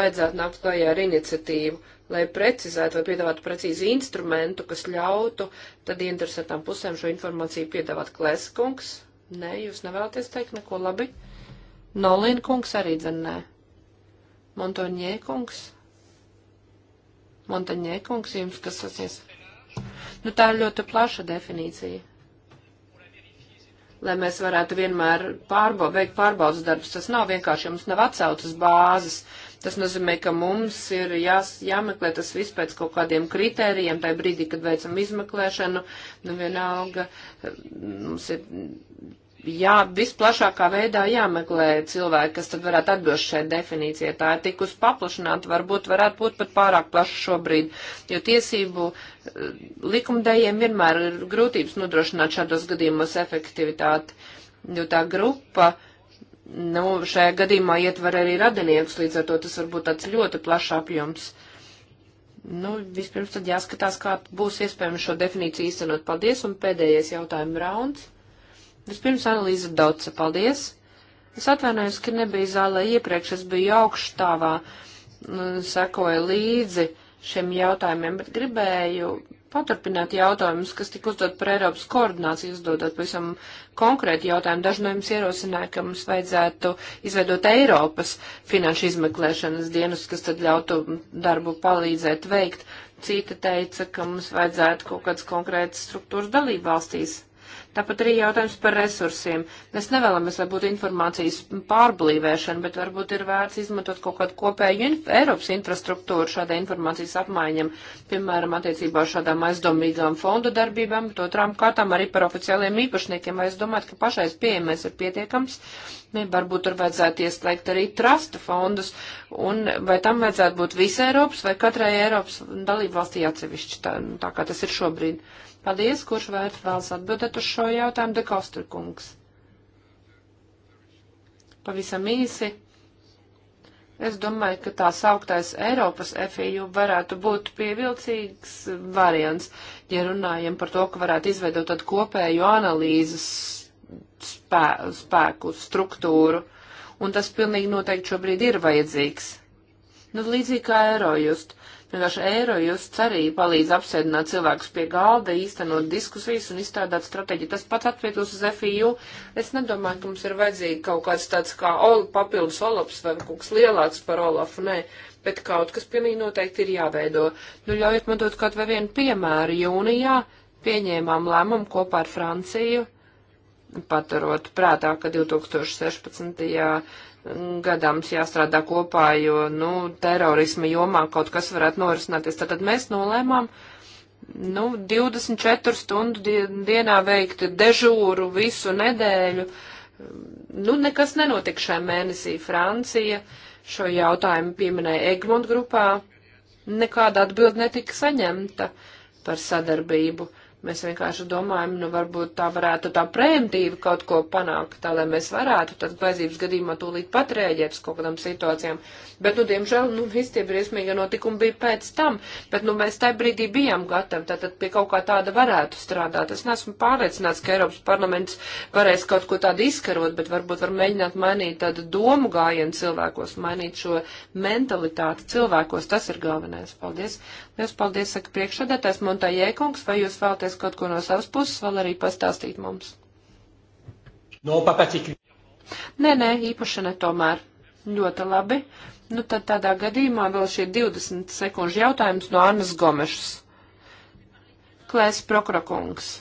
vajadzētu nākt klajā ar iniciatīvu, lai precizētu vai piedāvātu precīzi instrumentu, kas ļautu tad interesētām pusēm šo informāciju piedāvāt klēskungs. Nē, jūs nevēlaties teikt neko labi. Nolīna kungs arī dzennē. Montoņē kungs. Montaņē kungs, jums kas sasies. Nu, tā ir ļoti plaša definīcija. Lai mēs varētu vienmēr pārba veikt pārbaudas darbus, tas nav vienkārši, jums nav atsautas bāzes. Uh, Tas nozīmē, ka mums ir jās, jāmeklē tas viss pēc kaut kādiem kritērijiem, tajā brīdī, kad veicam izmeklēšanu, nu vienalga mums ir. Jā, visplašākā veidā jāmeklē cilvēki, kas tad varētu atbilst šai definīcijai. Tā ir tikus paplašināta, varbūt varētu būt pat pārāk plaša šobrīd, jo tiesību eh, likumdējiem vienmēr ir grūtības nodrošināt šādos gadījumos efektivitāti, jo tā grupa uh, Nu, šajā gadījumā ietver arī radiniekus, līdz ar to tas var būt tāds ļoti plašs apjoms. Nu, vispirms tad jāskatās, kā būs iespējams šo definīciju īstenot. Paldies, un pēdējais jautājuma rauns. Vispirms analīze daudz, paldies. Es atvainojos, ka nebija zālē iepriekš, es biju augšstāvā, mm, sekoju līdzi šiem jautājumiem, bet gribēju paturpināt jautājumus, kas tika uzdot par Eiropas koordināciju, uzdodot pavisam konkrēti jautājumu. Daži no jums ierosināja, ka mums vajadzētu izveidot Eiropas finanšu izmeklēšanas dienas, kas tad ļautu darbu palīdzēt veikt. Cita teica, ka mums vajadzētu kaut kādas konkrētas struktūras dalību valstīs. Tāpat arī jautājums par resursiem. Mēs nevēlamies, lai būtu informācijas pārblīvēšana, bet varbūt ir vērts izmantot kaut kādu kopēju inf Eiropas infrastruktūru šādai informācijas apmaiņam, piemēram, attiecībā uz šādām aizdomīgām fondu darbībām, bet otrām kārtām arī par oficiāliem īpašniekiem. Vai es domāju, ka pašais pieejamais ir pietiekams? Ne, varbūt tur vajadzētu ieslēgt arī trasta fondus, un vai tam vajadzētu būt visai Eiropas vai katrai Eiropas dalībvalstī atsevišķi, tā, tā kā tas ir šobrīd. Uh, Paldies, kurš vērt vēlas atbildēt uz šo jautājumu, de Kosturkungs. Pavisam īsi. Es domāju, ka tā sauktais Eiropas FIU varētu būt pievilcīgs variants, ja runājam par to, ka varētu izveidot tādu kopēju analīzes spē, spēku struktūru. Un tas pilnīgi noteikti šobrīd ir vajadzīgs. Nu, līdzīgi kā Eirojust. Vienkārši eiro jūs cerīja palīdz apsēdināt cilvēkus pie galda, īstenot diskusijas un izstrādāt stratēģiju. Tas pats attiektos uz FIU. Es nedomāju, ka mums ir vajadzīgi kaut kāds tāds kā ol, papildus Olafs vai kaut kas lielāks par Olafu. Nē, bet kaut kas pilnīgi noteikti ir jāveido. Nu, ļaujiet man dot kaut vai vienu piemēru. Jūnijā pieņēmām lēmumu kopā ar Franciju paturot prātā, ka 2016 gadā mums jāstrādā kopā, jo, nu, terorisma jomā kaut kas varētu norisināties. Tātad mēs nolēmām, nu, 24 stundu dienā veikt dežūru visu nedēļu. Nu, nekas nenotika šajā mēnesī. Francija šo jautājumu pieminēja Egmont grupā. Nekāda atbildi netika saņemta par sadarbību. Mēs vienkārši domājam, nu varbūt tā varētu tā preemptīvi kaut ko panākt, tā lai mēs varētu tad vajadzības gadījumā tūlīt pat rēģēt uz kaut kādām situācijām. Bet, nu, diemžēl, nu, visi tie briesmīgie notikumi bija pēc tam, bet, nu, mēs tajā brīdī bijām gatavi, tātad pie kaut kā tāda varētu strādāt. Es neesmu pārliecināts, ka Eiropas parlaments varēs kaut ko tādu izkarot, bet varbūt var mēģināt mainīt tādu domu gājienu cilvēkos, mainīt šo mentalitāti cilvēkos. Tas ir galvenais. Paldies. Liels paldies, saka priekšsādātājs Montajē kungs, vai jūs vēlaties kaut ko no savas puses vēl arī pastāstīt mums? No, papatik. Nē, nē, īpaši ne tomēr. Ļoti labi. Nu, tad tādā gadījumā vēl šie 20 sekundžu jautājums no Annas Gomešas. Klēs Prokrokungs.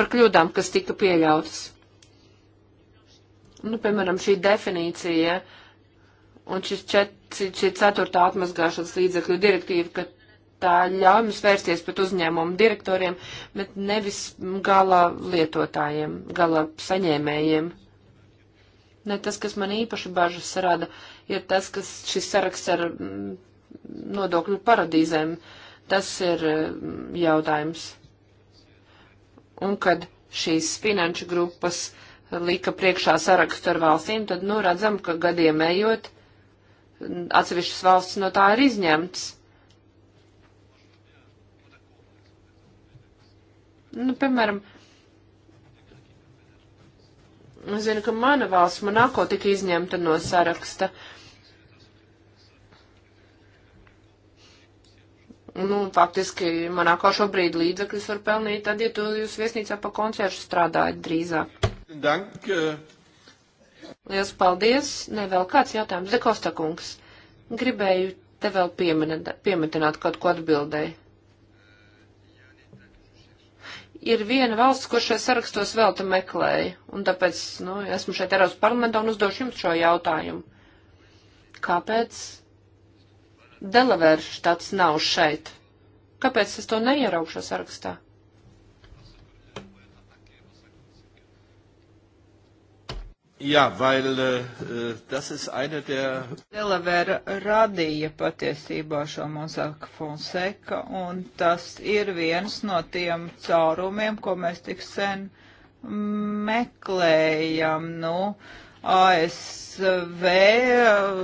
Par kļūdām, kas tika pieļautas. Nu, piemēram, šī definīcija un šis čet, šī ceturtā atmazgāšanas līdzekļu direktīva, ka tā ļauj mums vērsties pat uzņēmumu direktoriem, bet nevis gala lietotājiem, gala saņēmējiem. Ne tas, kas man īpaši bažas rada, ir tas, kas šis saraksts ar mm, nodokļu paradīzēm. Tas ir mm, jautājums. Un kad šīs finanšu grupas uh, lika priekšā sarakstu ar valstīm, tad, nu, redzam, ka gadiem ejot, atsevišķas valsts no tā ir izņemts. Nu, piemēram, es zinu, ka mana valsts Monako tika izņemta no saraksta. Nu, faktiski Monako šobrīd līdzekļus var pelnīt, tad, ja tu jūs viesnīcā pa koncertu strādājat drīzāk. Dank. Äh, Lielas paldies. Ne vēl kāds jautājums. Zekosta kungs, gribēju te vēl pieminēt kaut ko atbildēju. Ir viena valsts, kur šajos sarakstos vēl te meklēju, un tāpēc, nu, esmu šeit Eiropas parlamentā un uzdošu jums šo jautājumu. Kāpēc Delavēra štats nav šeit? Kāpēc es to neieraukšu sarakstā? Jā, vēl uh, äh, tas äh, ir aina der. Delavera radīja patiesībā šo mozaku Fonseca, un tas ir viens no tiem caurumiem, ko mēs tik sen meklējam. Nu, uh, ASV eh,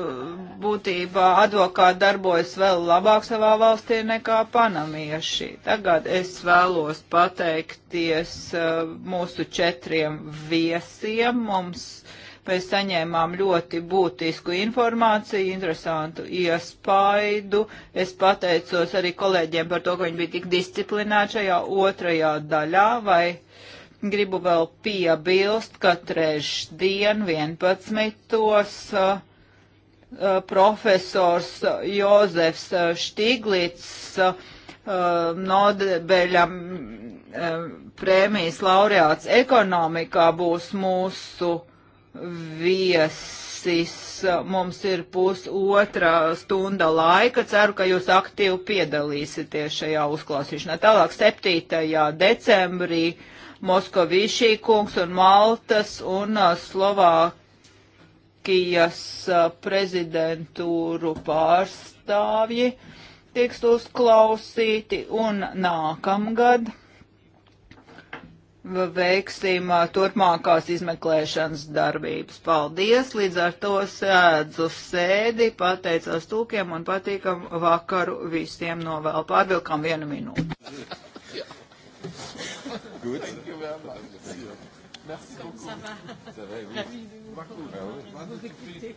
būtībā advokāti darbojas vēl labāk savā valstī nekā panamieši. Tagad es vēlos pateikties eh, mūsu četriem viesiem. Mums mēs saņēmām ļoti būtisku informāciju, interesantu iespaidu. Es pateicos arī kolēģiem par to, ka viņi bija tik disciplināti šajā otrajā daļā. Vai Gribu vēl piebilst, ka trešdien 11. Uh, uh, profesors Jozefs Štiglits, uh, Nodebeļa mm, uh, prēmijas laureāts ekonomikā būs mūsu viesis. Mums ir pusotra stunda laika. Ceru, ka jūs aktīvi piedalīsieties šajā uzklausīšanā. Tālāk 7. decembrī uh, Moskovīšī kungs un Maltas un Slovākijas prezidentūru pārstāvji tiks uzklausīti un nākamgad veiksim turpmākās izmeklēšanas darbības. Paldies, līdz ar to sēdzu sēdi, pateicos tūkiem un patīkam vakaru visiem novēl. Pārvilkam vienu minūti. Good. Thank you very much. Merci beaucoup. Ça va. Ça va, oui. Ça ah va, oui. Ravi de vous, bah, oui. vous écouter.